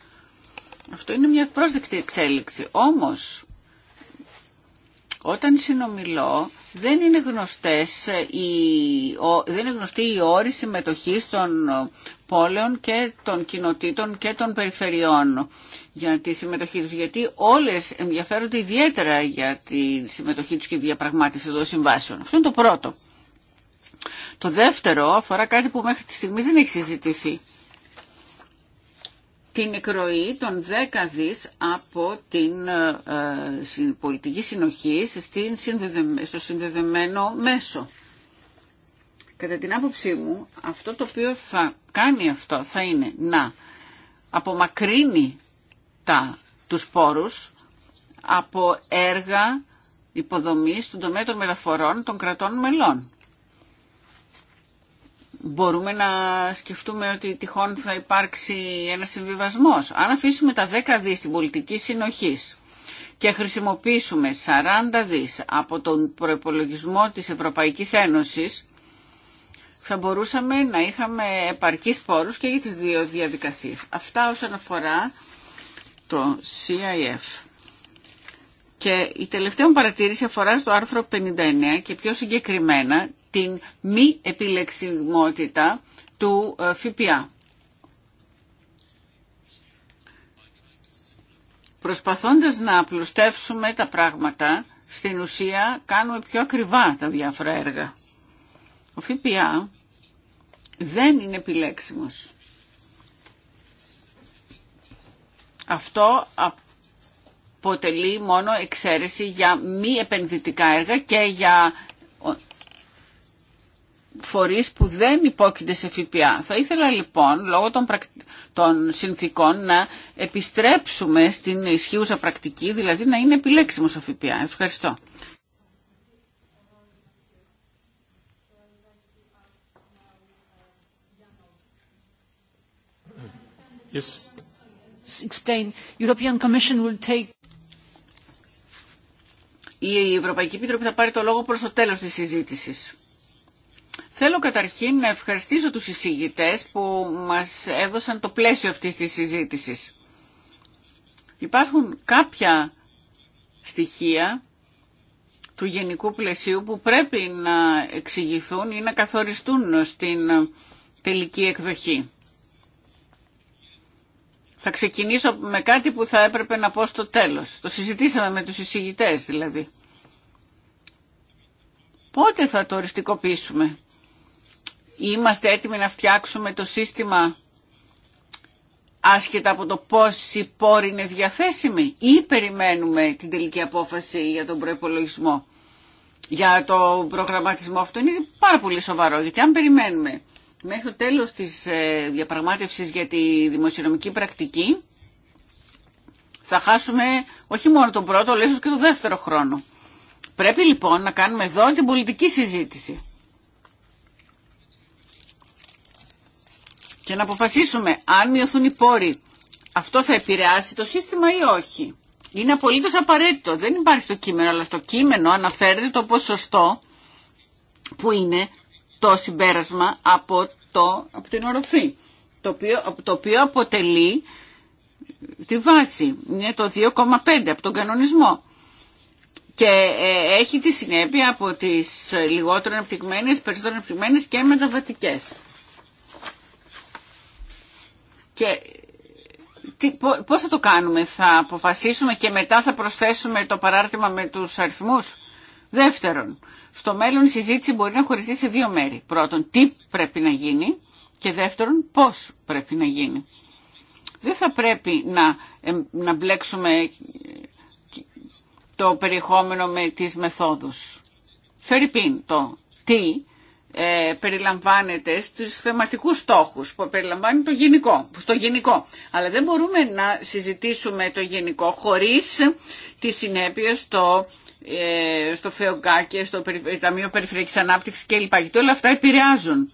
[SPEAKER 1] Αυτό είναι μια πρόσδεκτη εξέλιξη. Όμως, όταν συνομιλώ δεν είναι, γνωστές ε, οι, δεν είναι γνωστή η όρη συμμετοχή των ε, πόλεων και των κοινοτήτων και των περιφερειών για τη συμμετοχή τους, γιατί όλες ενδιαφέρονται ιδιαίτερα για τη συμμετοχή τους και τη διαπραγμάτευση των συμβάσεων. Αυτό είναι το πρώτο. Το δεύτερο αφορά κάτι που μέχρι τη στιγμή δεν έχει συζητηθεί την εκροή των 10 από την ε, πολιτική συνοχή στο συνδεδεμένο μέσο. Κατά την άποψή μου, αυτό το οποίο θα κάνει αυτό θα είναι να απομακρύνει τα, τους πόρους από έργα υποδομής στον τομέα των μεταφορών των κρατών μελών μπορούμε να σκεφτούμε ότι τυχόν θα υπάρξει ένα συμβιβασμό. Αν αφήσουμε τα 10 δι στην πολιτική συνοχής και χρησιμοποιήσουμε 40 δί από τον προπολογισμό της Ευρωπαϊκής Ένωσης, θα μπορούσαμε να είχαμε επαρκείς πόρους και για τις δύο διαδικασίες. Αυτά όσον αφορά το CIF. Και η τελευταία μου παρατήρηση αφορά στο άρθρο 59 και πιο συγκεκριμένα την μη επιλεξιμότητα του ε, ΦΠΑ. Προσπαθώντας να απλουστεύσουμε τα πράγματα, στην ουσία κάνουμε πιο ακριβά τα διάφορα έργα. Ο ΦΠΑ δεν είναι επιλέξιμος. Αυτό αποτελεί μόνο εξαίρεση για μη επενδυτικά έργα και για φορείς που δεν υπόκειται σε ΦΠΑ. Θα ήθελα λοιπόν λόγω των, πρακ... συνθήκων να επιστρέψουμε στην ισχύουσα πρακτική, δηλαδή να είναι επιλέξιμο ο ΦΠΑ. Ευχαριστώ. Yes. Explain. European Commission will take... Η Ευρωπαϊκή Επιτροπή θα πάρει το λόγο προς το τέλος της συζήτησης. Θέλω καταρχήν να ευχαριστήσω τους εισηγητές που μας έδωσαν το πλαίσιο αυτής της συζήτησης. Υπάρχουν κάποια στοιχεία του γενικού πλαισίου που πρέπει να εξηγηθούν ή να καθοριστούν στην τελική εκδοχή. Θα ξεκινήσω με κάτι που θα έπρεπε να πω στο τέλος. Το συζητήσαμε με τους εισηγητές δηλαδή. Πότε θα το οριστικοποιήσουμε Είμαστε έτοιμοι να φτιάξουμε το σύστημα άσχετα από το πόσοι πόροι είναι διαθέσιμοι ή περιμένουμε την τελική απόφαση για τον προϋπολογισμό. Για το προγραμματισμό αυτό είναι πάρα πολύ σοβαρό, γιατί αν περιμένουμε μέχρι το τέλος της ε, διαπραγμάτευσης για τη δημοσιονομική πρακτική, θα χάσουμε όχι μόνο τον πρώτο, αλλά και τον δεύτερο χρόνο. Πρέπει λοιπόν να κάνουμε εδώ την πολιτική συζήτηση. και να αποφασίσουμε αν μειωθούν οι πόροι αυτό θα επηρεάσει το σύστημα ή όχι. Είναι απολύτως απαραίτητο. Δεν υπάρχει το κείμενο, αλλά το κείμενο αναφέρεται το ποσοστό που είναι το συμπέρασμα από, το, από την οροφή, το οποίο, το οποίο αποτελεί τη βάση. Είναι το 2,5 από τον κανονισμό. Και ε, έχει τη συνέπεια από τις λιγότερο αναπτυγμένες, περισσότερο αναπτυγμένες και μεταβατικές. Και πώς θα το κάνουμε, θα αποφασίσουμε και μετά θα προσθέσουμε το παράρτημα με τους αριθμούς. Δεύτερον, στο μέλλον η συζήτηση μπορεί να χωριστεί σε δύο μέρη. Πρώτον, τι πρέπει να γίνει και δεύτερον, πώς πρέπει να γίνει. Δεν θα πρέπει να, να μπλέξουμε το περιεχόμενο με τις μεθόδους. Φερρυπίν το τι ε, περιλαμβάνεται στους θεματικούς στόχους που περιλαμβάνει το γενικό, στο γενικό. Αλλά δεν μπορούμε να συζητήσουμε το γενικό χωρίς τη συνέπεια στο, ε, στο ΦΕΟΚΑ και στο Ταμείο Περιφερειακής Ανάπτυξης κλπ. Και όλα αυτά επηρεάζουν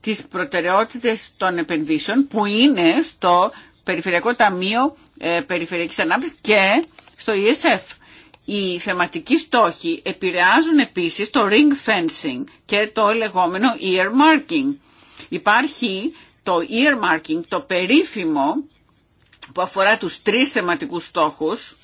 [SPEAKER 1] τις προτεραιότητες των επενδύσεων που είναι στο Περιφερειακό Ταμείο ε, Περιφερειακής Ανάπτυξης και στο ESF οι θεματικοί στόχοι επηρεάζουν επίσης το ring fencing και το λεγόμενο earmarking. Υπάρχει το earmarking, το περίφημο που αφορά τους τρεις θεματικούς στόχους,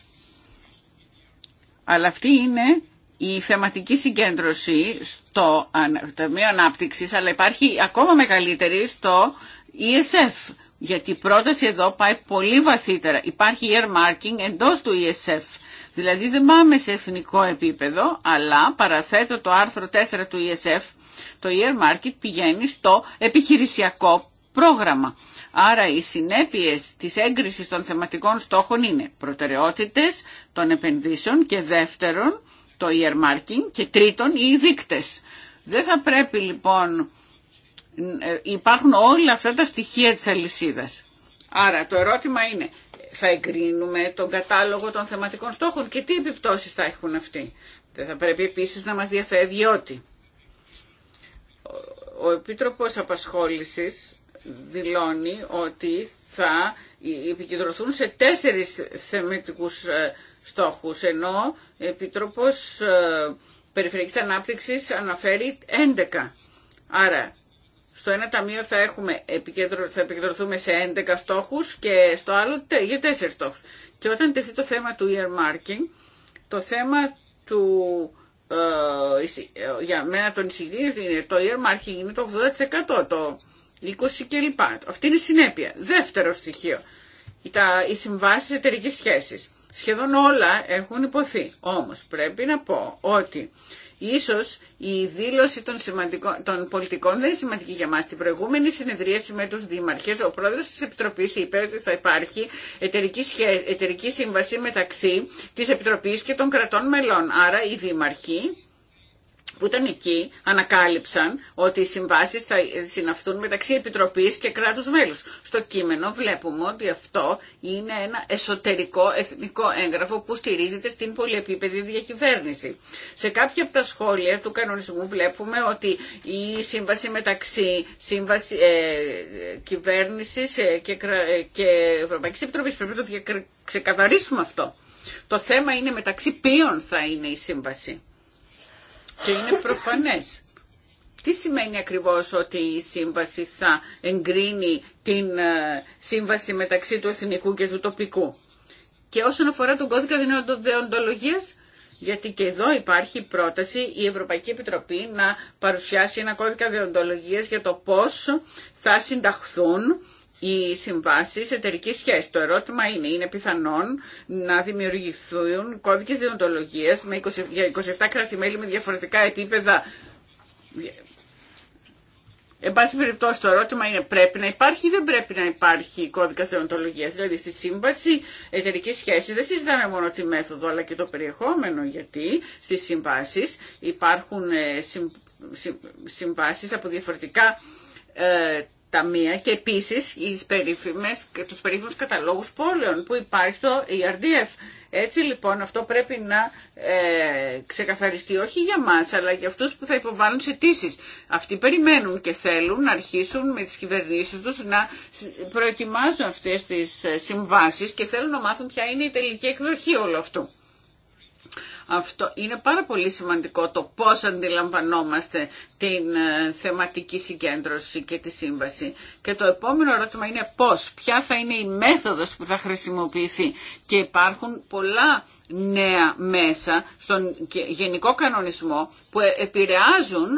[SPEAKER 1] αλλά αυτή είναι η θεματική συγκέντρωση στο Ταμείο ανάπτυξη, αλλά υπάρχει ακόμα μεγαλύτερη στο ESF, γιατί η πρόταση εδώ πάει πολύ βαθύτερα. Υπάρχει earmarking εντός του ESF Δηλαδή δεν πάμε σε εθνικό επίπεδο, αλλά παραθέτω το άρθρο 4 του ESF, το earmarking πηγαίνει στο επιχειρησιακό πρόγραμμα. Άρα οι συνέπειες της έγκρισης των θεματικών στόχων είναι προτεραιότητες των επενδύσεων και δεύτερον το earmarking και τρίτον οι δείκτες. Δεν θα πρέπει λοιπόν, ε, υπάρχουν όλα αυτά τα στοιχεία της αλυσίδας. Άρα το ερώτημα είναι θα εγκρίνουμε τον κατάλογο των θεματικών στόχων και τι επιπτώσεις θα έχουν αυτοί. Δεν θα πρέπει επίσης να μας διαφεύγει ότι ο Επίτροπος Απασχόλησης δηλώνει ότι θα επικεντρωθούν σε τέσσερις θεματικούς ε, στόχους, ενώ ο Επίτροπος ε, Περιφερειακής Ανάπτυξης αναφέρει 11. Άρα στο ένα ταμείο θα, έχουμε, επικεντρωθούμε σε 11 στόχους και στο άλλο για 4 στόχους. Και όταν τεθεί το θέμα του earmarking, το θέμα του, ε, ε, για μένα τον εισηγητή είναι το earmarking είναι το 80%, το 20% κλπ. Αυτή είναι η συνέπεια. Δεύτερο στοιχείο, τα, οι συμβάσεις εταιρικής σχέσης. Σχεδόν όλα έχουν υποθεί. Όμως πρέπει να πω ότι Ίσως η δήλωση των, των πολιτικών δεν είναι σημαντική για μας. Την προηγούμενη συνεδρίαση με τους δήμαρχες, ο πρόεδρος της Επιτροπής είπε ότι θα υπάρχει εταιρική, εταιρική σύμβαση μεταξύ της Επιτροπής και των κρατών μελών. Άρα οι δήμαρχοι που ήταν εκεί ανακάλυψαν ότι οι συμβάσει θα συναυτούν μεταξύ Επιτροπής και κράτους μέλους. Στο κείμενο βλέπουμε ότι αυτό είναι ένα εσωτερικό εθνικό έγγραφο που στηρίζεται στην πολυεπίπεδη διακυβέρνηση. Σε κάποια από τα σχόλια του κανονισμού βλέπουμε ότι η σύμβαση μεταξύ σύμβαση, ε, κυβέρνησης ε, και, ε, και Ευρωπαϊκής Επιτροπής πρέπει να το ξεκαθαρίσουμε αυτό. Το θέμα είναι μεταξύ ποιον θα είναι η σύμβαση. Και είναι προφανές. Τι σημαίνει ακριβώς ότι η σύμβαση θα εγκρίνει την ε, σύμβαση μεταξύ του εθνικού και του τοπικού. Και όσον αφορά τον κώδικα δεοντολογίας, γιατί και εδώ υπάρχει πρόταση η Ευρωπαϊκή Επιτροπή να παρουσιάσει ένα κώδικα δεοντολογίας για το πώς θα συνταχθούν οι συμβάσει εταιρικής σχέσης. Το ερώτημα είναι, είναι πιθανόν να δημιουργηθούν κώδικες διοντολογία με για 27 κράτη-μέλη με διαφορετικά επίπεδα. Εν πάση περιπτώσει το ερώτημα είναι πρέπει να υπάρχει ή δεν πρέπει να υπάρχει κώδικα. θεοντολογία. Δηλαδή στη σύμβαση εταιρική σχέσης δεν συζητάμε μόνο τη μέθοδο αλλά και το περιεχόμενο γιατί στι συμβάσει υπάρχουν ε, συμβάσει από διαφορετικά ε, ταμεία και επίσης του περίφημου τους καταλόγους πόλεων που υπάρχει το ERDF. Έτσι λοιπόν αυτό πρέπει να ε, ξεκαθαριστεί όχι για μας αλλά για αυτούς που θα υποβάλουν τις αιτήσει. Αυτοί περιμένουν και θέλουν να αρχίσουν με τις κυβερνήσεις τους να προετοιμάζουν αυτές τις ε, συμβάσεις και θέλουν να μάθουν ποια είναι η τελική εκδοχή όλο αυτού. Αυτό είναι πάρα πολύ σημαντικό το πώς αντιλαμβανόμαστε την ε, θεματική συγκέντρωση και τη σύμβαση. Και το επόμενο ερώτημα είναι πώς, ποια θα είναι η μέθοδος που θα χρησιμοποιηθεί. Και υπάρχουν πολλά νέα μέσα στον γενικό κανονισμό που ε, επηρεάζουν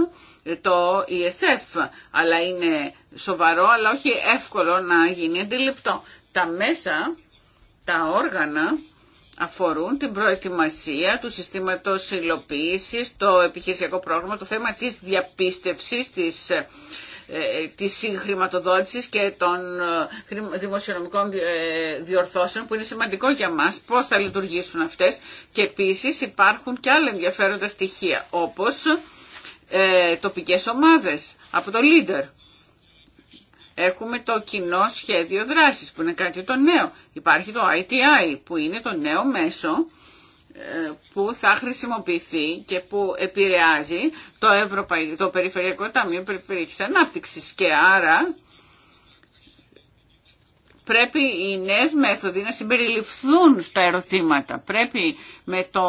[SPEAKER 1] το ESF, αλλά είναι σοβαρό, αλλά όχι εύκολο να γίνει αντιληπτό. Τα μέσα, τα όργανα αφορούν την προετοιμασία του συστήματος υλοποίηση, το επιχειρησιακό πρόγραμμα, το θέμα της διαπίστευσης της ε, ε, της συγχρηματοδότησης και των ε, δημοσιονομικών διορθώσεων που είναι σημαντικό για μας πώς θα λειτουργήσουν αυτές και επίσης υπάρχουν και άλλα ενδιαφέροντα στοιχεία όπως ε, τοπικές ομάδες από το leader Έχουμε το κοινό σχέδιο δράσης που είναι κάτι το νέο. Υπάρχει το ITI που είναι το νέο μέσο ε, που θα χρησιμοποιηθεί και που επηρεάζει το, Ευρωπαϊκό το Περιφερειακό Ταμείο Περιφερειακής Ανάπτυξης και άρα πρέπει οι νέες μέθοδοι να συμπεριληφθούν στα ερωτήματα. Πρέπει με, το,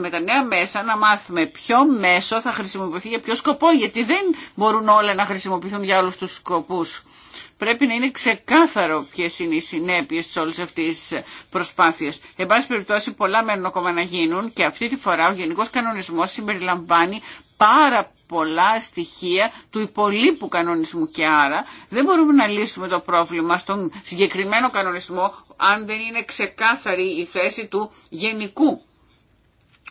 [SPEAKER 1] με τα νέα μέσα να μάθουμε ποιο μέσο θα χρησιμοποιηθεί για ποιο σκοπό, γιατί δεν μπορούν όλα να χρησιμοποιηθούν για όλους τους σκοπούς. Πρέπει να είναι ξεκάθαρο ποιε είναι οι συνέπειε τη όλη αυτή τη προσπάθεια. Εν πάση περιπτώσει, πολλά μένουν ακόμα να γίνουν και αυτή τη φορά ο Γενικό Κανονισμό συμπεριλαμβάνει πάρα πολλά στοιχεία του υπολείπου κανονισμού και άρα δεν μπορούμε να λύσουμε το πρόβλημα στον συγκεκριμένο κανονισμό αν δεν είναι ξεκάθαρη η θέση του γενικού.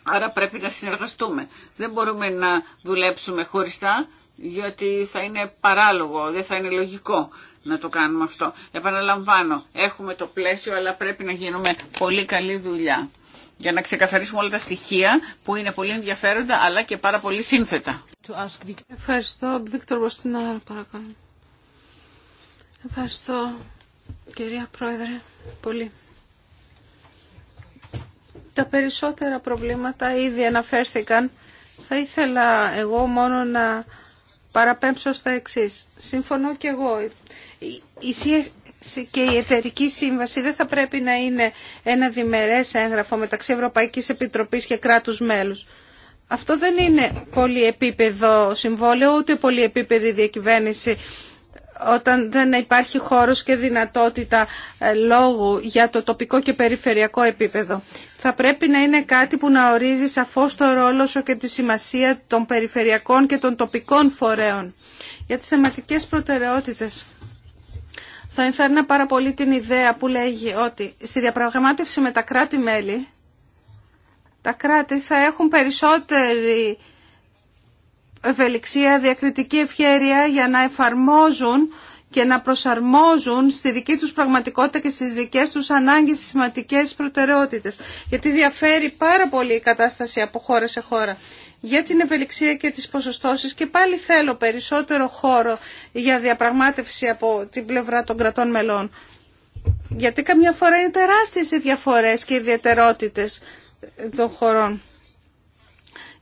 [SPEAKER 1] Άρα πρέπει να συνεργαστούμε. Δεν μπορούμε να δουλέψουμε χωριστά γιατί θα είναι παράλογο, δεν θα είναι λογικό να το κάνουμε αυτό. Επαναλαμβάνω, έχουμε το πλαίσιο αλλά πρέπει να γίνουμε πολύ καλή δουλειά για να ξεκαθαρίσουμε όλα τα στοιχεία που είναι πολύ ενδιαφέροντα αλλά και πάρα πολύ σύνθετα.
[SPEAKER 3] Ευχαριστώ. Βίκτορ Μποστινάρα, παρακαλώ. Ευχαριστώ, κυρία Πρόεδρε, πολύ. Τα περισσότερα προβλήματα ήδη αναφέρθηκαν. Θα ήθελα εγώ μόνο να παραπέμψω στα εξής. Συμφωνώ και εγώ και η εταιρική σύμβαση δεν θα πρέπει να είναι ένα διμερές έγγραφο μεταξύ Ευρωπαϊκής Επιτροπής και κράτους μέλους. Αυτό δεν είναι πολυεπίπεδο συμβόλαιο, ούτε πολυεπίπεδη διακυβέρνηση όταν δεν υπάρχει χώρος και δυνατότητα ε, λόγου για το τοπικό και περιφερειακό επίπεδο. Θα πρέπει να είναι κάτι που να ορίζει σαφώς το ρόλο σου και τη σημασία των περιφερειακών και των τοπικών φορέων για τις θεματικές προτεραιότητες θα ενθάρρυνα πάρα πολύ την ιδέα που λέγει ότι στη διαπραγμάτευση με τα κράτη-μέλη, τα κράτη θα έχουν περισσότερη ευελιξία, διακριτική ευχέρεια για να εφαρμόζουν και να προσαρμόζουν στη δική τους πραγματικότητα και στις δικές τους ανάγκες σημαντικές προτεραιότητες. Γιατί διαφέρει πάρα πολύ η κατάσταση από χώρα σε χώρα για την ευελιξία και τις ποσοστώσεις και πάλι θέλω περισσότερο χώρο για διαπραγμάτευση από την πλευρά των κρατών μελών. Γιατί καμιά φορά είναι τεράστιες οι διαφορές και οι ιδιαιτερότητες των χωρών.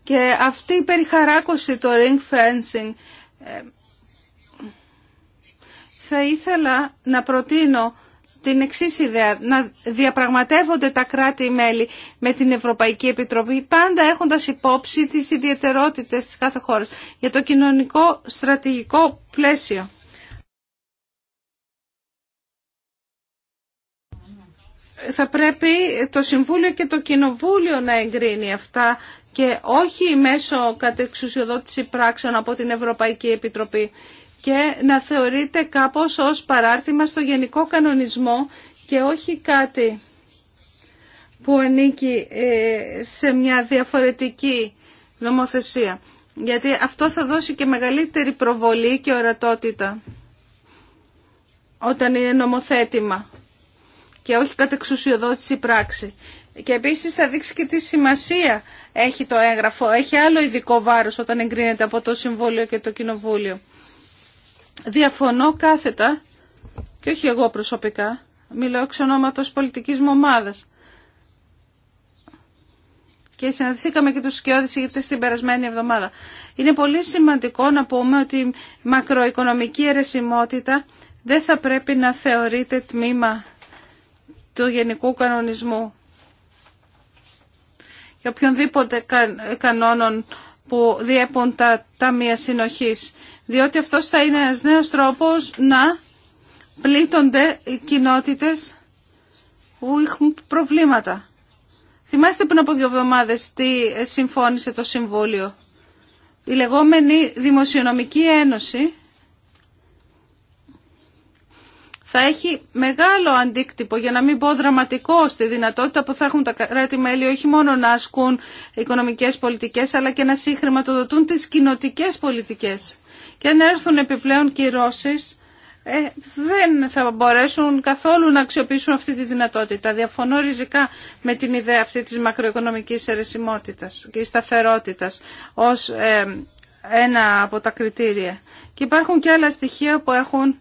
[SPEAKER 3] Και αυτή η περιχαράκωση, το ring fencing, ε, θα ήθελα να προτείνω την εξή ιδέα, να διαπραγματεύονται τα κράτη-μέλη με την Ευρωπαϊκή Επιτροπή, πάντα έχοντας υπόψη τις ιδιαιτερότητες τη κάθε χώρας για το κοινωνικό στρατηγικό πλαίσιο. Θα πρέπει το Συμβούλιο και το Κοινοβούλιο να εγκρίνει αυτά και όχι μέσω κατεξουσιοδότηση πράξεων από την Ευρωπαϊκή Επιτροπή και να θεωρείται κάπως ως παράρτημα στο γενικό κανονισμό και όχι κάτι που ανήκει ε, σε μια διαφορετική νομοθεσία. Γιατί αυτό θα δώσει και μεγαλύτερη προβολή και ορατότητα όταν είναι νομοθέτημα και όχι κατεξουσιοδότηση πράξη. Και επίσης θα δείξει και τι σημασία έχει το έγγραφο. Έχει άλλο ειδικό βάρος όταν εγκρίνεται από το Συμβούλιο και το Κοινοβούλιο. Διαφωνώ κάθετα, και όχι εγώ προσωπικά, μιλάω εξ ονόματος πολιτικής μου ομάδας. Και συναντηθήκαμε και τους σκιώδης είτε στην περασμένη εβδομάδα. Είναι πολύ σημαντικό να πούμε ότι η μακροοικονομική αιρεσιμότητα δεν θα πρέπει να θεωρείται τμήμα του γενικού κανονισμού Για οποιονδήποτε κανόνων που διέπουν τα ταμεία συνοχής. Διότι αυτός θα είναι ένας νέος τρόπος να πλήττονται οι κοινότητες που έχουν προβλήματα. Θυμάστε πριν από δύο εβδομάδες τι συμφώνησε το Συμβούλιο. Η λεγόμενη Δημοσιονομική Ένωση θα έχει μεγάλο αντίκτυπο, για να μην πω δραματικό, στη δυνατότητα που θα έχουν τα κράτη-μέλη όχι μόνο να ασκούν οικονομικές πολιτικές, αλλά και να συγχρηματοδοτούν τις κοινοτικέ πολιτικές. Και αν έρθουν επιπλέον κυρώσει, ε, δεν θα μπορέσουν καθόλου να αξιοποιήσουν αυτή τη δυνατότητα. Διαφωνώ ριζικά με την ιδέα αυτή της μακροοικονομικής αιρεσιμότητας και σταθερότητας ως ε, ένα από τα κριτήρια. Και υπάρχουν και άλλα στοιχεία που έχουν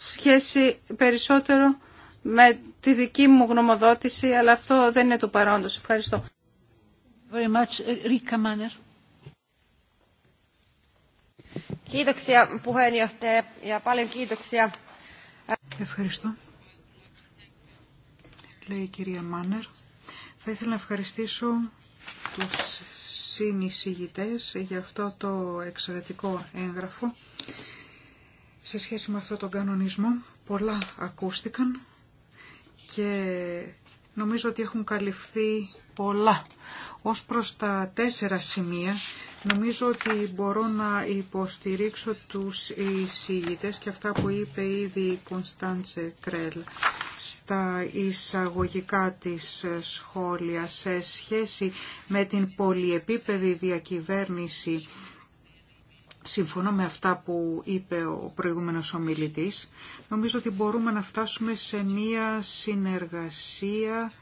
[SPEAKER 3] σχέση περισσότερο με τη δική μου γνωμοδότηση, αλλά αυτό δεν είναι του παρόντος. Ευχαριστώ. Very much. Manner. Ευχαριστώ.
[SPEAKER 2] Λέει η κυρία Μάνερ. Θα ήθελα να ευχαριστήσω τους συνεισηγητές για αυτό το εξαιρετικό έγγραφο σε σχέση με αυτό τον κανονισμό. Πολλά ακούστηκαν και νομίζω ότι έχουν καλυφθεί πολλά. Ως προς τα τέσσερα σημεία, νομίζω ότι μπορώ να υποστηρίξω τους εισηγητές και αυτά που είπε ήδη η Κωνσταντσε Κρέλ στα εισαγωγικά της σχόλια σε σχέση με την πολυεπίπεδη διακυβέρνηση Συμφωνώ με αυτά που είπε ο προηγούμενος ομιλητής. Νομίζω ότι μπορούμε να φτάσουμε σε μία συνεργασία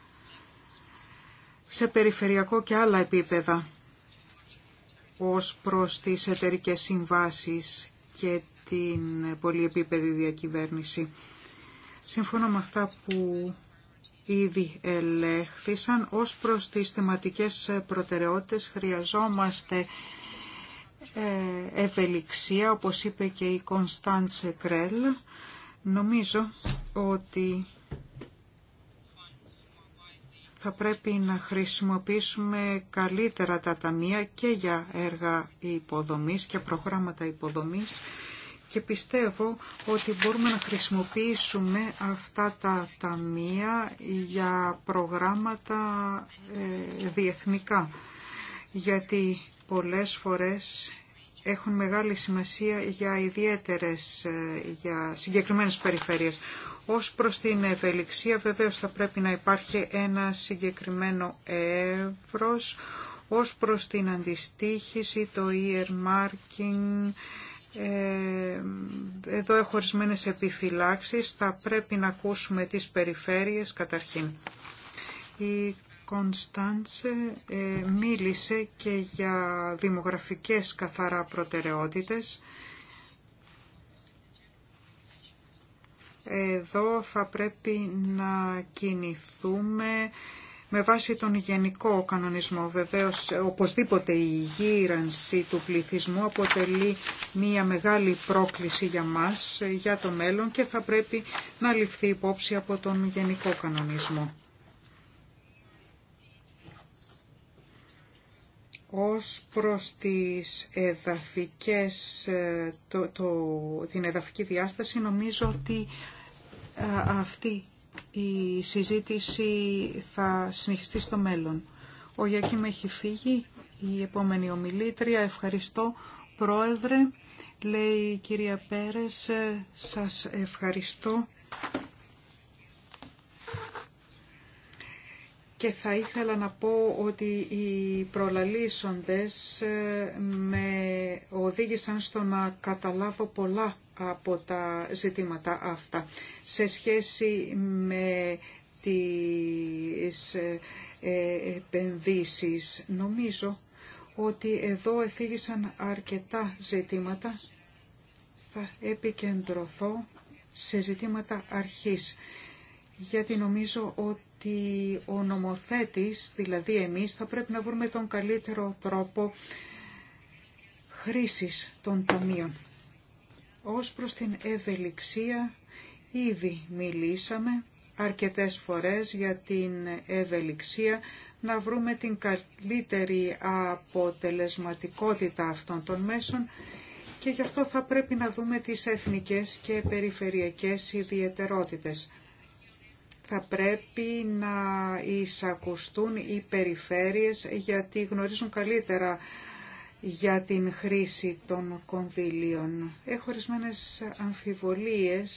[SPEAKER 2] σε περιφερειακό και άλλα επίπεδα ως προς τις εταιρικέ συμβάσεις και την πολυεπίπεδη διακυβέρνηση. Σύμφωνα με αυτά που ήδη ελέγχθησαν, ως προς τις θεματικές προτεραιότητες χρειαζόμαστε ε, ευελιξία, όπως είπε και η Κωνσταντσε Κρέλ. Νομίζω ότι θα πρέπει να χρησιμοποιήσουμε καλύτερα τα ταμεία και για έργα υποδομής και προγράμματα υποδομής και πιστεύω ότι μπορούμε να χρησιμοποιήσουμε αυτά τα ταμεία για προγράμματα ε, διεθνικά. Γιατί πολλές φορές έχουν μεγάλη σημασία για ιδιαίτερες, ε, για συγκεκριμένες περιφέρειες. Ως προς την ευελιξία βεβαίως θα πρέπει να υπάρχει ένα συγκεκριμένο εύρος, ως προς την αντιστήχηση, το earmarking, ε, εδώ έχω ορισμένε επιφυλάξεις, θα πρέπει να ακούσουμε τις περιφέρειες καταρχήν. Κωνσταντσε ε, μίλησε και για δημογραφικές καθαρά προτεραιότητες. Εδώ θα πρέπει να κινηθούμε με βάση τον γενικό κανονισμό. Βεβαίως, οπωσδήποτε η γύρανση του πληθυσμού αποτελεί μια μεγάλη πρόκληση για μας, ε, για το μέλλον και θα πρέπει να ληφθεί υπόψη από τον γενικό κανονισμό. ως προς τις εδαφικές, ε, το, την εδαφική διάσταση νομίζω ότι ε, αυτή η συζήτηση θα συνεχιστεί στο μέλλον. Ο Γιακή έχει φύγει, η επόμενη ομιλήτρια. Ευχαριστώ Πρόεδρε, λέει η κυρία Πέρες, ε, σας ευχαριστώ Και θα ήθελα να πω ότι οι προλαλήσοντες ε, με οδήγησαν στο να καταλάβω πολλά από τα ζητήματα αυτά σε σχέση με τις ε, ε, επενδύσεις. Νομίζω ότι εδώ εφήγησαν αρκετά ζητήματα. Θα επικεντρωθώ σε ζητήματα αρχής, γιατί νομίζω ότι ότι ο νομοθέτης, δηλαδή εμείς, θα πρέπει να βρούμε τον καλύτερο τρόπο χρήσης των ταμείων. Ως προς την ευελιξία ήδη μιλήσαμε αρκετές φορές για την ευελιξία να βρούμε την καλύτερη αποτελεσματικότητα αυτών των μέσων και γι' αυτό θα πρέπει να δούμε τις εθνικές και περιφερειακές ιδιαιτερότητες θα πρέπει να εισακουστούν οι περιφέρειες γιατί γνωρίζουν καλύτερα για την χρήση των κονδύλιων. Έχω ορισμένε αμφιβολίες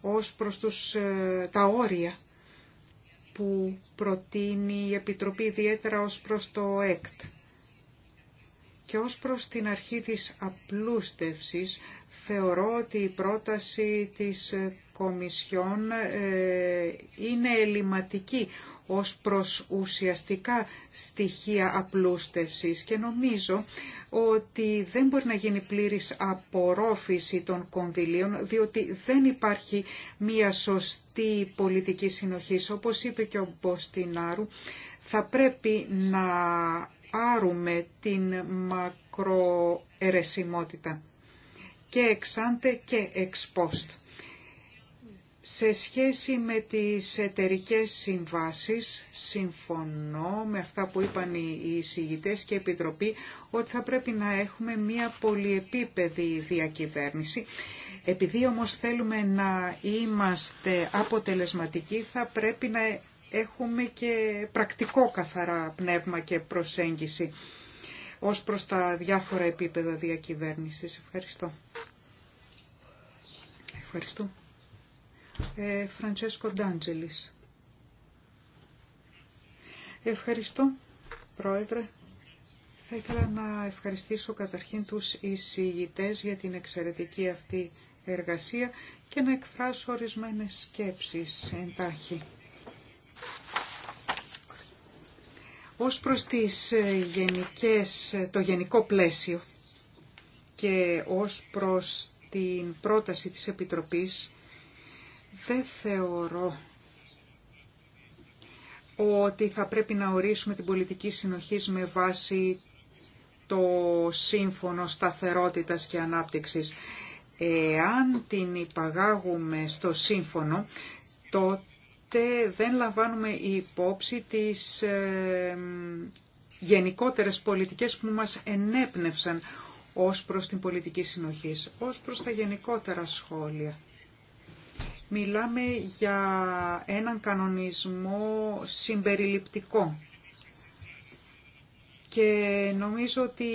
[SPEAKER 2] ως προς τους, ε, τα όρια που προτείνει η Επιτροπή ιδιαίτερα ως προς το ΕΚΤ. Και ως προς την αρχή της απλούστευσης, θεωρώ ότι η πρόταση της Κομισιόν ε, είναι ελληματική ως προς ουσιαστικά στοιχεία απλούστευσης και νομίζω ότι δεν μπορεί να γίνει πλήρης απορρόφηση των κονδυλίων διότι δεν υπάρχει μία σωστή πολιτική συνοχή. Όπως είπε και ο Μποστινάρου, θα πρέπει να άρουμε την μακροαιρεσιμότητα και εξάντε και εξπόστ. Σε σχέση με τις εταιρικές συμβάσεις, συμφωνώ με αυτά που είπαν οι εισηγητές και η Επιτροπή ότι θα πρέπει να έχουμε μια πολυεπίπεδη διακυβέρνηση. Επειδή όμως θέλουμε να είμαστε αποτελεσματικοί θα πρέπει να έχουμε και πρακτικό καθαρά πνεύμα και προσέγγιση ως προς τα διάφορα επίπεδα διακυβέρνησης. Ευχαριστώ. Ευχαριστώ ε, Φραντσέσκο Ντάντζελης. Ευχαριστώ, Πρόεδρε. Θα ήθελα να ευχαριστήσω καταρχήν τους εισηγητές για την εξαιρετική αυτή εργασία και να εκφράσω ορισμένες σκέψεις εντάχει. Ως προς τις ε, γενικές, ε, το γενικό πλαίσιο και ως προς την πρόταση της Επιτροπής δεν θεωρώ ότι θα πρέπει να ορίσουμε την πολιτική συνοχής με βάση το σύμφωνο σταθερότητας και ανάπτυξης. Εάν την υπαγάγουμε στο σύμφωνο, τότε δεν λαμβάνουμε υπόψη τις ε, γενικότερες πολιτικές που μας ενέπνευσαν ως προς την πολιτική συνοχής, ως προς τα γενικότερα σχόλια. Μιλάμε για έναν κανονισμό συμπεριληπτικό και νομίζω ότι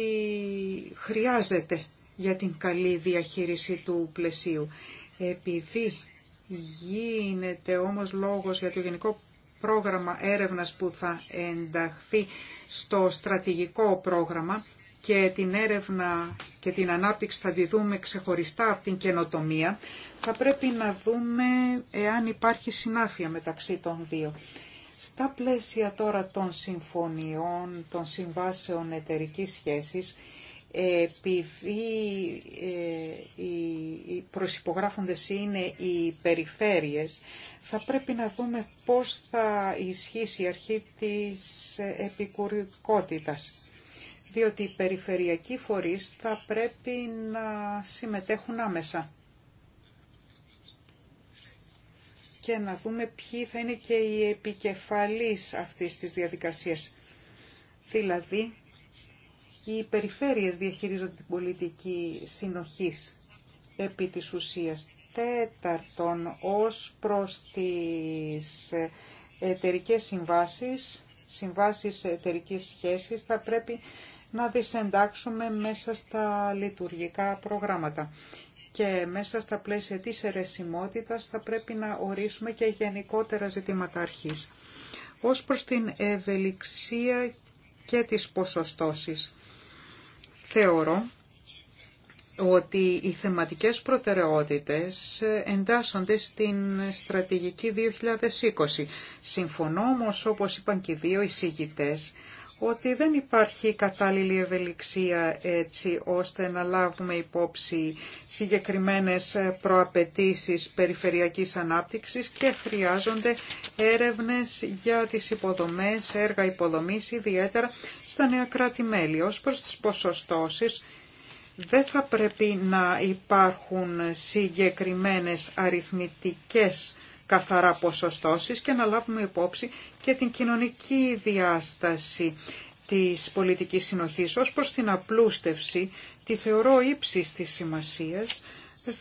[SPEAKER 2] χρειάζεται για την καλή διαχείριση του πλαισίου. Επειδή γίνεται όμως λόγος για το γενικό πρόγραμμα έρευνας που θα ενταχθεί στο στρατηγικό πρόγραμμα, και την έρευνα και την ανάπτυξη θα τη δούμε ξεχωριστά από την καινοτομία, θα πρέπει να δούμε εάν υπάρχει συνάφεια μεταξύ των δύο. Στα πλαίσια τώρα των συμφωνιών, των συμβάσεων εταιρικής σχέσης, επειδή ε, οι προσυπογράφοντες είναι οι περιφέρειες, θα πρέπει να δούμε πώς θα ισχύσει η αρχή της επικουρικότητας διότι οι περιφερειακοί φορείς θα πρέπει να συμμετέχουν άμεσα και να δούμε ποιοι θα είναι και οι επικεφαλής αυτής της διαδικασίας. Δηλαδή, οι περιφέρειες διαχειρίζονται την πολιτική συνοχής επί της ουσίας. Τέταρτον, ως προς τις εταιρικές συμβάσεις, συμβάσεις εταιρικής σχέσης, θα πρέπει να τις εντάξουμε μέσα στα λειτουργικά προγράμματα. Και μέσα στα πλαίσια της αιρεσιμότητας θα πρέπει να ορίσουμε και γενικότερα ζητήματα αρχής. Ως προς την ευελιξία και τις ποσοστώσεις, θεωρώ ότι οι θεματικές προτεραιότητες εντάσσονται στην στρατηγική 2020. Συμφωνώ όμως, όπως είπαν και οι δύο εισηγητές, ότι δεν υπάρχει κατάλληλη ευελιξία έτσι ώστε να λάβουμε υπόψη συγκεκριμένες προαπαιτήσεις περιφερειακής ανάπτυξης και χρειάζονται έρευνες για τις υποδομές, έργα υποδομής ιδιαίτερα στα νέα κράτη-μέλη. Ως προς τις ποσοστώσεις δεν θα πρέπει να υπάρχουν συγκεκριμένες αριθμητικές καθαρά ποσοστώσεις και να λάβουμε υπόψη και την κοινωνική διάσταση της πολιτικής συνοχής ως προς την απλούστευση τη θεωρώ ύψης της σημασίας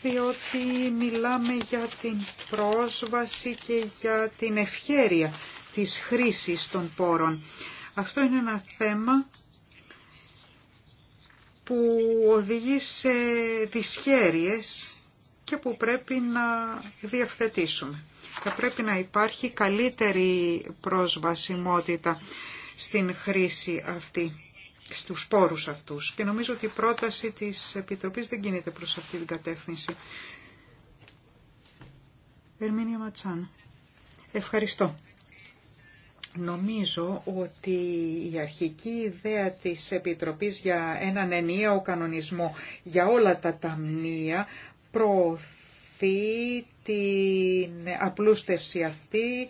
[SPEAKER 2] διότι μιλάμε για την πρόσβαση και για την ευχέρεια της χρήσης των πόρων. Αυτό είναι ένα θέμα που οδηγεί σε δυσχέρειες και που πρέπει να διευθετήσουμε. Θα πρέπει να υπάρχει καλύτερη προσβασιμότητα στην χρήση αυτή, στους πόρους αυτούς. Και νομίζω ότι η πρόταση της Επιτροπής δεν κινείται προς αυτή την κατεύθυνση. Ερμήνια Ματσάν. Ευχαριστώ. Νομίζω ότι η αρχική ιδέα της Επιτροπής για έναν ενιαίο κανονισμό για όλα τα ταμεία προωθεί την απλούστευση αυτή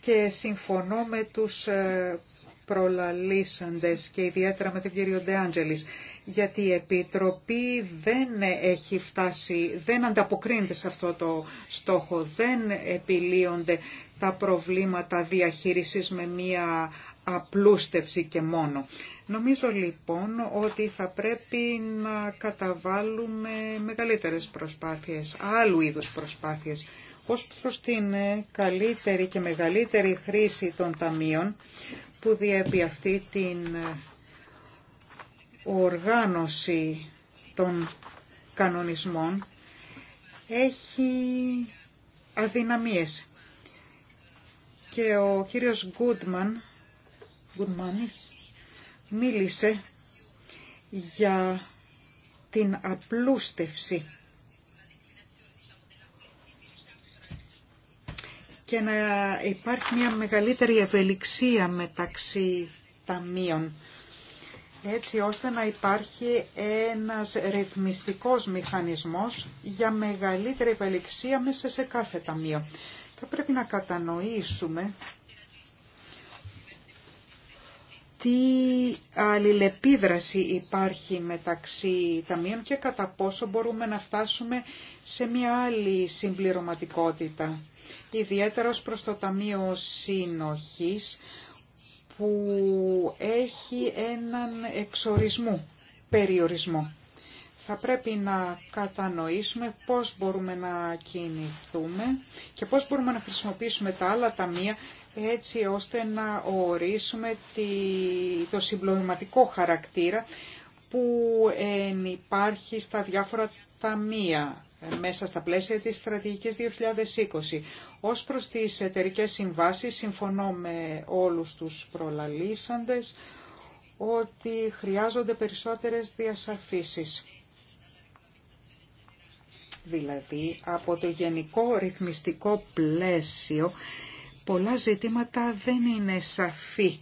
[SPEAKER 2] και συμφωνώ με τους ε, προλαλήσαντες και ιδιαίτερα με τον κύριο Ντεάντζελης γιατί η Επιτροπή δεν έχει φτάσει, δεν ανταποκρίνεται σε αυτό το στόχο, δεν επιλύονται τα προβλήματα διαχείρισης με μία απλούστευση και μόνο. Νομίζω λοιπόν ότι θα πρέπει να καταβάλουμε μεγαλύτερες προσπάθειες, άλλου είδους προσπάθειες, ως προς την καλύτερη και μεγαλύτερη χρήση των ταμείων που διέπει αυτή την οργάνωση των κανονισμών έχει αδυναμίες. Και ο κύριος Γκούτμαν μίλησε για την απλούστευση και να υπάρχει μια μεγαλύτερη ευελιξία μεταξύ ταμείων έτσι ώστε να υπάρχει ένας ρυθμιστικός μηχανισμός για μεγαλύτερη ευελιξία μέσα σε κάθε ταμείο. Θα πρέπει να κατανοήσουμε τι αλληλεπίδραση υπάρχει μεταξύ ταμείων και κατά πόσο μπορούμε να φτάσουμε σε μια άλλη συμπληρωματικότητα. Ιδιαίτερα ως προς το Ταμείο Συνοχής που έχει έναν εξορισμό, περιορισμό. Θα πρέπει να κατανοήσουμε πώς μπορούμε να κινηθούμε και πώς μπορούμε να χρησιμοποιήσουμε τα άλλα ταμεία έτσι ώστε να ορίσουμε το συμπληρωματικό χαρακτήρα που υπάρχει στα διάφορα ταμεία ε, μέσα στα πλαίσια της στρατηγικής 2020. Ως προς τις εταιρικέ συμβάσεις, συμφωνώ με όλους τους προλαλήσαντες ότι χρειάζονται περισσότερες διασαφήσεις. Δηλαδή, από το γενικό ρυθμιστικό πλαίσιο Πολλά ζητήματα δεν είναι σαφή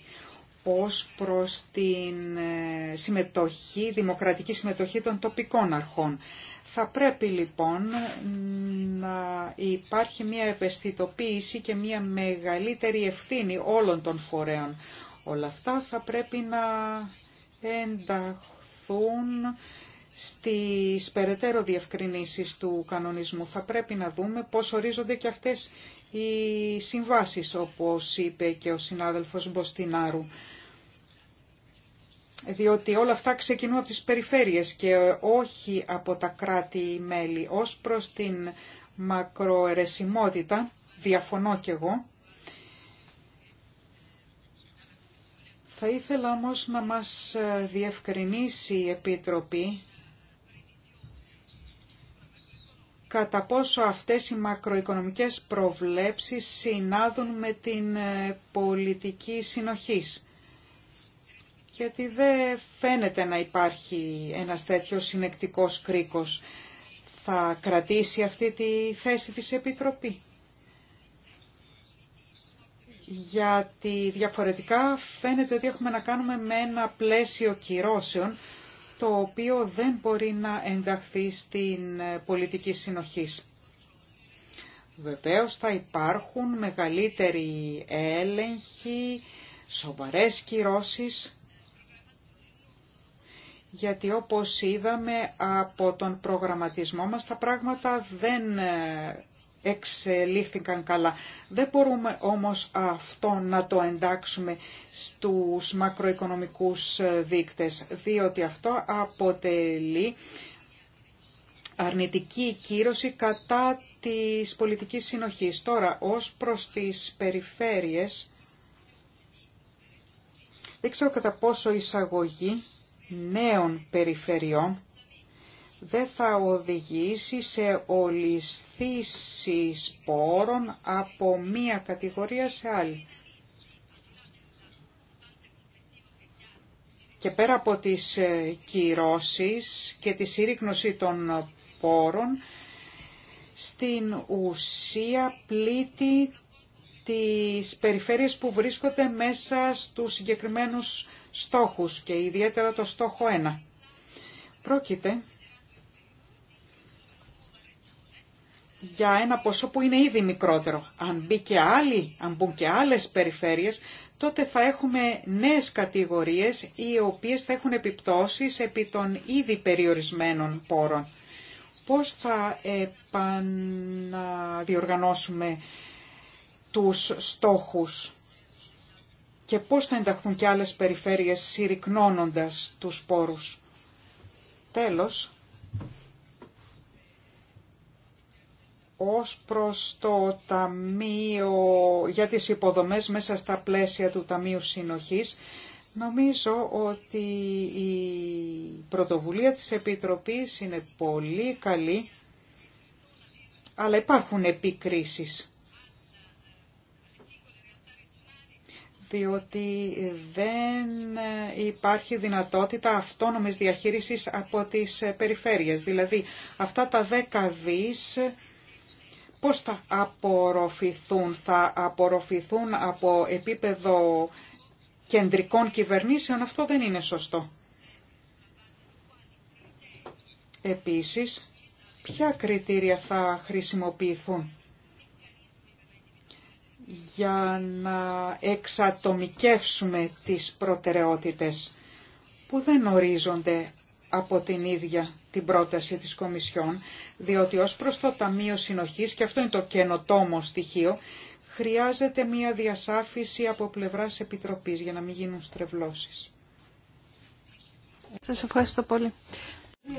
[SPEAKER 2] ως προς την ε, συμμετοχή, δημοκρατική συμμετοχή των τοπικών αρχών. Θα πρέπει λοιπόν να υπάρχει μια ευαισθητοποίηση και μια μεγαλύτερη ευθύνη όλων των φορέων. Όλα αυτά θα πρέπει να ενταχθούν στις περαιτέρω διευκρινήσεις του κανονισμού. Θα πρέπει να δούμε πώς ορίζονται και αυτές οι συμβάσεις, όπως είπε και ο συνάδελφος Μποστινάρου. Διότι όλα αυτά ξεκινούν από τις περιφέρειες και όχι από τα κράτη-μέλη. Ως προς την μακροερεσιμότητα, διαφωνώ κι εγώ, θα ήθελα όμως να μας διευκρινίσει η Επίτροπη κατά πόσο αυτές οι μακροοικονομικές προβλέψεις συνάδουν με την ε, πολιτική συνοχής. Γιατί δεν φαίνεται να υπάρχει ένας τέτοιος συνεκτικός κρίκος. Θα κρατήσει αυτή τη θέση της Επιτροπή. Γιατί διαφορετικά φαίνεται ότι έχουμε να κάνουμε με ένα πλαίσιο κυρώσεων το οποίο δεν μπορεί να ενταχθεί στην ε, πολιτική συνοχής. Βεβαίως θα υπάρχουν μεγαλύτεροι έλεγχοι, σοβαρές κυρώσεις, γιατί όπως είδαμε από τον προγραμματισμό μας τα πράγματα δεν ε, εξελίχθηκαν καλά. Δεν μπορούμε όμως αυτό να το εντάξουμε στους μακροοικονομικούς δείκτες, διότι αυτό αποτελεί αρνητική κύρωση κατά της πολιτικής συνοχής. Τώρα, ως προς τις περιφέρειες, δεν ξέρω κατά πόσο εισαγωγή νέων περιφερειών δεν θα οδηγήσει σε όλισθήσει σπόρων από μία κατηγορία σε άλλη. Και πέρα από τις ε, κυρώσεις και τη σύρρυκνωση των πόρων, στην ουσία πλήττει τις περιφέρειες που βρίσκονται μέσα στους συγκεκριμένους στόχους και ιδιαίτερα το στόχο 1. Πρόκειται για ένα ποσό που είναι ήδη μικρότερο. Αν, μπει και άλλοι, αν μπουν και άλλες περιφέρειες, τότε θα έχουμε νέες κατηγορίες οι οποίες θα έχουν επιπτώσεις επί των ήδη περιορισμένων πόρων. Πώς θα επαναδιοργανώσουμε τους στόχους και πώς θα ενταχθούν και άλλες περιφέρειες συρρυκνώνοντας τους πόρους. Τέλος, ως προς το Ταμείο για τις υποδομές μέσα στα πλαίσια του Ταμείου Συνοχής, νομίζω ότι η πρωτοβουλία της Επιτροπής είναι πολύ καλή, αλλά υπάρχουν επικρίσεις. διότι δεν υπάρχει δυνατότητα αυτόνομης διαχείρισης από τις περιφέρειες. Δηλαδή, αυτά τα δέκα δις πώς θα απορροφηθούν. Θα απορροφηθούν από επίπεδο κεντρικών κυβερνήσεων. Αυτό δεν είναι σωστό. Επίσης, ποια κριτήρια θα χρησιμοποιηθούν για να εξατομικεύσουμε τις προτεραιότητες που δεν ορίζονται από την ίδια την πρόταση της Κομισιόν, διότι ως προς το Ταμείο Συνοχής, και αυτό είναι το καινοτόμο στοιχείο, χρειάζεται μια διασάφηση από πλευράς Επιτροπής για να μην γίνουν στρεβλώσεις.
[SPEAKER 3] Σας ευχαριστώ πολύ.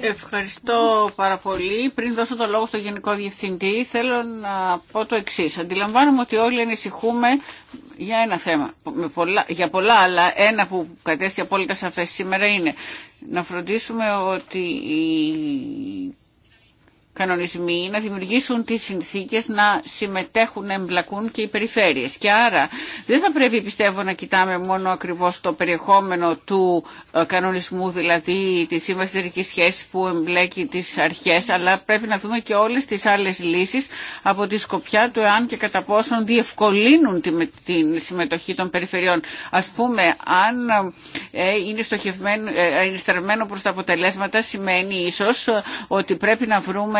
[SPEAKER 1] Ευχαριστώ πάρα πολύ. Πριν δώσω το λόγο στο Γενικό Διευθυντή, θέλω να πω το εξή. Αντιλαμβάνομαι ότι όλοι ανησυχούμε για ένα θέμα, πολλά, για πολλά, αλλά ένα που κατέστη απόλυτα σαφές σήμερα είναι να φροντίσουμε ότι οι κανονισμοί να δημιουργήσουν τις συνθήκες να συμμετέχουν, να εμπλακούν και οι περιφέρειες. Και άρα δεν θα πρέπει πιστεύω να κοιτάμε μόνο ακριβώς το περιεχόμενο του ε, κανονισμού, δηλαδή τη σύμβαση εταιρικής σχέση που εμπλέκει τις αρχές, αλλά πρέπει να δούμε και όλες τις άλλες λύσεις από τη σκοπιά του εάν και κατά πόσον διευκολύνουν την συμμετοχή των περιφερειών. Ας πούμε, αν ε, είναι, στοχευμένο, ε, προ προς τα αποτελέσματα, σημαίνει ίσως ότι πρέπει να βρούμε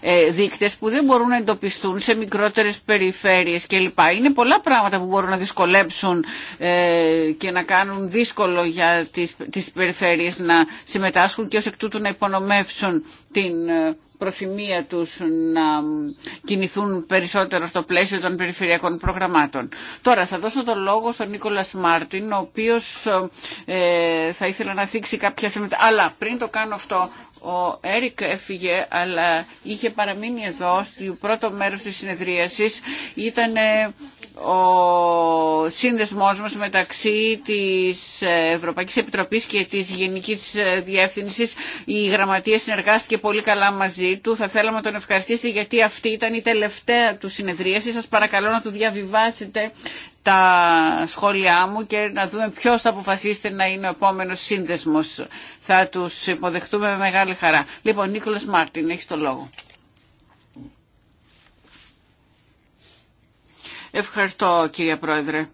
[SPEAKER 1] ε, δείκτες που δεν μπορούν να εντοπιστούν σε μικρότερες περιφέρειες κλπ. Είναι πολλά πράγματα που μπορούν να δυσκολέψουν ε, και να κάνουν δύσκολο για τις, τις περιφέρειες να συμμετάσχουν και ως εκ τούτου να υπονομεύσουν την ε, προθυμία τους να κινηθούν περισσότερο στο πλαίσιο των περιφερειακών προγραμμάτων. Τώρα θα δώσω το λόγο στον Νίκολας Μάρτιν, ο οποίος ε, θα ήθελα να θίξει κάποια θέματα. Αλλά πριν το κάνω αυτό, ο Έρικ έφυγε, αλλά είχε παραμείνει εδώ, στο πρώτο μέρος της συνεδρίασης. Ήταν ε, ο σύνδεσμός μας μεταξύ της Ευρωπαϊκής Επιτροπής και της Γενικής Διεύθυνσης. Η Γραμματεία συνεργάστηκε πολύ καλά μαζί του. Θα θέλαμε να τον ευχαριστήσει γιατί αυτή ήταν η τελευταία του συνεδρίαση. Σας παρακαλώ να του διαβιβάσετε τα σχόλιά μου και να δούμε ποιος θα αποφασίσετε να είναι ο επόμενος σύνδεσμος. Θα τους υποδεχτούμε με μεγάλη χαρά. Λοιπόν, Νίκολας Μάρτιν, έχεις το λόγο. Ευχαριστώ, κύριε Πρόεδρε.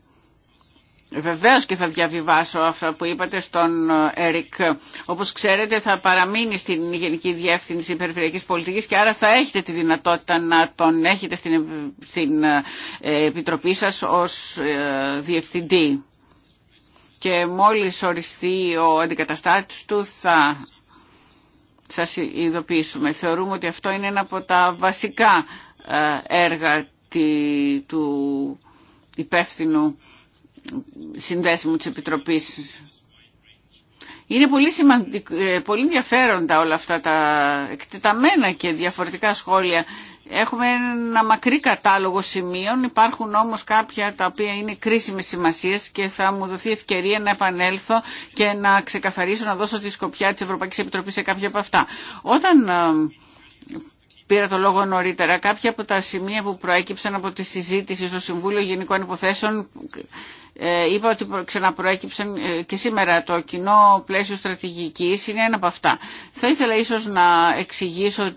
[SPEAKER 1] Βεβαίως και θα διαβιβάσω αυτά που είπατε στον ε, Ερικ. Όπως ξέρετε θα παραμείνει στην Γενική Διεύθυνση Περιφερειακής Πολιτικής και άρα θα έχετε τη δυνατότητα να τον έχετε στην ε, ε, Επιτροπή σας ως Διευθυντή. Και μόλις οριστεί ο αντικαταστάτης του θα σας ειδοποιήσουμε. Θεωρούμε ότι αυτό είναι ένα από τα βασικά έργα του υπεύθυνου συνδέσιμου της Επιτροπής. Είναι πολύ, σημαντικ... Ε, πολύ ενδιαφέροντα όλα αυτά τα εκτεταμένα και διαφορετικά σχόλια. Έχουμε ένα μακρύ κατάλογο σημείων, υπάρχουν όμως κάποια τα οποία είναι κρίσιμες σημασίες και θα μου δοθεί ευκαιρία να επανέλθω και να ξεκαθαρίσω, να δώσω τη σκοπιά της Ευρωπαϊκής Επιτροπής σε κάποια από αυτά. Όταν ε, πήρα το λόγο νωρίτερα, κάποια από τα σημεία που προέκυψαν από τη συζήτηση στο Συμβούλιο Γενικών Υποθέσεων ε, είπα ότι ξαναπροέκυψαν ε, και σήμερα το κοινό πλαίσιο στρατηγικής είναι ένα από αυτά. Θα ήθελα ίσως να εξηγήσω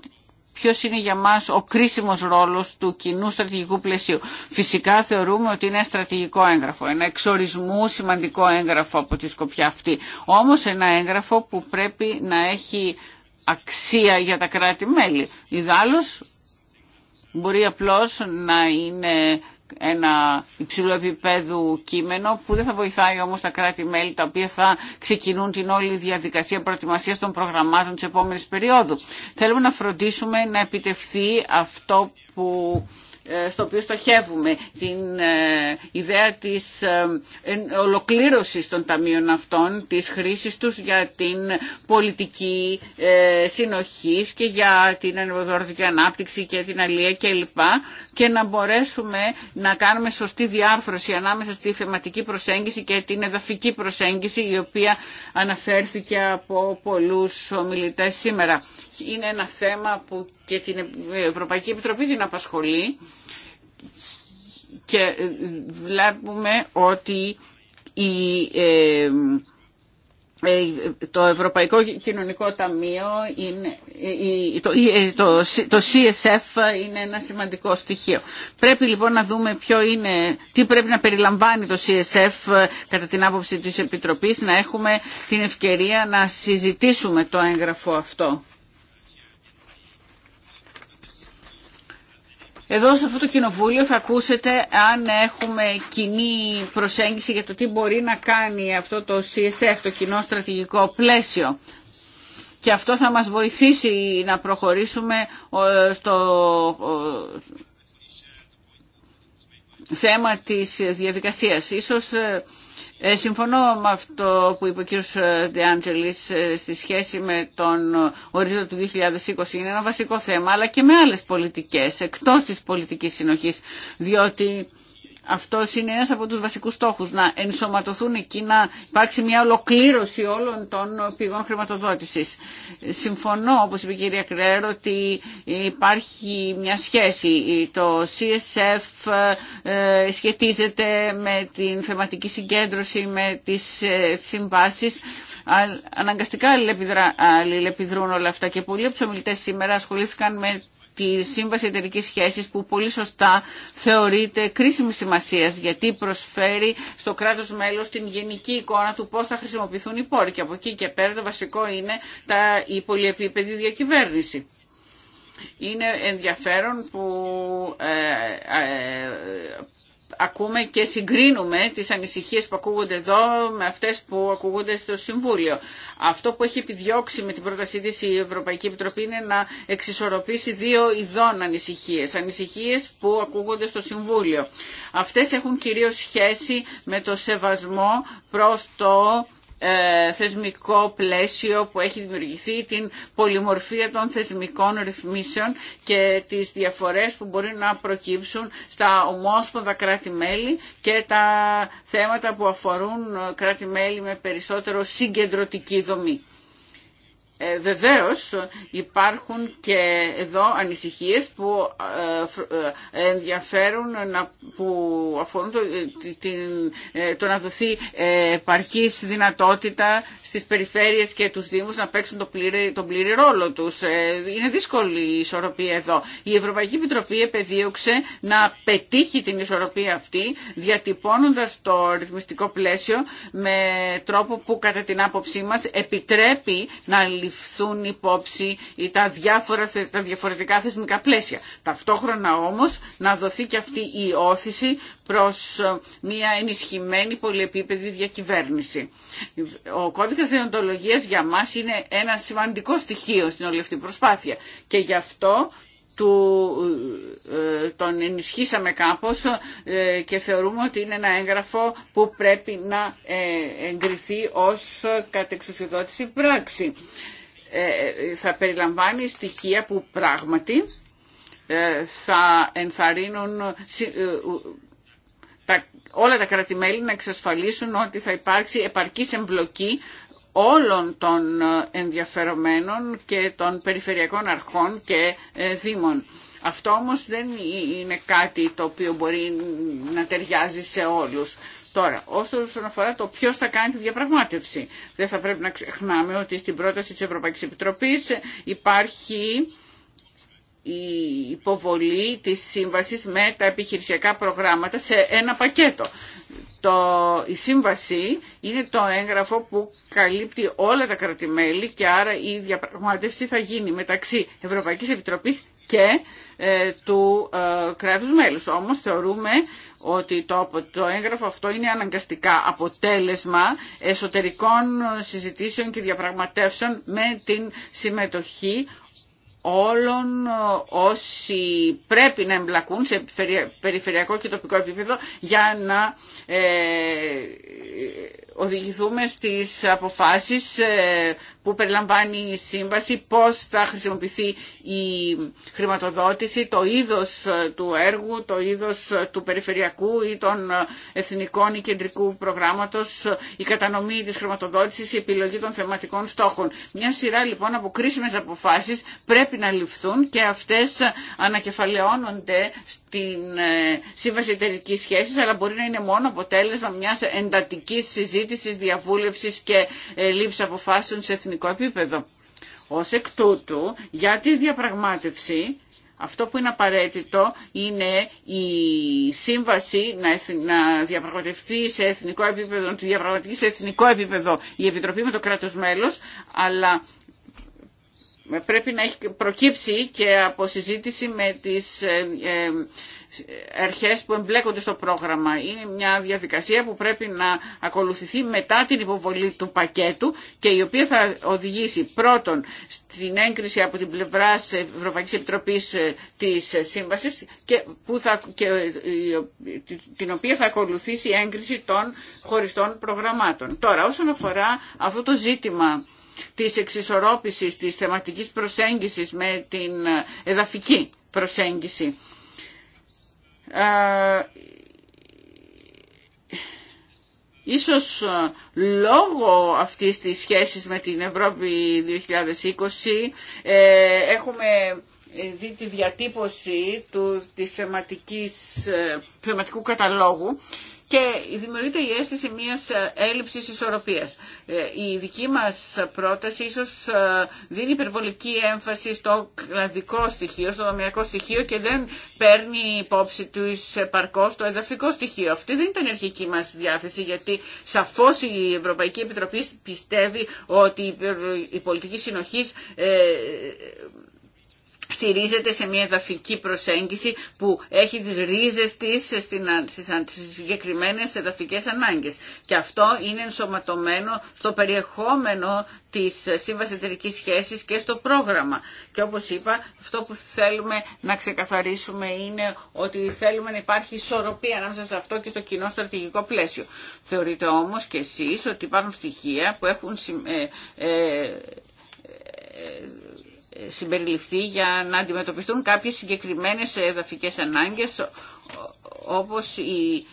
[SPEAKER 1] ποιος είναι για μας ο κρίσιμος ρόλος του κοινού στρατηγικού πλαισίου. Φυσικά θεωρούμε ότι είναι ένα στρατηγικό έγγραφο, ένα εξορισμού σημαντικό έγγραφο από τη σκοπιά αυτή. Όμως ένα έγγραφο που πρέπει να έχει αξία για τα κράτη-μέλη. Ιδάλλως μπορεί απλώς να είναι ένα υψηλού επίπεδου κείμενο που δεν θα βοηθάει όμως τα κράτη-μέλη τα οποία θα ξεκινούν την όλη διαδικασία προετοιμασίας των προγραμμάτων της επόμενης περίοδου. Θέλουμε να φροντίσουμε να επιτευχθεί αυτό που ε, στο οποίο στοχεύουμε. Την ε, ιδέα της ε, ολοκλήρωσης των ταμείων αυτών, της χρήσης τους για την πολιτική συνοχής και για την ενεργοδοτική ανάπτυξη και την αλληλεία κλπ. Και να μπορέσουμε να κάνουμε σωστή διάρθρωση ανάμεσα στη θεματική προσέγγιση και την εδαφική προσέγγιση η οποία αναφέρθηκε από πολλούς ομιλητές σήμερα. Είναι ένα θέμα που και την Ευρωπαϊκή Επιτροπή την απασχολεί και ε, βλέπουμε ότι η, ε, ε, το Ευρωπαϊκό Κοινωνικό Ταμείο, είναι, το, το, το CSF είναι ένα σημαντικό στοιχείο. Πρέπει λοιπόν να δούμε ποιο είναι, τι πρέπει να περιλαμβάνει το CSF κατά την άποψη της Επιτροπής, να έχουμε την ευκαιρία να συζητήσουμε το έγγραφο αυτό. Εδώ σε αυτό το κοινοβούλιο θα ακούσετε αν έχουμε κοινή προσέγγιση για το τι μπορεί να κάνει αυτό το CSF, το κοινό στρατηγικό πλαίσιο. Και αυτό θα μας βοηθήσει να προχωρήσουμε ε, στο ε, θέμα της διαδικασίας. Ίσως ε, ε, συμφωνώ με αυτό που είπε ο κ. Ε, Διάντζελης ε, στη σχέση με τον ορίζοντα του 2020. Είναι ένα βασικό θέμα, αλλά και με άλλες πολιτικές, εκτός της πολιτικής συνοχής, διότι αυτό είναι ένας από τους βασικούς στόχου να ενσωματωθούν εκεί, να υπάρξει μια ολοκλήρωση όλων των πηγών χρηματοδότηση. Συμφωνώ, όπως είπε η κυρία Κρέρ, ότι υπάρχει μια σχέση. Το CSF ε, σχετίζεται με την θεματική συγκέντρωση, με τις ε, συμβάσει. Αναγκαστικά αλληλεπιδρούν όλα αυτά και πολλοί από του ομιλητέ σήμερα ασχολήθηκαν με τη Σύμβαση Εταιρική σχέση που πολύ σωστά θεωρείται κρίσιμη σημασία γιατί προσφέρει στο κράτος μέλος την γενική εικόνα του πώ θα χρησιμοποιηθούν οι πόροι και από εκεί και πέρα το βασικό είναι τα, η πολυεπίπεδη διακυβέρνηση. Είναι ενδιαφέρον που ε, ε ακούμε και συγκρίνουμε τις ανησυχίες που ακούγονται εδώ με αυτές που ακούγονται στο Συμβούλιο. Αυτό που έχει επιδιώξει με την πρότασή της η Ευρωπαϊκή Επιτροπή είναι να εξισορροπήσει δύο ειδών ανησυχίες. Ανησυχίες που ακούγονται στο Συμβούλιο. Αυτές έχουν κυρίως σχέση με το σεβασμό προς το ε, θεσμικό πλαίσιο που έχει δημιουργηθεί, την πολυμορφία των θεσμικών ρυθμίσεων και τις διαφορές που μπορεί να προκύψουν στα ομόσποδα κράτη-μέλη και τα θέματα που αφορούν κράτη-μέλη με περισσότερο συγκεντρωτική δομή. Ε, βεβαίως υπάρχουν και εδώ ανησυχίες που ε, ε, ενδιαφέρουν να, που αφορούν το, ε, την, το να δοθεί παρκής δυνατότητα στις περιφέρειες και τους Δήμους να παίξουν τον πλήρη, τον πλήρη ρόλο τους. Είναι δύσκολη η ισορροπία εδώ. Η Ευρωπαϊκή Επιτροπή επεδίωξε να πετύχει την ισορροπία αυτή διατυπώνοντας το ρυθμιστικό πλαίσιο με τρόπο που κατά την άποψή μας επιτρέπει να ληφθεί ληφθούν υπόψη ή τα, διάφορα, τα διαφορετικά θεσμικά πλαίσια. Ταυτόχρονα όμως να δοθεί και αυτή η όθηση προς ε, μια ενισχυμένη πολυεπίπεδη διακυβέρνηση. Ο κώδικας διοντολογίας για μας είναι ένα σημαντικό στοιχείο στην όλη αυτή προσπάθεια και γι' αυτό του, ε, ε, τον ενισχύσαμε κάπως και θεωρούμε ότι είναι ένα έγγραφο που πρέπει να εγκριθεί ως κατεξουσιοδότηση πράξη. Ε, ε, θα περιλαμβάνει στοιχεία που πράγματι ε, θα ενθαρρύνουν όλα τα κρατημέλη να εξασφαλίσουν ότι θα υπάρξει επαρκής εμπλοκή όλων των ενδιαφερομένων και των περιφερειακών αρχών και δήμων. Αυτό όμως δεν είναι κάτι το οποίο μπορεί να ταιριάζει σε όλους. Τώρα, όσον αφορά το ποιο θα κάνει τη διαπραγμάτευση, δεν θα πρέπει να ξεχνάμε ότι στην πρόταση τη Ευρωπαϊκή Επιτροπή υπάρχει η υποβολή της σύμβασης με τα επιχειρησιακά προγράμματα σε ένα πακέτο. Το, η σύμβαση είναι το έγγραφο που καλύπτει όλα τα κρατημέλη και άρα η διαπραγμάτευση θα γίνει μεταξύ Ευρωπαϊκής Επιτροπής και ε, του ε, κράτους μέλους. Όμως θεωρούμε ότι το έγγραφο αυτό είναι αναγκαστικά αποτέλεσμα εσωτερικών συζητήσεων και διαπραγματεύσεων με την συμμετοχή όλων όσοι πρέπει να εμπλακούν σε περιφερειακό και τοπικό επίπεδο για να ε, οδηγηθούμε στις αποφάσεις που περιλαμβάνει η σύμβαση, πώς θα χρησιμοποιηθεί η χρηματοδότηση, το είδος ε, του έργου, το είδος ε, του περιφερειακού ή των ε, εθνικών ή κεντρικού προγράμματος, η κατανομή της χρηματοδότησης, η επιλογή των θεματικών στόχων. Μια σειρά λοιπόν από κρίσιμες αποφάσεις πρέπει να ληφθούν και αυτές ανακεφαλαιώνονται την ε, Σύμβαση εταιρική Σχέσης, αλλά μπορεί να είναι μόνο αποτέλεσμα μια εντατικής συζήτησης, διαβούλευσης και ε, λήψη αποφάσεων σε εθνικό επίπεδο. Ω εκ τούτου, για τη διαπραγμάτευση, αυτό που είναι απαραίτητο είναι η σύμβαση να, διαπραγματευτεί σε εθνικό επίπεδο, να τη διαπραγματευτεί σε εθνικό επίπεδο η Επιτροπή με το κράτος μέλος, αλλά ε, πρέπει να έχει προκύψει και από συζήτηση με τις ε, ε, αρχές που εμπλέκονται στο πρόγραμμα. Είναι μια διαδικασία που πρέπει να ακολουθηθεί μετά την υποβολή του πακέτου και η οποία θα οδηγήσει πρώτον στην έγκριση από την πλευρά της Ευρωπαϊκής Επιτροπής της Σύμβασης και, που θα, και την οποία θα ακολουθήσει η έγκριση των χωριστών προγραμμάτων. Τώρα, όσον αφορά αυτό το ζήτημα της εξισορρόπησης της θεματικής προσέγγισης με την εδαφική προσέγγιση. Ίσως λόγω αυτής της σχέσης με την Ευρώπη 2020 ε, έχουμε δει τη διατύπωση του, της θεματικής, ε, θεματικού καταλόγου και δημιουργείται η αίσθηση μιας ε, έλλειψης ισορροπίας. Ε, η δική μας πρόταση ίσως ε, δίνει υπερβολική έμφαση στο κλαδικό στοιχείο, στο δομιακό στοιχείο και δεν παίρνει υπόψη του επαρκώς το εδαφικό στοιχείο. Αυτή δεν ήταν η αρχική μας διάθεση γιατί σαφώς η Ευρωπαϊκή Επιτροπή πιστεύει ότι η πολιτική συνοχής στηρίζεται σε μια εδαφική προσέγγιση που έχει τις ρίζες της στις συγκεκριμένες εδαφικές ανάγκες. Και αυτό είναι ενσωματωμένο στο περιεχόμενο της Σύμβασης Εταιρικής Σχέσης και στο πρόγραμμα. Και όπως είπα, αυτό που θέλουμε να ξεκαθαρίσουμε είναι ότι θέλουμε να υπάρχει ισορροπία ανάμεσα σε αυτό και το κοινό στρατηγικό πλαίσιο. Θεωρείτε όμως και εσείς ότι υπάρχουν στοιχεία που έχουν ε, ε, ε, συμπεριληφθεί για να αντιμετωπιστούν κάποιες συγκεκριμένες εδαφικές ανάγκες όπως η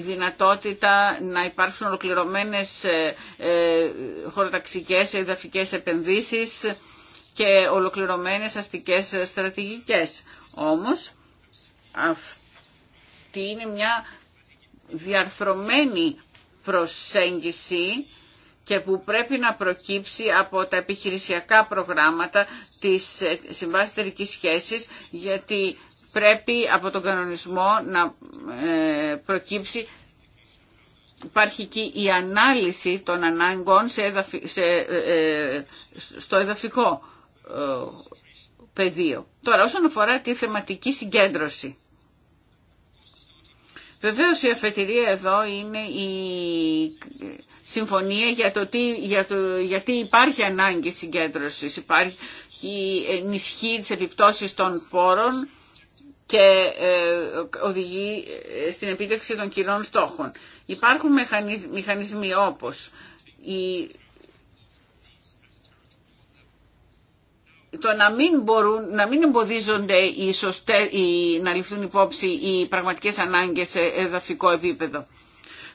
[SPEAKER 1] δυνατότητα να υπάρξουν ολοκληρωμένες ε, ε, χωροταξικές εδαφικές επενδύσεις και ολοκληρωμένες αστικές στρατηγικές. Όμως αυτή είναι μια διαρθρωμένη προσέγγιση και που πρέπει να προκύψει από τα επιχειρησιακά προγράμματα της συμβάσης σχέσης γιατί πρέπει από τον κανονισμό να ε, προκύψει υπάρχει εκεί η ανάλυση των ανάγκων σε ε, ε, στο εδαφικό πεδίο. Τώρα όσον αφορά τη θεματική συγκέντρωση Βεβαίω η αφετηρία εδώ είναι η συμφωνία για το, τι, για το γιατί υπάρχει ανάγκη συγκέντρωσης, υπάρχει ενισχύ της επιπτώσει των πόρων και ε, οδηγεί ε, στην επίτευξη των κοινών στόχων. Υπάρχουν μηχανισμοί όπως η το να μην, μπορούν, να μην εμποδίζονται οι σωστέ, οι, να ληφθούν υπόψη οι πραγματικές ανάγκες σε εδαφικό επίπεδο.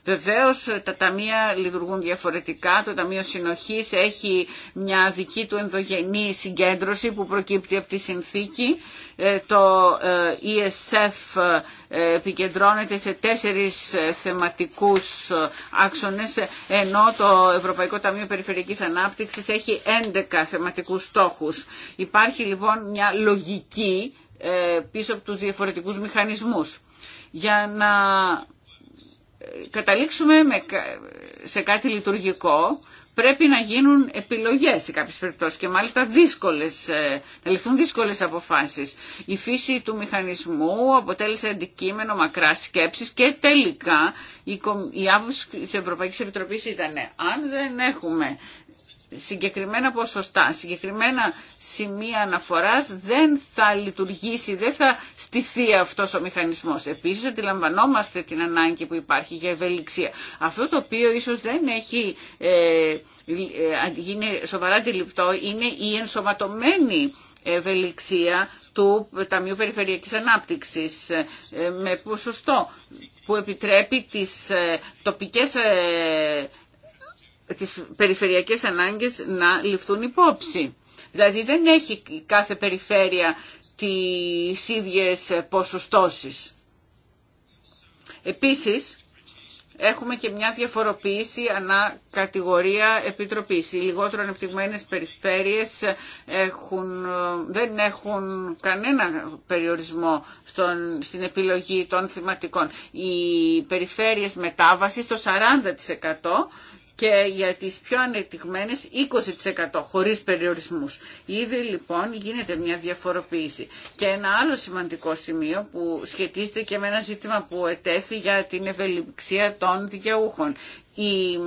[SPEAKER 1] Βεβαίω τα ταμεία λειτουργούν διαφορετικά. Το Ταμείο Συνοχή έχει μια δική του ενδογενή συγκέντρωση που προκύπτει από τη συνθήκη. Ε, το ε, ESF επικεντρώνεται σε τέσσερις ε, θεματικούς ε, άξονες, ενώ το Ευρωπαϊκό Ταμείο Περιφερειακής Ανάπτυξης έχει 11 θεματικούς στόχους. Υπάρχει λοιπόν μια λογική ε, πίσω από τους διαφορετικούς μηχανισμούς. Για να καταλήξουμε σε κάτι λειτουργικό, πρέπει να γίνουν επιλογές σε κάποιες περιπτώσεις και μάλιστα δύσκολες, ε, να ληφθούν δύσκολες αποφάσεις. Η φύση του μηχανισμού αποτέλεσε αντικείμενο μακρά σκέψης και τελικά η άποψη της Ευρωπαϊκής Επιτροπής ήταν «Ε, αν δεν έχουμε συγκεκριμένα ποσοστά, συγκεκριμένα σημεία αναφοράς δεν θα λειτουργήσει, δεν θα στηθεί αυτός ο μηχανισμός. Επίσης αντιλαμβανόμαστε την ανάγκη που υπάρχει για ευελιξία. Αυτό το οποίο ίσως δεν έχει ε, γίνει ε, σοβαρά αντιληπτό είναι η ενσωματωμένη ευελιξία του Ταμείου Περιφερειακής Ανάπτυξης ε, με ποσοστό που επιτρέπει τις ε, τοπικές τις περιφερειακές ανάγκες να ληφθούν υπόψη. Δηλαδή δεν έχει κάθε περιφέρεια τις ίδιες ποσοστώσεις. Επίσης, έχουμε και μια διαφοροποίηση ανά κατηγορία επιτροπής. Οι λιγότερο ανεπτυγμένες περιφέρειες έχουν, δεν έχουν κανένα περιορισμό στον, στην επιλογή των θεματικών. Οι περιφέρειες μετάβασης το 40% και για τις πιο ανεπτυγμένες 20% χωρίς περιορισμούς. Ήδη λοιπόν γίνεται μια διαφοροποίηση. Και ένα άλλο σημαντικό σημείο που σχετίζεται και με ένα ζήτημα που ετέθη για την ευελιξία των δικαιούχων. Οι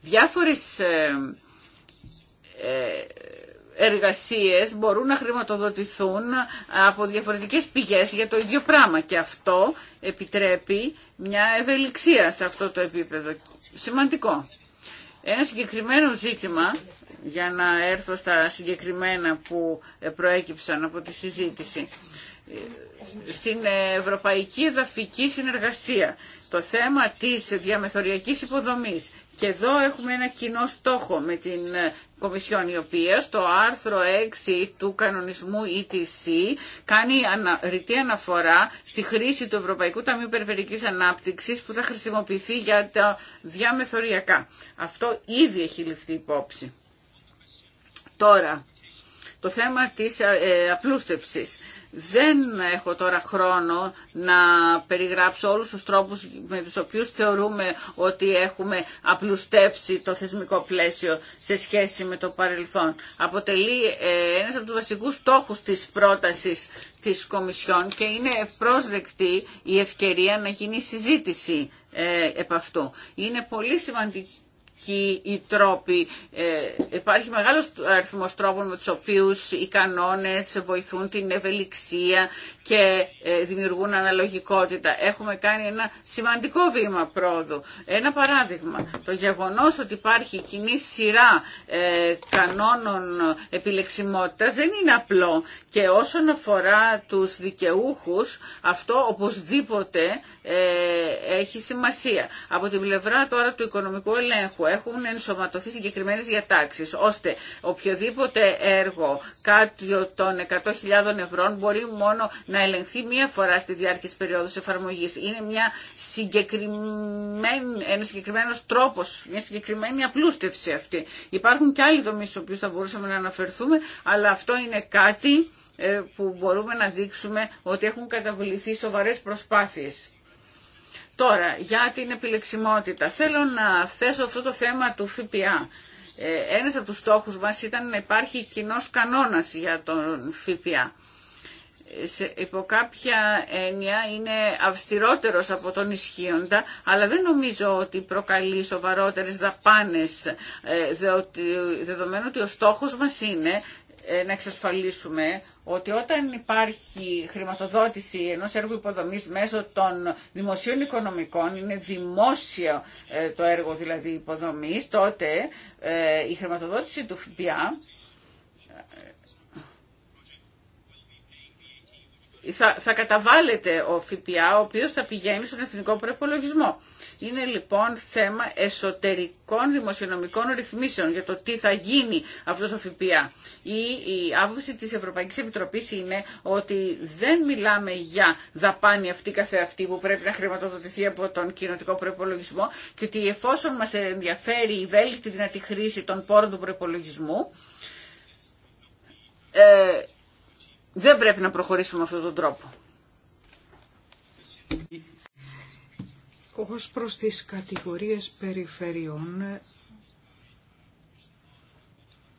[SPEAKER 1] διάφορες ε, ε, εργασίες μπορούν να χρηματοδοτηθούν από διαφορετικές πηγές για το ίδιο πράγμα και αυτό επιτρέπει μια ευελιξία σε αυτό το επίπεδο. Σημαντικό. Ένα συγκεκριμένο ζήτημα, για να έρθω στα συγκεκριμένα που προέκυψαν από τη συζήτηση, στην Ευρωπαϊκή Εδαφική Συνεργασία, το θέμα της διαμεθοριακής υποδομής και εδώ έχουμε ένα κοινό στόχο με την ε, Κομισιόν η οποία στο άρθρο 6 του κανονισμού ETC κάνει ανα, ρητή αναφορά στη χρήση του Ευρωπαϊκού Ταμείου Περιφερικής Ανάπτυξης που θα χρησιμοποιηθεί για τα διαμεθοριακά. Αυτό ήδη έχει ληφθεί υπόψη. Τώρα, το θέμα της ε, απλούστευσης. Δεν έχω τώρα χρόνο να περιγράψω όλους τους τρόπους με τους οποίους θεωρούμε ότι έχουμε απλουστεύσει το θεσμικό πλαίσιο σε σχέση με το παρελθόν. Αποτελεί ε, ένας από τους βασικούς στόχους της πρότασης της Κομισιόν και είναι ευπρόσδεκτη η ευκαιρία να γίνει συζήτηση ε, επ' αυτού. Είναι πολύ σημαντικό ποιοι οι τρόποι. Ε, υπάρχει μεγάλος αριθμός τρόπων με τους οποίους οι κανόνες βοηθούν την ευελιξία και ε, δημιουργούν αναλογικότητα. Έχουμε κάνει ένα σημαντικό βήμα πρόοδου. Ένα παράδειγμα, το γεγονός ότι υπάρχει κοινή σειρά ε, κανόνων επιλεξιμότητας δεν είναι απλό και όσον αφορά τους δικαιούχους αυτό οπωσδήποτε ε, έχει σημασία. Από την πλευρά τώρα του οικονομικού ελέγχου έχουν ενσωματωθεί συγκεκριμένες διατάξεις, ώστε οποιοδήποτε έργο κάτω των 100.000 ευρώ μπορεί μόνο να ελεγχθεί μία φορά στη διάρκεια της περίοδου εφαρμογής. Είναι μια συγκεκριμένη, ένας συγκεκριμένος τρόπος, μια συγκεκριμένη απλούστευση αυτή. Υπάρχουν και άλλοι τομείς στους οποίους θα μπορούσαμε να αναφερθούμε, αλλά αυτό είναι κάτι ε, που μπορούμε να δείξουμε ότι έχουν καταβληθεί σοβαρές προσπάθειες. Τώρα, για την επιλεξιμότητα. Θέλω να θέσω αυτό το θέμα του ΦΠΑ. Ε, ένας από τους στόχους μας ήταν να υπάρχει κοινό κανόνας για τον ΦΠΑ. Ε, σε, υπό κάποια έννοια είναι αυστηρότερος από τον ισχύοντα, αλλά δεν νομίζω ότι προκαλεί σοβαρότερες δαπάνες, ε, δεδομένου ότι ο στόχος μας είναι ε, να εξασφαλίσουμε ότι όταν υπάρχει χρηματοδότηση ενός έργου υποδομής μέσω των δημοσίων οικονομικών, είναι δημόσιο ε, το έργο δηλαδή υποδομής, τότε ε, η χρηματοδότηση του ΦΠΑ θα, θα καταβάλλεται ο ΦΠΑ, ο οποίος θα πηγαίνει στον εθνικό προπολογισμό. Είναι λοιπόν θέμα εσωτερικών δημοσιονομικών ρυθμίσεων για το τι θα γίνει αυτός ο ΦΠΑ. Η, η άποψη της Ευρωπαϊκής Επιτροπής είναι ότι δεν μιλάμε για δαπάνη αυτή καθεαυτή που πρέπει να χρηματοδοτηθεί από τον κοινοτικό προπολογισμό και ότι εφόσον μας ενδιαφέρει η βέλτιστη δυνατή χρήση των πόρων του προπολογισμού, ε, δεν πρέπει να προχωρήσουμε με αυτόν τον τρόπο.
[SPEAKER 2] Ως προς τις κατηγορίες περιφερειών,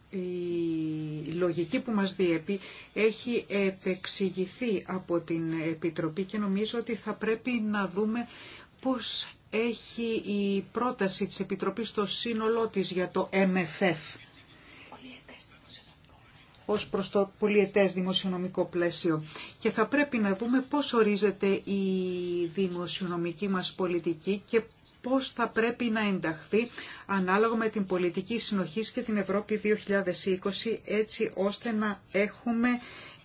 [SPEAKER 2] η λογική που μας διέπει έχει επεξηγηθεί από την Επιτροπή και νομίζω ότι θα πρέπει να δούμε πώς έχει η πρόταση της Επιτροπής στο σύνολό της για το MFF ως προς το πολιετές δημοσιονομικό πλαίσιο. Και θα πρέπει να δούμε πώς ορίζεται η δημοσιονομική μας πολιτική και πώς θα πρέπει να ενταχθεί ανάλογα με την πολιτική συνοχής και την Ευρώπη 2020 έτσι ώστε να έχουμε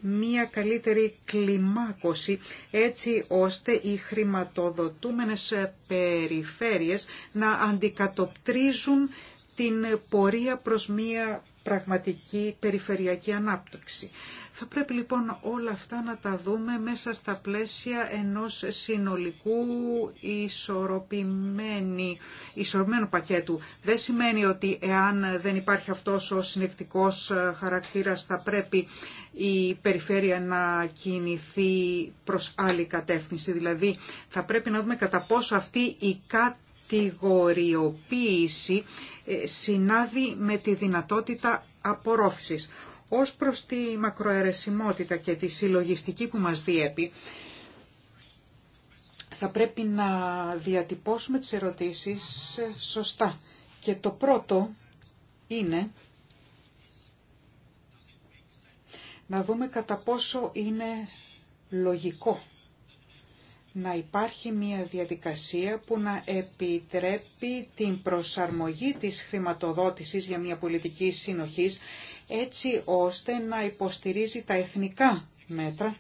[SPEAKER 2] μία καλύτερη κλιμάκωση έτσι ώστε οι χρηματοδοτούμενες περιφέρειες να αντικατοπτρίζουν την πορεία προς μία πραγματική περιφερειακή ανάπτυξη. Θα πρέπει λοιπόν όλα αυτά να τα δούμε μέσα στα πλαίσια ενός συνολικού ισορροπημένου πακέτου. Δεν σημαίνει ότι εάν δεν υπάρχει αυτός ο συνεκτικός χαρακτήρας θα πρέπει η περιφέρεια να κινηθεί προς άλλη κατεύθυνση. Δηλαδή θα πρέπει να δούμε κατά πόσο αυτή η, κα κατηγοριοποίηση ε, συνάδει με τη δυνατότητα απορρόφησης. Ως προς τη μακροαιρεσιμότητα και τη συλλογιστική που μας διέπει, θα πρέπει να διατυπώσουμε τις ερωτήσεις ε, σωστά. Και το πρώτο είναι να δούμε κατά πόσο είναι λογικό να υπάρχει μια διαδικασία που να επιτρέπει την προσαρμογή της χρηματοδότησης για μια πολιτική συνοχής έτσι ώστε να υποστηρίζει τα εθνικά μέτρα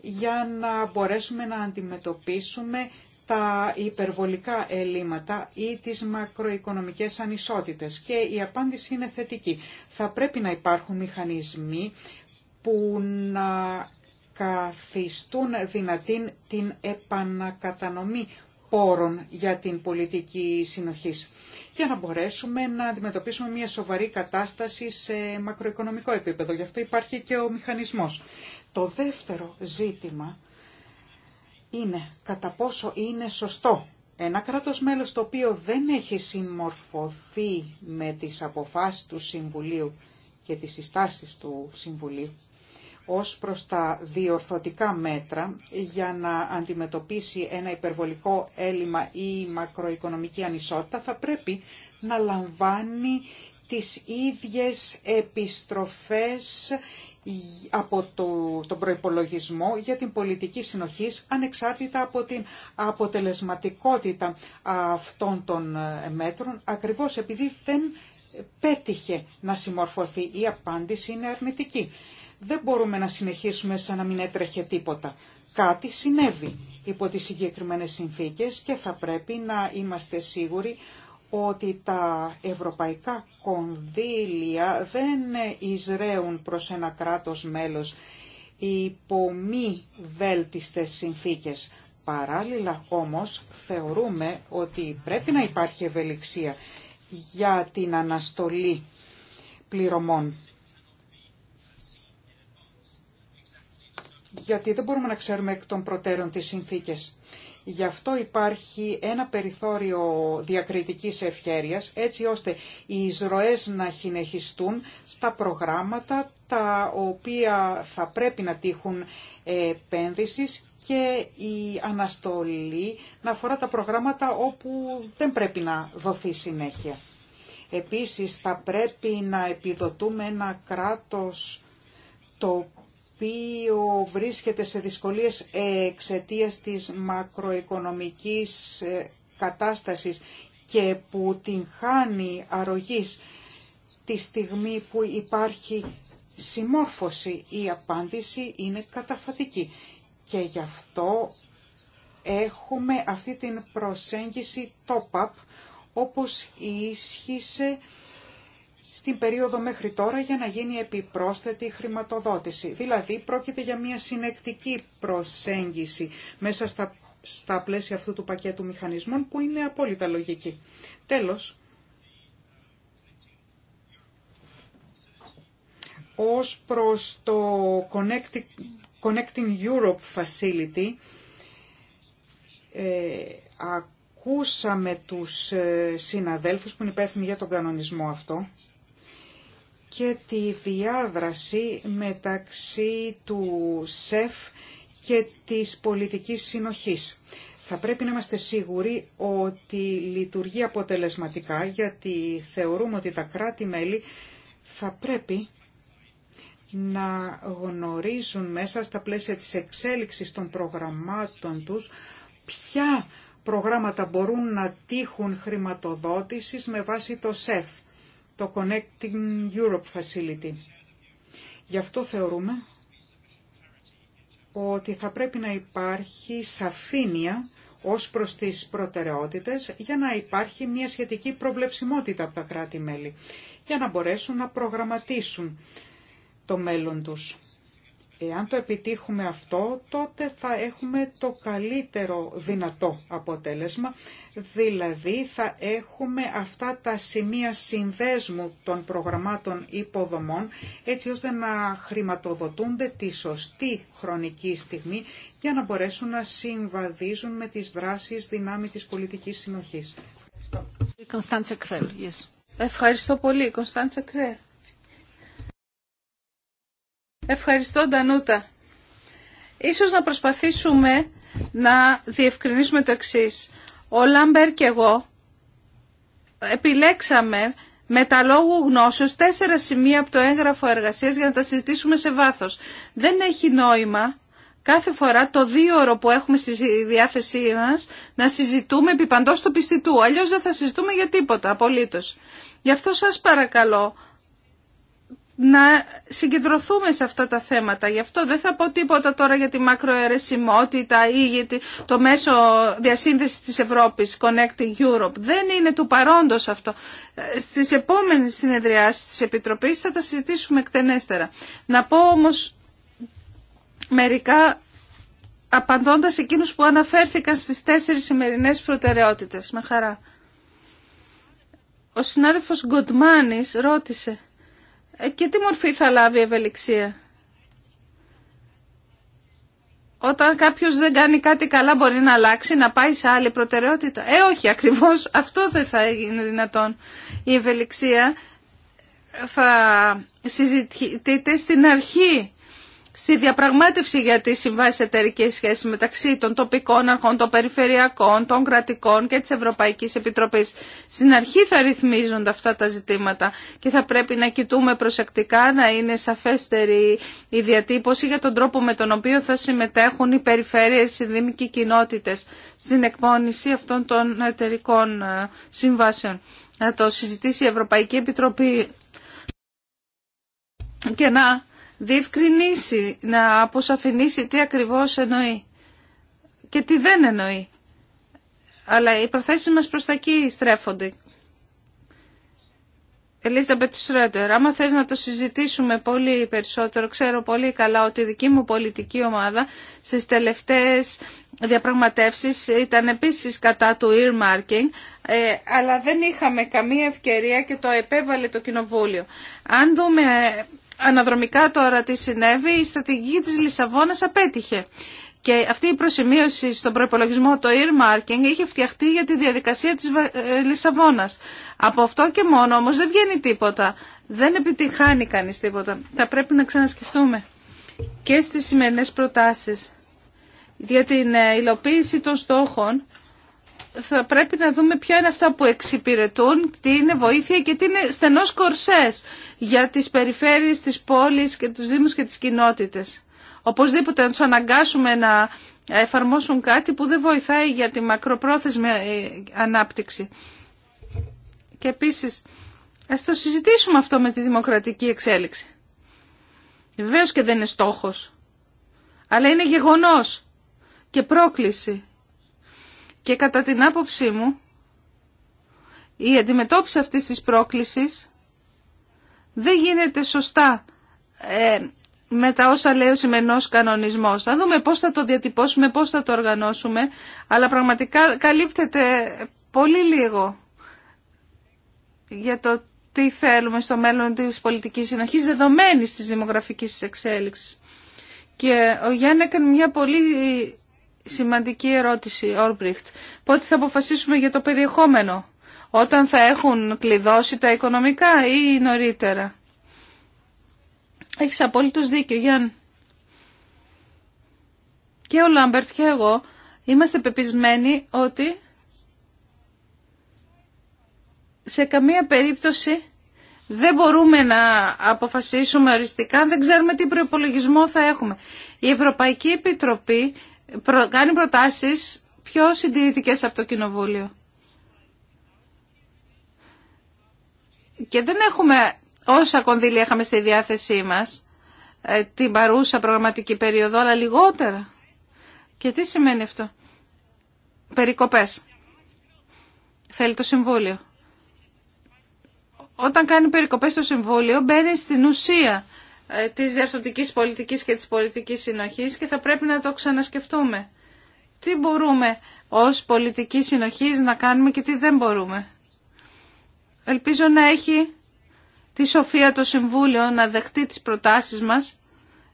[SPEAKER 2] για να μπορέσουμε να αντιμετωπίσουμε τα υπερβολικά ελλείμματα ή τις μακροοικονομικές ανισότητες. Και η απάντηση είναι θετική. Θα πρέπει να υπάρχουν μηχανισμοί που να καθιστούν δυνατή την επανακατανομή πόρων για την πολιτική συνοχής για να μπορέσουμε να αντιμετωπίσουμε μια σοβαρή κατάσταση σε μακροοικονομικό επίπεδο. Γι' αυτό υπάρχει και ο μηχανισμός. Το δεύτερο ζήτημα είναι κατά πόσο είναι σωστό ένα κράτος μέλος το οποίο δεν έχει συμμορφωθεί με τις αποφάσεις του Συμβουλίου και τις συστάσεις του Συμβουλίου ως προς τα διορθωτικά μέτρα για να αντιμετωπίσει ένα υπερβολικό έλλειμμα ή μακροοικονομική ανισότητα θα πρέπει να λαμβάνει τις ίδιες επιστροφές από το, τον προϋπολογισμό για την πολιτική συνοχής ανεξάρτητα από την αποτελεσματικότητα αυτών των ε, μέτρων ακριβώς επειδή δεν πέτυχε να συμμορφωθεί. Η απάντηση είναι αρνητική. Δεν μπορούμε να συνεχίσουμε σαν να μην έτρεχε τίποτα. Κάτι συνέβη υπό τις συγκεκριμένες συνθήκες και θα πρέπει να είμαστε σίγουροι ότι τα ευρωπαϊκά κονδύλια δεν εισραίουν προς ένα κράτος μέλος υπό μη βέλτιστες συνθήκες. Παράλληλα όμως θεωρούμε ότι πρέπει να υπάρχει ευελιξία για την αναστολή πληρωμών. γιατί δεν μπορούμε να ξέρουμε εκ των προτέρων τις συνθήκες. Γι' αυτό υπάρχει ένα περιθώριο διακριτικής ευχέρειας, έτσι ώστε οι εισρωές να συνεχιστούν στα προγράμματα τα οποία θα πρέπει να τύχουν επένδυσης και η αναστολή να αφορά τα προγράμματα όπου δεν πρέπει να δοθεί συνέχεια. Επίσης θα πρέπει να επιδοτούμε ένα κράτος το οποίο βρίσκεται σε δυσκολίες εξαιτίας της μακροοικονομικής ε, κατάστασης και που την χάνει αρρωγής τη στιγμή που υπάρχει συμμόρφωση. Η απάντηση είναι καταφατική και γι' αυτό έχουμε αυτή την προσέγγιση top-up όπως ίσχυσε στην περίοδο μέχρι τώρα για να γίνει επιπρόσθετη χρηματοδότηση. Δηλαδή πρόκειται για μια συνεκτική προσέγγιση μέσα στα, στα πλαίσια αυτού του πακέτου μηχανισμών που είναι απόλυτα λογική. Τέλος, ως προς το Connecting Europe Facility, ε, ακούσαμε τους ε, συναδέλφους που είναι υπεύθυνοι για τον κανονισμό αυτό και τη διάδραση μεταξύ του ΣΕΦ και της πολιτικής συνοχής. Θα πρέπει να είμαστε σίγουροι ότι λειτουργεί αποτελεσματικά γιατί θεωρούμε ότι τα κράτη-μέλη θα πρέπει να γνωρίζουν μέσα στα πλαίσια της εξέλιξης των προγραμμάτων τους ποια προγράμματα μπορούν να τύχουν χρηματοδότησης με βάση το ΣΕΦ το Connecting Europe Facility. Γι' αυτό θεωρούμε ότι θα πρέπει να υπάρχει σαφήνεια ως προς τις προτεραιότητες για να υπάρχει μια σχετική προβλεψιμότητα από τα κράτη-μέλη για να μπορέσουν να προγραμματίσουν το μέλλον τους. Εάν το επιτύχουμε αυτό, τότε θα έχουμε το καλύτερο δυνατό αποτέλεσμα, δηλαδή θα έχουμε αυτά τα σημεία συνδέσμου των προγραμμάτων υποδομών, έτσι ώστε να χρηματοδοτούνται τη σωστή χρονική στιγμή για να μπορέσουν να συμβαδίζουν με τις δράσεις δυνάμει της
[SPEAKER 3] πολιτικής συνοχής. Ευχαριστώ. Ευχαριστώ πολύ, Κωνσταντσα Κρέλ. Ευχαριστώ, Ντανούτα. Ίσως να προσπαθήσουμε να διευκρινίσουμε το εξής. Ο Λάμπερ και εγώ επιλέξαμε με τα λόγου γνώσεως τέσσερα σημεία από το έγγραφο εργασίας για να τα συζητήσουμε σε βάθος. Δεν έχει νόημα κάθε φορά το δύο ώρο που έχουμε στη διάθεσή μας να συζητούμε επί παντός του πιστητού. Αλλιώς δεν θα συζητούμε για τίποτα απολύτως. Γι' αυτό σας παρακαλώ να συγκεντρωθούμε σε αυτά τα θέματα. Γι' αυτό δεν θα πω τίποτα τώρα για τη μακροαιρεσιμότητα ή για το μέσο διασύνδεσης της Ευρώπης, Connecting Europe. Δεν είναι του παρόντος αυτό. Ε, στις επόμενες συνεδριάσεις της Επιτροπής θα τα συζητήσουμε εκτενέστερα. Να πω όμως μερικά απαντώντας εκείνους που αναφέρθηκαν στις τέσσερις σημερινές προτεραιότητες. Με χαρά. Ο συνάδελφος Γκοντμάνης ρώτησε ε, και τι μορφή θα λάβει η ευελιξία. Όταν κάποιος δεν κάνει κάτι καλά μπορεί να αλλάξει, να πάει σε άλλη προτεραιότητα. Ε, όχι, ακριβώς αυτό δεν θα είναι δυνατόν. Η ευελιξία θα συζητηθεί στην αρχή στη διαπραγμάτευση για τις συμβάσεις εταιρικέ σχέσει μεταξύ των τοπικών αρχών, των περιφερειακών, των κρατικών και της Ευρωπαϊκής Επιτροπής. Στην αρχή θα ρυθμίζονται αυτά τα ζητήματα και θα πρέπει να κοιτούμε προσεκτικά να είναι σαφέστερη η διατύπωση για τον τρόπο με τον οποίο θα συμμετέχουν οι περιφέρειες, οι δήμοι και οι κοινότητες στην εκπόνηση αυτών των εταιρικών ε, συμβάσεων. Να το συζητήσει η Ευρωπαϊκή Επιτροπή και να διευκρινίσει, να αποσαφηνίσει τι ακριβώς εννοεί και τι δεν εννοεί. Αλλά οι προθέσεις μας προς τα εκεί στρέφονται. Ελίζαμπετ Σρέντερ, άμα θες να το συζητήσουμε πολύ περισσότερο, ξέρω πολύ καλά ότι η δική μου πολιτική ομάδα στις τελευταίες διαπραγματεύσεις ήταν επίσης κατά του earmarking, ε, αλλά δεν είχαμε καμία ευκαιρία και το επέβαλε το κοινοβούλιο. Αν δούμε αναδρομικά τώρα τι συνέβη, η στρατηγική της Λισαβόνας απέτυχε. Και αυτή η προσημείωση στον προπολογισμό, το earmarking, είχε φτιαχτεί για τη διαδικασία της ε, Λισαβόνας. Από αυτό και μόνο όμως δεν βγαίνει τίποτα. Δεν επιτυχάνει κανείς τίποτα. Θα πρέπει να ξανασκεφτούμε και στις σημερινές προτάσεις για την ε, υλοποίηση των στόχων θα πρέπει να δούμε ποια είναι αυτά που εξυπηρετούν, τι είναι βοήθεια και τι είναι στενός κορσές για τις περιφέρειες, τις πόλεις και τους δήμους και τις κοινότητες. Οπωσδήποτε να τους αναγκάσουμε να εφαρμόσουν κάτι που δεν βοηθάει για τη μακροπρόθεσμη ε, ανάπτυξη. Και επίσης, ας το συζητήσουμε αυτό με τη δημοκρατική εξέλιξη. Βεβαίω και δεν είναι στόχος, αλλά είναι γεγονός και πρόκληση και κατά την άποψή μου, η αντιμετώπιση αυτής της πρόκλησης δεν γίνεται σωστά ε, με τα όσα λέει ο σημερινός κανονισμός. Θα δούμε πώς θα το διατυπώσουμε, πώς θα το οργανώσουμε, αλλά πραγματικά καλύπτεται πολύ λίγο για το τι θέλουμε στο μέλλον της πολιτικής συνοχής δεδομένης της δημογραφικής εξέλιξης. Και ο Γιάννη έκανε μια πολύ σημαντική ερώτηση, Όρμπριχτ. Πότε θα αποφασίσουμε για το περιεχόμενο, όταν θα έχουν κλειδώσει τα οικονομικά ή νωρίτερα. Έχεις απόλυτος δίκιο, Γιάν. Και ο Λάμπερτ και εγώ είμαστε πεπισμένοι ότι σε καμία περίπτωση δεν μπορούμε να αποφασίσουμε οριστικά δεν ξέρουμε τι προπολογισμό θα έχουμε. Η Ευρωπαϊκή Επιτροπή κάνει προτάσεις πιο συντηρητικές από το Κοινοβούλιο. Και δεν έχουμε όσα κονδύλια είχαμε στη διάθεσή μας ε, την παρούσα προγραμματική περίοδο, αλλά λιγότερα. Και τι σημαίνει αυτό. Περικοπές. Θέλει το Συμβούλιο. Όταν κάνει περικοπές στο Συμβούλιο μπαίνει στην ουσία ε, της διαρθρωτικής πολιτικής και της πολιτικής συνοχής και θα πρέπει να το ξανασκεφτούμε. Τι μπορούμε ως πολιτική συνοχής να κάνουμε και τι δεν μπορούμε. Ελπίζω να έχει τη σοφία το Συμβούλιο να δεχτεί τις προτάσεις μας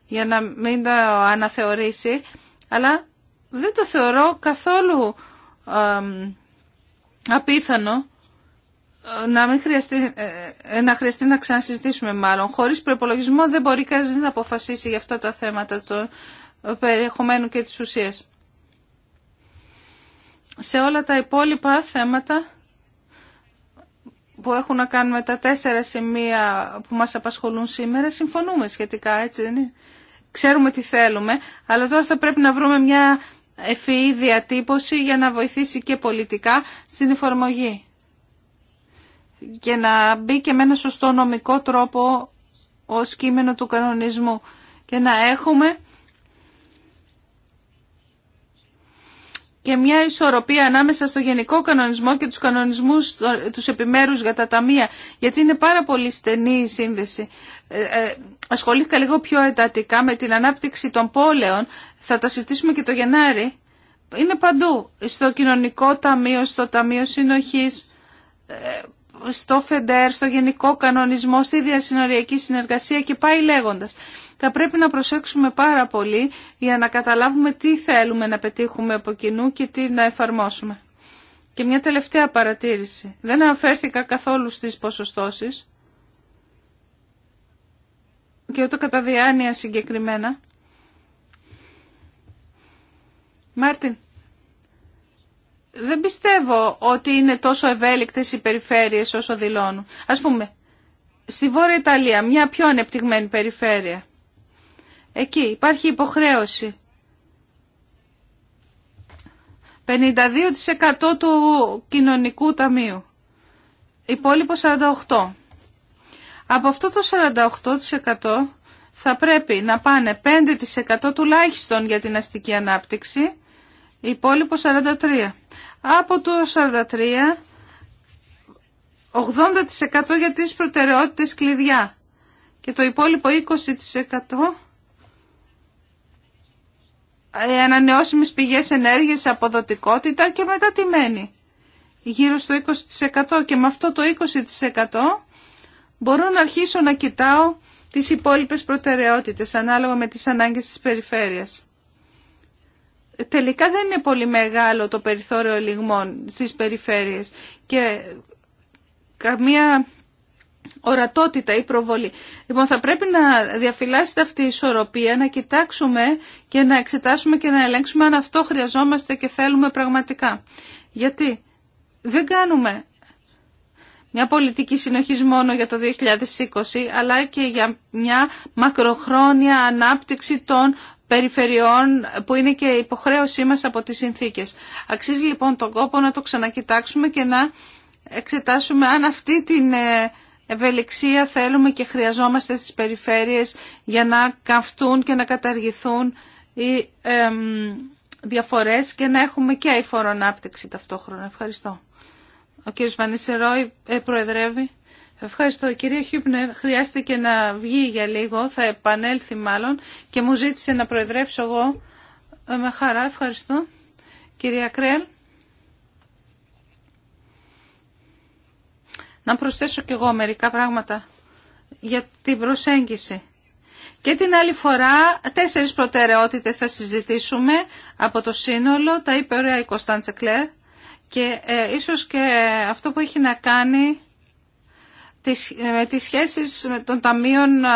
[SPEAKER 3] για να μην τα αναθεωρήσει, αλλά δεν το θεωρώ καθόλου απίθανο να μην χρειαστεί, ε, ε, να χρειαστεί να ξανασυζητήσουμε μάλλον. Χωρίς προπολογισμό δεν μπορεί κανείς να αποφασίσει για αυτά τα θέματα του ε, περιεχομένου και της ουσίας. Σε όλα τα υπόλοιπα θέματα που έχουν να κάνουν με τα τέσσερα σημεία που μας απασχολούν σήμερα, συμφωνούμε σχετικά, έτσι δεν είναι. Ξέρουμε τι θέλουμε, αλλά τώρα θα πρέπει να βρούμε μια ευφυή διατύπωση για να βοηθήσει και πολιτικά στην εφαρμογή και να μπει και με ένα σωστό νομικό τρόπο ως κείμενο του κανονισμού και να έχουμε και μια ισορροπία ανάμεσα στο γενικό κανονισμό και τους κανονισμούς τους επιμέρους για τα ταμεία, γιατί είναι πάρα πολύ στενή η σύνδεση. Ε, ε, ασχολήθηκα λίγο πιο εντατικά με την ανάπτυξη των πόλεων, θα τα συζητήσουμε και το Γενάρη. Είναι παντού, στο κοινωνικό ταμείο, στο ταμείο συνοχής, ε, στο ΦΕΝΤΕΡ, στο Γενικό Κανονισμό, στη Διασυνοριακή Συνεργασία και πάει λέγοντας. Θα πρέπει να προσέξουμε πάρα πολύ για να καταλάβουμε τι θέλουμε να πετύχουμε από κοινού και τι να εφαρμόσουμε. Και μια τελευταία παρατήρηση. Δεν αναφέρθηκα καθόλου στις ποσοστώσεις και ούτε κατά διάνοια συγκεκριμένα. Μάρτιν, δεν πιστεύω ότι είναι τόσο ευέλικτες οι περιφέρειες όσο δηλώνουν. Ας πούμε, στη Βόρεια Ιταλία, μια πιο ανεπτυγμένη περιφέρεια. Εκεί υπάρχει υποχρέωση. 52% του κοινωνικού ταμείου. Υπόλοιπο 48%. Από αυτό το 48% θα πρέπει να πάνε 5% τουλάχιστον για την αστική ανάπτυξη, υπόλοιπο 43% από το 43 80% για τις προτεραιότητες κλειδιά και το υπόλοιπο 20% ε, ανανεώσιμες πηγές ενέργειας, αποδοτικότητα και μετά τι μένει. Γύρω στο 20% και με αυτό το 20% μπορώ να αρχίσω να κοιτάω τις υπόλοιπες προτεραιότητες ανάλογα με τις ανάγκες της περιφέρειας τελικά δεν είναι πολύ μεγάλο το περιθώριο λιγμών στις περιφέρειες και καμία ορατότητα ή προβολή. Λοιπόν, θα πρέπει να διαφυλάσσεται αυτή η ισορροπία, να κοιτάξουμε και να εξετάσουμε και να ελέγξουμε αν αυτό χρειαζόμαστε και θέλουμε πραγματικά. Γιατί δεν κάνουμε μια πολιτική συνοχής μόνο για το 2020, αλλά και για μια μακροχρόνια ανάπτυξη των περιφερειών που είναι και υποχρέωσή μας από τις συνθήκες. Αξίζει λοιπόν τον κόπο να το ξανακοιτάξουμε και να εξετάσουμε αν αυτή την ε, ευελιξία θέλουμε και χρειαζόμαστε στις περιφέρειες για να καυτούν και να καταργηθούν οι διαφορές και να έχουμε και αηφορονάπτυξη ταυτόχρονα. Ευχαριστώ. Ο κύριος Βανίσερόη ε, προεδρεύει Ευχαριστώ. Κυρία Χιούπνερ χρειάστηκε να βγει για λίγο, θα επανέλθει μάλλον και μου ζήτησε να προεδρεύσω εγώ. Ε, με χαρά, ευχαριστώ. Κυρία Κρέλ. Να προσθέσω κι εγώ μερικά πράγματα για την προσέγγιση. Και την άλλη φορά τέσσερις προτεραιότητες θα συζητήσουμε από το σύνολο, τα είπε ωραία η και ε, ίσως και αυτό που έχει να κάνει με τις σχέσεις των ταμείων ε,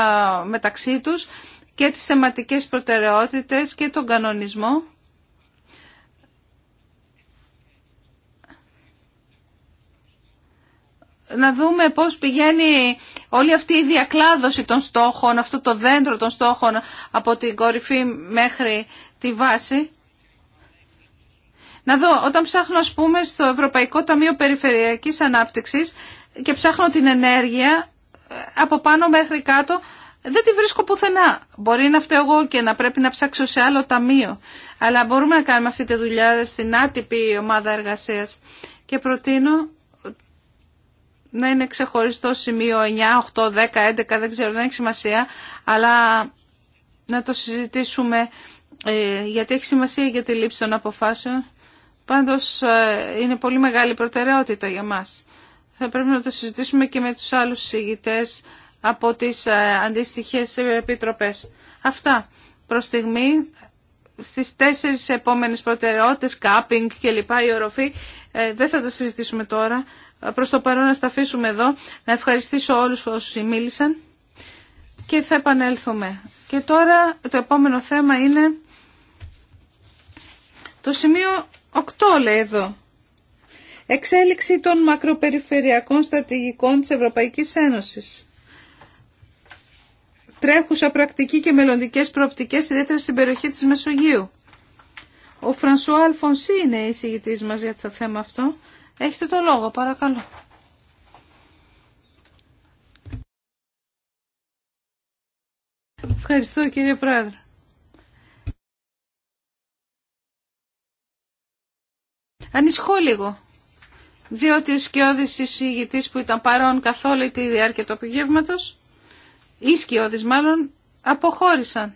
[SPEAKER 3] μεταξύ τους και τις θεματικές προτεραιότητες και τον κανονισμό. Να δούμε πώς πηγαίνει όλη αυτή η διακλάδωση των στόχων, αυτό το δέντρο των στόχων από την κορυφή μέχρι τη βάση. Να δω, όταν ψάχνω ας πούμε στο Ευρωπαϊκό Ταμείο Περιφερειακής Ανάπτυξης, και ψάχνω την ενέργεια ε, από πάνω μέχρι κάτω, δεν τη βρίσκω πουθενά. Μπορεί να φταίω εγώ και να πρέπει να ψάξω σε άλλο ταμείο. Αλλά μπορούμε να κάνουμε αυτή τη δουλειά στην άτυπη ομάδα εργασία Και προτείνω να είναι ξεχωριστό σημείο 9, 8, 10, 11, δεν ξέρω, δεν έχει σημασία, αλλά να το συζητήσουμε ε, γιατί έχει σημασία για τη λήψη των αποφάσεων. Πάντως ε, είναι πολύ μεγάλη προτεραιότητα για μας θα πρέπει να το συζητήσουμε και με τους άλλους συζητητές από τις ε, αντίστοιχες επιτροπές. Αυτά προς στιγμή στις τέσσερις επόμενες προτεραιότητες, κάπινγκ και λοιπά, η οροφή, ε, δεν θα τα συζητήσουμε τώρα. Προς το παρόν να τα αφήσουμε εδώ, να ευχαριστήσω όλους όσους μίλησαν και θα επανέλθουμε. Και τώρα το επόμενο θέμα είναι το σημείο 8 λέει εδώ. Εξέλιξη των μακροπεριφερειακών στρατηγικών της Ευρωπαϊκής Ένωσης. Τρέχουσα πρακτική και μελλοντικές προοπτικές, ιδιαίτερα στην περιοχή της Μεσογείου. Ο Φρανσουά Αλφονσί είναι εισηγητής μας για το θέμα αυτό. Έχετε το λόγο, παρακαλώ. Ευχαριστώ κύριε Πρόεδρε. Ανισχώ λίγο διότι ο σκιώδης εισηγητής που ήταν παρόν καθ' τη διάρκεια του απογεύματος, οι σκιώδης μάλλον, αποχώρησαν.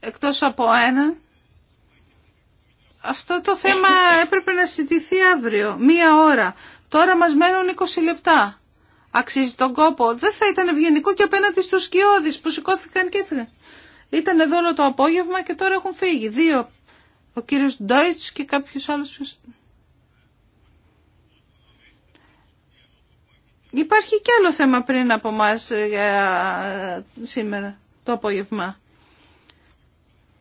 [SPEAKER 3] Εκτός από ένα, αυτό το θέμα έπρεπε να συζητηθεί αύριο, μία ώρα. Τώρα μας μένουν 20 λεπτά. Αξίζει τον κόπο. Δεν θα ήταν ευγενικό και απέναντι στους σκιώδης που σηκώθηκαν και έφυγαν. Ήταν εδώ όλο το απόγευμα και τώρα έχουν φύγει. Δύο. Ο κύριος Ντόιτς και κάποιος άλλος. Υπάρχει κι άλλο θέμα πριν από μας ε, σήμερα το απόγευμα.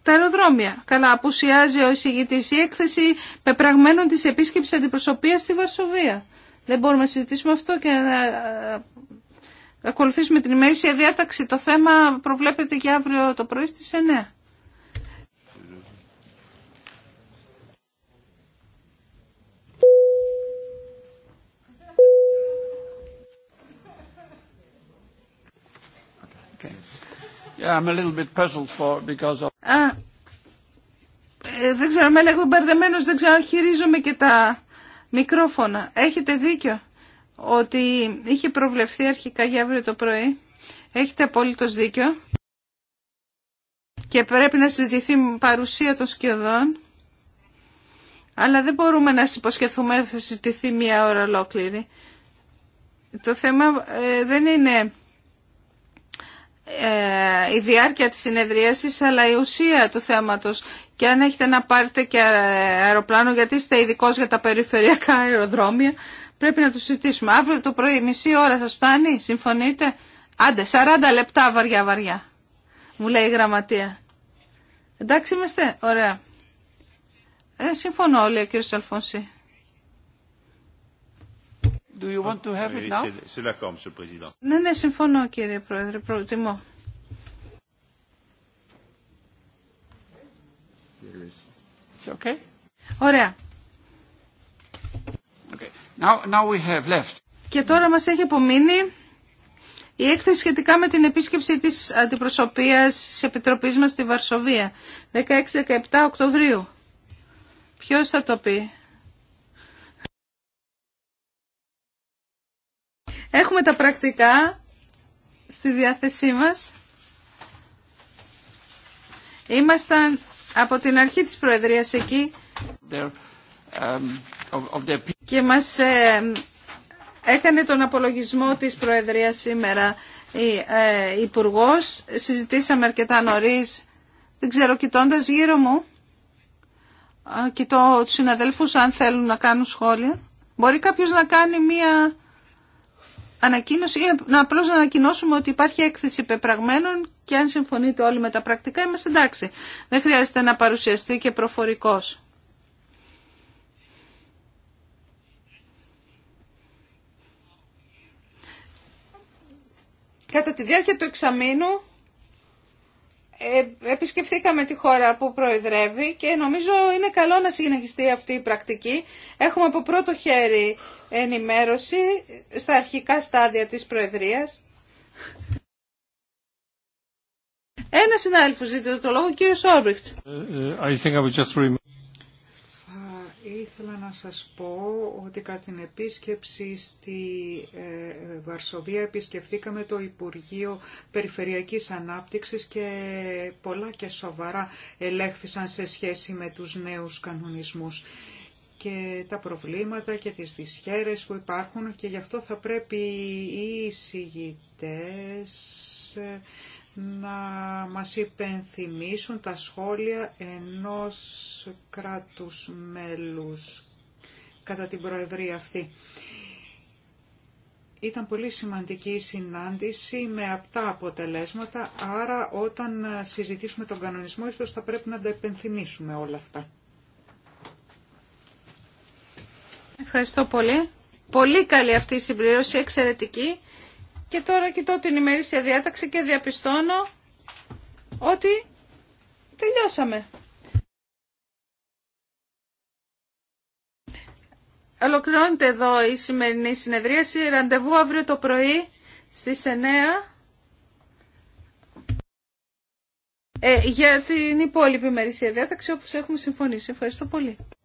[SPEAKER 3] Τα αεροδρόμια. Καλά, απουσιάζει ο εισηγητή η έκθεση πεπραγμένων της επίσκεψης αντιπροσωπεία στη Βαρσοβία. Δεν μπορούμε να συζητήσουμε αυτό και να ε, ακολουθήσουμε την ημερήσια διάταξη. Το θέμα προβλέπεται και αύριο το πρωί στι 9. δεν ξέρω, με λέγω μπερδεμένος, δεν ξέρω αν χειρίζομαι και τα μικρόφωνα. Έχετε δίκιο ότι είχε προβλεφθεί αρχικά για αύριο το πρωί. Έχετε απόλυτος δίκιο. Και πρέπει να συζητηθεί παρουσία των σκιωδών. Αλλά δεν μπορούμε να υποσχεθούμε ότι θα συζητηθεί μία ώρα ολόκληρη. Το θέμα ε, δεν είναι ε, η διάρκεια της συνεδρίασης αλλά η ουσία του θέματος και αν έχετε να πάρετε και αεροπλάνο γιατί είστε ειδικό για τα περιφερειακά αεροδρόμια πρέπει να το συζητήσουμε. Αύριο το πρωί μισή ώρα σας φτάνει, συμφωνείτε. Άντε, 40 λεπτά βαριά βαριά, μου λέει η γραμματεία. Εντάξει είμαστε, ωραία. Ε, συμφωνώ όλοι ο κύριος Αλφονσή
[SPEAKER 4] Do you want to have it now?
[SPEAKER 3] Ναι, ναι, συμφωνώ κύριε Πρόεδρε, προτιμώ. Ωραία. Και τώρα μας έχει απομείνει η έκθεση σχετικά με την επίσκεψη της αντιπροσωπείας της Επιτροπής μας στη Βαρσοβία, 16-17 Οκτωβρίου. Ποιος θα το πει. Έχουμε τα πρακτικά στη διάθεσή μας. Ήμασταν από την αρχή της Προεδρίας εκεί um, και μας ε, έκανε τον απολογισμό της Προεδρίας σήμερα η ε, Υπουργός. Συζητήσαμε αρκετά νωρίς, δεν ξέρω, κοιτώντας γύρω μου, ε, κοιτώ τους συναδέλφους αν θέλουν να κάνουν σχόλια. Μπορεί κάποιος να κάνει μία ανακοίνωση, να απλώ να ανακοινώσουμε ότι υπάρχει έκθεση πεπραγμένων και αν συμφωνείτε όλοι με τα πρακτικά είμαστε εντάξει. Δεν χρειάζεται να παρουσιαστεί και προφορικός. Κατά τη διάρκεια του εξαμήνου ε, επισκεφθήκαμε τη χώρα που προεδρεύει και νομίζω είναι καλό να συνεχιστεί αυτή η πρακτική. Έχουμε από πρώτο χέρι ενημέρωση στα αρχικά στάδια της προεδρίας. Ένα συνάδελφο ζήτησε το λόγο, κύριο Σόμπριχτ. Ε,
[SPEAKER 4] ε,
[SPEAKER 2] ήθελα να σας πω ότι κατά την επίσκεψη στη ε, Βαρσοβία επισκεφθήκαμε το Υπουργείο Περιφερειακής Ανάπτυξης και πολλά και σοβαρά ελέγχθησαν σε σχέση με τους νέους κανονισμούς και τα προβλήματα και τις δυσχέρες που υπάρχουν και γι' αυτό θα πρέπει οι εισηγητές ε, να μας υπενθυμίσουν τα σχόλια ενός κράτους μέλους κατά την Προεδρία αυτή. Ήταν πολύ σημαντική η συνάντηση με αυτά αποτελέσματα, άρα όταν συζητήσουμε τον κανονισμό ίσως θα πρέπει να τα υπενθυμίσουμε όλα αυτά.
[SPEAKER 3] Ευχαριστώ πολύ. Πολύ καλή αυτή η συμπληρώση, εξαιρετική. Και τώρα κοιτώ την ημερήσια διάταξη και διαπιστώνω ότι τελειώσαμε. Ολοκληρώνεται εδώ η σημερινή συνεδρίαση. Ραντεβού αύριο το πρωί στις 9 ε, για την υπόλοιπη ημερήσια διάταξη όπως έχουμε συμφωνήσει. Ευχαριστώ πολύ.